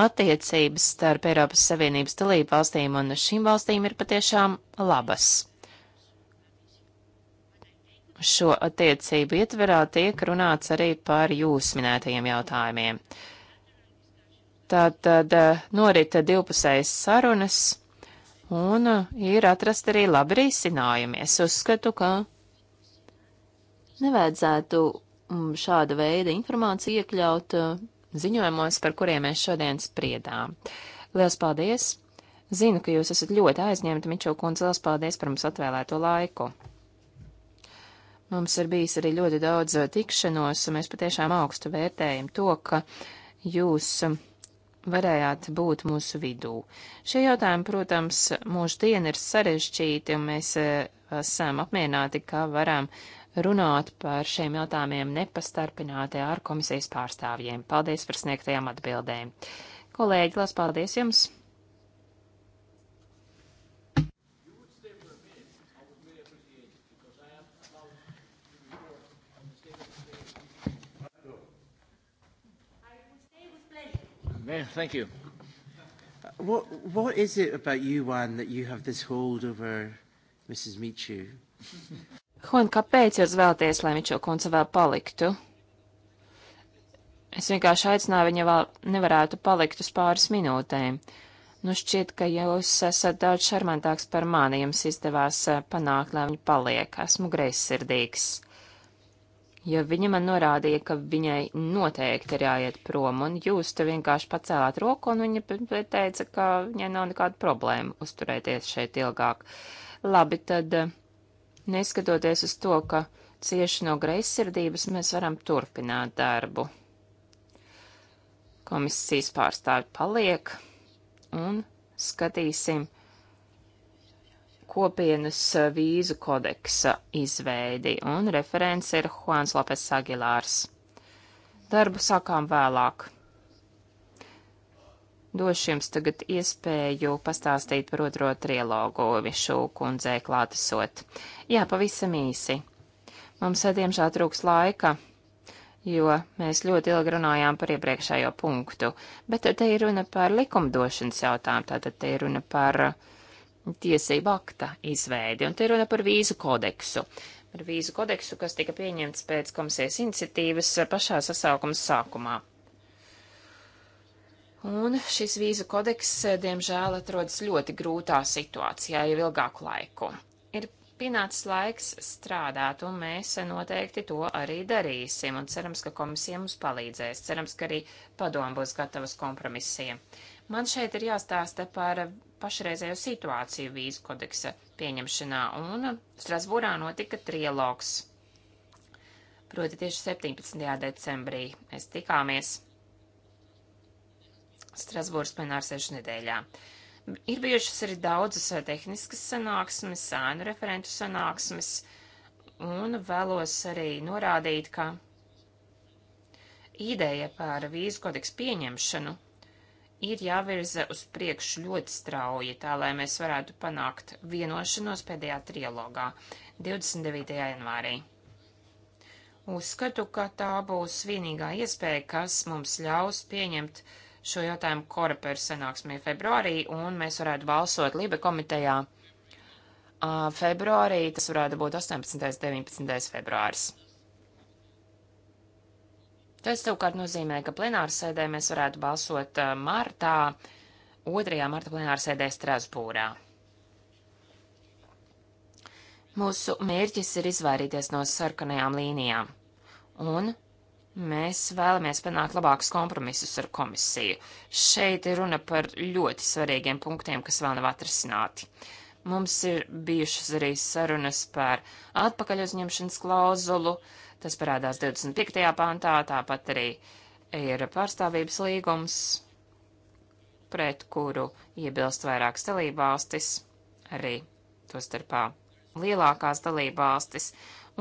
attiecības starp Eiropas Savienības dalībvalstīm un šīm valstīm ir patiešām labas šo attiecību ietverā tiek runāts arī par jūs minētajiem jautājumiem. Tātad eh, norita divpusējas sarunas un eh, ir atrast arī labi risinājumi. Es uzskatu, ka nevajadzētu mm, šāda veida informāciju iekļaut eh, ziņojumos, par kuriem mēs šodien spriedām. Lielas paldies! Zinu, ka jūs esat ļoti aizņemti, Mičo kundze, liels paldies par mums atvēlēto laiku. Mums ir bijis arī ļoti daudz uh, tikšanos, un mēs patiešām augstu vērtējam to, ka jūs um, varējāt būt mūsu vidū. Šie jautājumi, protams, mūždien ir sarežģīti, un mēs uh, esam apmierināti, ka varam runāt par šiem jautājumiem nepastarpināti ar komisijas pārstāvjiem. Paldies par sniegtajām atbildēm. Kolēģi, lās paldies jums! Well, thank you. Uh, what, what is it about you, Juan, that you have this hold over Mrs. Michu? Juan, kāpēc jūs vēlaties, lai Mičo kundze vēl paliktu? Es vienkārši aicināju viņa vēl nevarētu palikt uz pāris minūtēm. Nu šķiet, ka jūs esat daudz šarmantāks par mani, jums izdevās uh, panākt, lai viņa paliek. Esmu greizsirdīgs. sirdīgs jo viņa man norādīja, ka viņai noteikti ir jāiet prom, un jūs te vienkārši pacēlāt roku, un viņa teica, ka viņai nav nekāda problēma uzturēties šeit ilgāk. Labi, tad eh, neskatoties uz to, ka cieši no greizsirdības, mēs varam turpināt darbu. Komisijas pārstāvi paliek, un skatīsim kopienas vīzu kodeksa izveidi, un referents ir Juans Lopes Agilārs. Darbu sākām vēlāk. Došu jums tagad iespēju pastāstīt par otro trilogu višu kundzei klātesot. Jā, pavisam īsi. Mums, diemžēl, trūks laika, jo mēs ļoti ilgi runājām par iepriekšējo punktu, bet te ir runa par likumdošanas jautājumu, tātad te ir runa par uh, tiesība akta izveidi, un te runa par vīzu kodeksu. Par vīzu kodeksu, kas tika pieņemts pēc komisijas iniciatīvas pašā sasaukuma sākumā. Un šis vīzu kodeks, diemžēl, atrodas ļoti grūtā situācijā jau ilgāku laiku. Ir pienācis laiks strādāt, un mēs noteikti to arī darīsim, un cerams, ka komisija mums palīdzēs, cerams, ka arī padomu būs gatavas kompromisiem. Man šeit ir jāstāsta par pašreizējo situāciju vīzu kodeksa pieņemšanā, un Strasbūrā notika trialogs. Proti tieši 17. decembrī mēs tikāmies Strasbūras plenārsēžu nedēļā. Ir bijušas arī daudzas eh, tehniskas sanāksmes, sēnu referentu sanāksmes, un vēlos arī norādīt, ka ideja par vīzu kodeksu pieņemšanu ir jāvirza uz priekšu ļoti strauji, tā lai mēs varētu panākt vienošanos pēdējā trilogā 29. janvārī. Uzskatu, ka tā būs vienīgā iespēja, kas mums ļaus pieņemt šo jautājumu koreperu sanāksmē februārī, un mēs varētu balsot Libe komitejā februārī, tas varētu būt 18. un 19. februāris. Tas savukārt nozīmē, ka plenāra sēdē mēs varētu balsot eh, martā, 2. marta plenāra sēdē Strasbūrā. Mūsu mērķis ir izvairīties no sarkanajām līnijām, un mēs vēlamies panākt labākus kompromisus ar komisiju. Šeit ir runa par ļoti svarīgiem punktiem, kas vēl nav atrisināti. Mums ir bijušas arī sarunas par atpakaļ uzņemšanas klauzulu, uh, Tas parādās 25. pantā, tāpat arī ir pārstāvības līgums, pret kuru iebilst vairākas dalībvalstis, arī to starpā lielākās dalībvalstis,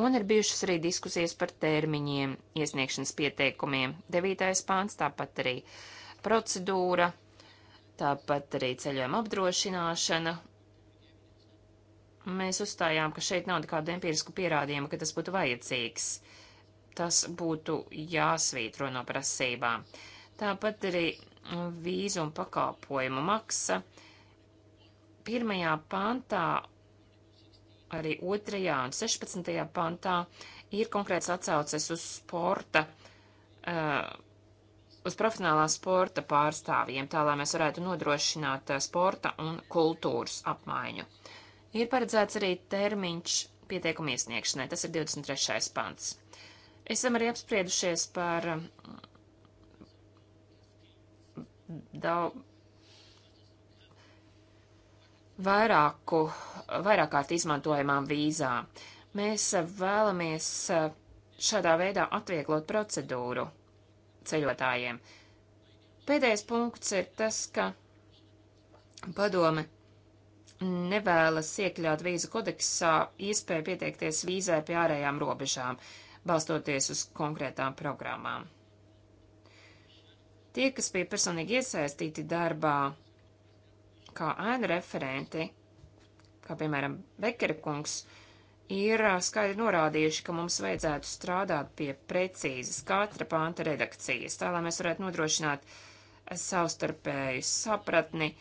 un ir bijušas arī diskusijas par termiņiem, iesniegšanas pieteikumiem. 9. pāns, tāpat arī procedūra, tāpat arī ceļojuma apdrošināšana Mēs uzstājām, ka šeit nav nekādu empirisku pierādījumu, ka tas būtu vajadzīgs. Tas būtu jāsvītro no prasībām. Tāpat arī vīzu un pakalpojumu maksa. Pirmajā pantā, arī otrajā un 16. pantā ir konkrēts atsauces uz sporta, uh, uz profesionālā sporta pārstāvjiem, tā lai mēs varētu nodrošināt eh, sporta un kultūras apmaiņu. Ir paredzēts arī termiņš pieteikuma iesniegšanai, tas ir 23. pants. Esam arī apspriedušies par mm, daudz vairāku, vairāk kārt izmantojamām vīzām. Mēs vēlamies eh, šādā veidā atvieglot procedūru ceļotājiem. Pēdējais punkts ir tas, ka padome nevēlas iekļaut vīzu kodeksā iespēju pieteikties vīzai pie ārējām robežām, balstoties uz konkrētām programmām. Tie, kas bija personīgi iesaistīti darbā kā ēnu referenti, kā piemēram Bekera kungs, ir skaidri norādījuši, ka mums vajadzētu strādāt pie precīzas katra panta redakcijas, tā lai mēs varētu nodrošināt savstarpēju sapratni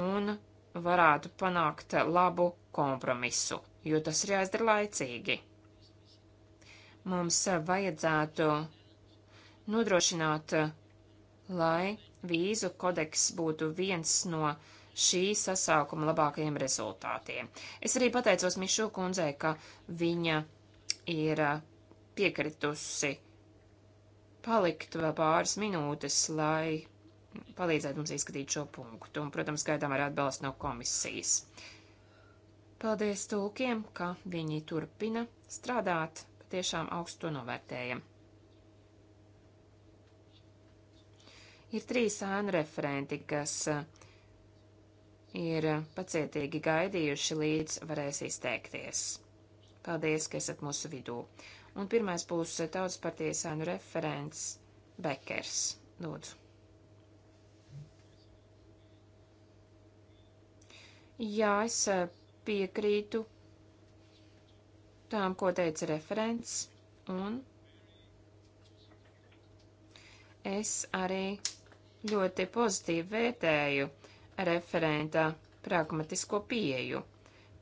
un varētu panākt labu kompromisu, jo tas ir jāizdara laicīgi. Mums vajadzētu nodrošināt, lai vīzu kodeks būtu viens no šī sasākuma labākajiem rezultātiem. Es arī pateicos Mišu kundzei, ka viņa ir piekritusi palikt vēl pāris minūtes, lai palīdzēt mums izskatīt šo punktu. Un, protams, gaidām arī atbalstu no komisijas. Paldies tulkiem, ka viņi turpina strādāt. Patiešām augstu to novērtējam. Ir trīs ēnu referenti, kas uh, ir pacietīgi gaidījuši, līdz varēs izteikties. Paldies, ka esat mūsu vidū. Un pirmais būs uh, tautas partijas ēnu referents Bekers. Lūdzu. Jā, es piekrītu tām, ko teica referents, un es arī ļoti pozitīvi vērtēju referenta pragmatisko pieju.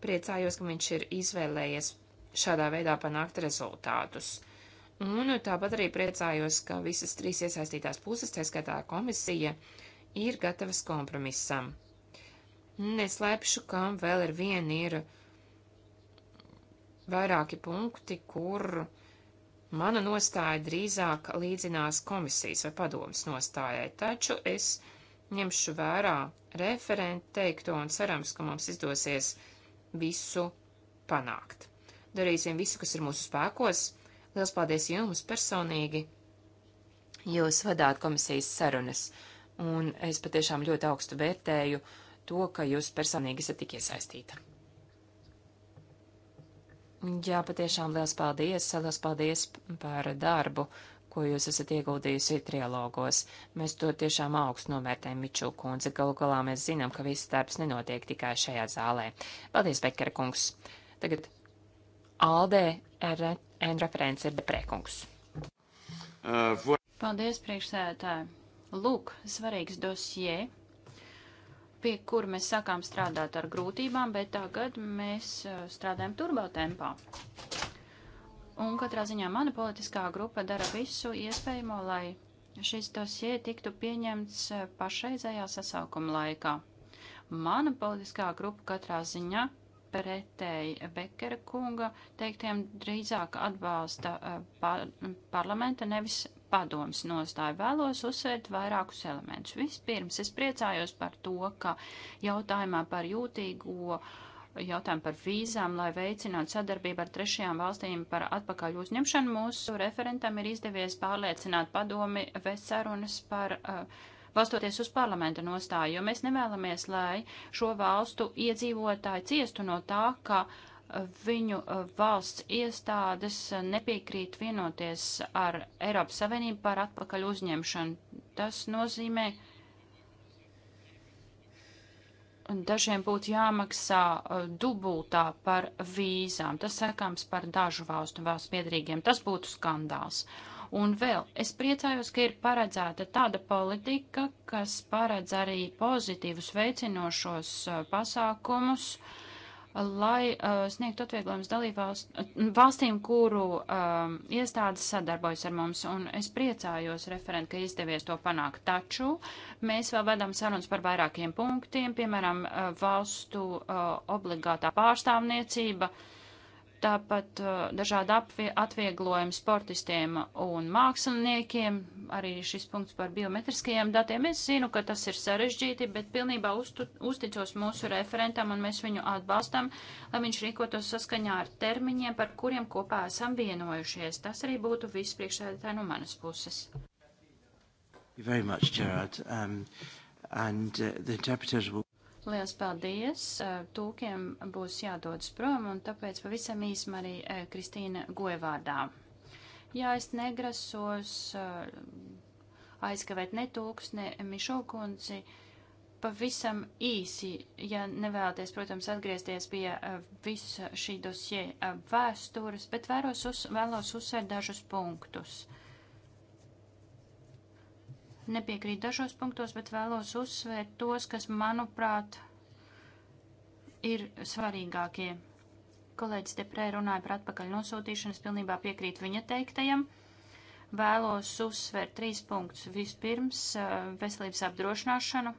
Priecājos, ka viņš ir izvēlējies šādā veidā panākt rezultātus. Un tāpat arī priecājos, ka visas trīs iesaistītās puses, tā skaitā komisija, ir gatavas kompromisam. Neslēpšu, ka vēl ar vienu ir vairāki punkti, kur mana nostāja drīzāk līdzinās komisijas vai padomas nostājai, taču es ņemšu vērā referentu teikto un cerams, ka mums izdosies visu panākt. Darīsim visu, kas ir mūsu spēkos. Liels paldies jums personīgi! Jūs vadāt komisijas sarunas, un es patiešām ļoti augstu vērtēju uh, to, ka jūs personīgi esat tik iesaistīta. Jā, patiešām liels paldies, liels paldies par darbu, ko jūs esat ieguldījusi trialogos. Mēs to tiešām augstu novērtējam, Miču kundze. Galu galā mēs zinām, ka viss darbs nenotiek tikai šajā zālē. Paldies, Bekara kungs. Tagad Aldē N referents ir Deprēkungs. Uh, paldies, priekšsēdētāji. Lūk, svarīgs dosie pie kur mēs sākām strādāt ar grūtībām, bet tagad mēs eh, strādājam turbo tempā. Un katrā ziņā mana politiskā grupa dara visu iespējamo, lai šis dosie tiktu pieņemts eh, pašreizējā sasaukuma laikā. Mana politiskā grupa katrā ziņā pretēji Bekera kunga teiktiem drīzāk atbalsta eh, par, parlamenta nevis padomas nostāju. Vēlos uzsvērt vairākus elementus. Vispirms es priecājos par to, ka jautājumā par jūtīgo jautājumu par vīzām, lai veicinātu sadarbību ar trešajām valstīm par atpakaļ uzņemšanu. Mūsu referentam ir izdevies pārliecināt padomi vest sarunas par uh, balstoties uz parlamenta nostāju, jo mēs nevēlamies, lai šo valstu iedzīvotāji ciestu no tā, ka uh, viņu valsts iestādes nepiekrīt vienoties ar Eiropas Savienību par atpakaļ uzņemšanu. Tas nozīmē, dažiem būtu jāmaksā dubultā par vīzām. Tas sakāms par dažu valstu valsts piedrīgiem. Tas būtu skandāls. Un vēl es priecājos, ka ir paredzēta tāda politika, kas paredz arī pozitīvus veicinošos pasākumus uh, lai uh, sniegtu atvieglojumus dalībvalstīm, uh, kuru um, iestādes sadarbojas ar mums, un es priecājos, referent, ka izdevies to panākt. Taču mēs vēl vedam sarunas par vairākiem punktiem, piemēram, uh, valstu uh, obligātā pārstāvniecība. Uh, Tāpat uh, dažādi atvieglojumi sportistiem un māksliniekiem, arī šis punkts par biometriskajiem datiem. Es zinu, ka tas ir sarežģīti, bet pilnībā uztu, uzticos mūsu referentam un mēs viņu atbalstam, lai viņš rīkotos saskaņā ar termiņiem, par kuriem kopā esam vienojušies. Tas arī būtu viss priekšsēdētāji no manas puses. Much, Gerard. um, and, uh, Liels paldies! Tūkiem būs jādodas prom, un tāpēc pavisam īsmā arī Kristīna Gojvārdā. Jā, es negrasos aizkavēt ne tūks, ne mišokunci. Pavisam īsi, ja nevēlaties, protams, atgriezties pie visa šī dosie vēstures, bet vēros uz, vēlos uzsvērt dažus punktus. Uh, nepiekrīt dažos punktos, bet vēlos uzsvērt tos, kas, manuprāt, ir svarīgākie. Kolēģis Deprē runāja par atpakaļ nosūtīšanu, es pilnībā piekrītu viņa teiktajam. Vēlos uzsvērt trīs punktus. Vispirms eh, veselības apdrošināšanu,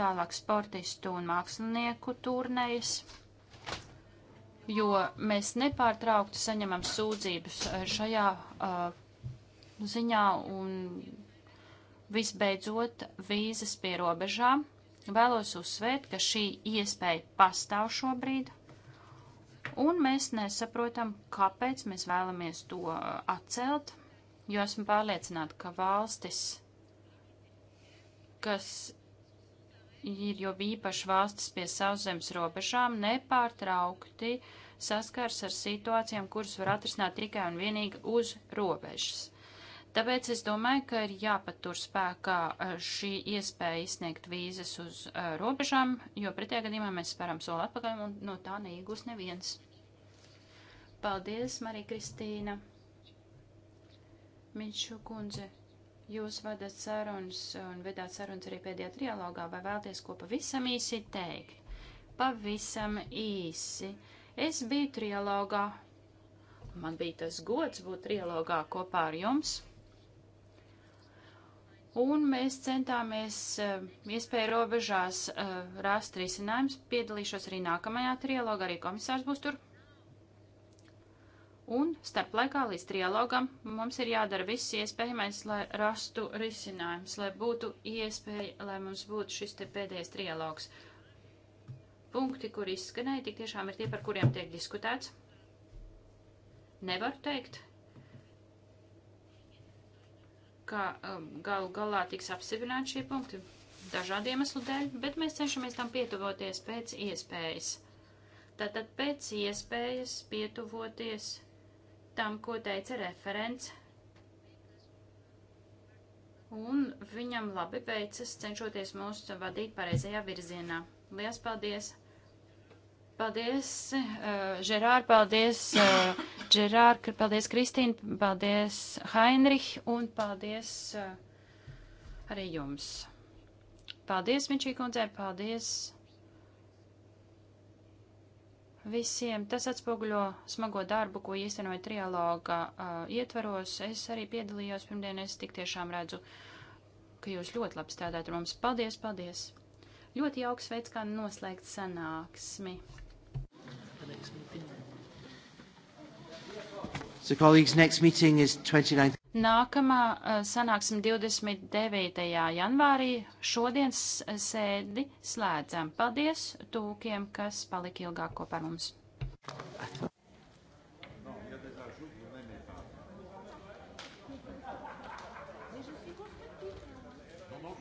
tālāk sportistu un mākslinieku turnējas, jo mēs nepārtraukti saņemam sūdzības eh, šajā uh, ziņā un visbeidzot vīzas pie robežām. Vēlos uzsvērt, ka šī iespēja pastāv šobrīd, un mēs nesaprotam, kāpēc mēs vēlamies to uh, atcelt, jo esmu pārliecināta, ka valstis, kas ir jau īpaši valstis pie sauszemes robežām, nepārtraukti saskars ar situācijām, kuras var atrisināt tikai un vienīgi uz robežas. Tāpēc es domāju, ka ir jāpatur spēkā e, šī iespēja izsniegt vīzes uz uh, robežām, jo pretējā gadījumā mēs spēram soli atpakaļ un no tā neīgūs neviens. Paldies, Marija Kristīna. Miņšu kundze, jūs vadat sarunas un vedāt sarunas arī pēdējā trialogā, vai vēlties ko pavisam īsi teikt? Pavisam īsi. Es biju trialogā. Man bija tas gods būt trialogā kopā ar jums. Un mēs centāmies eh, iespēju robežās eh, rast risinājums. Piedalīšos arī nākamajā trialogā, arī komisārs būs tur. Un starp laikā līdz trialogam mums ir jādara viss iespējamais, lai rastu risinājums, lai būtu iespēja, lai mums būtu šis te pēdējais trialogs. Punkti, kur izskanēja, tik tiešām ir tie, par kuriem tiek diskutēts. Nevaru teikt, ka um, galu galā tiks apsivināti šie punkti dažādu iemeslu dēļ, bet mēs cenšamies tam pietuvoties pēc iespējas. Tātad pēc iespējas pietuvoties tam, ko teica referents, un viņam labi veicas cenšoties mūs vadīt pareizajā virzienā. Lielas paldies! Paldies, uh, eh, Žerār, paldies, uh, eh, Žerār, paldies, Kristīna, paldies, Heinrich, un paldies uh, arī jums. Paldies, Mičī kundzei, paldies visiem. Tas atspoguļo smago darbu, ko īstenoja trialoga uh, ietvaros. Es arī piedalījos pirmdien, es tik tiešām redzu, ka jūs ļoti labi strādājat ar mums. Paldies, paldies! Ļoti jauks veids, kā noslēgt sanāksmi. So colleagues, next meeting is 29th. Nākamā eh, sanāksim 29. janvārī. Šodienas eh, sēdi slēdzam. Paldies tūkiem, kas palika ilgāk kopā ar mums.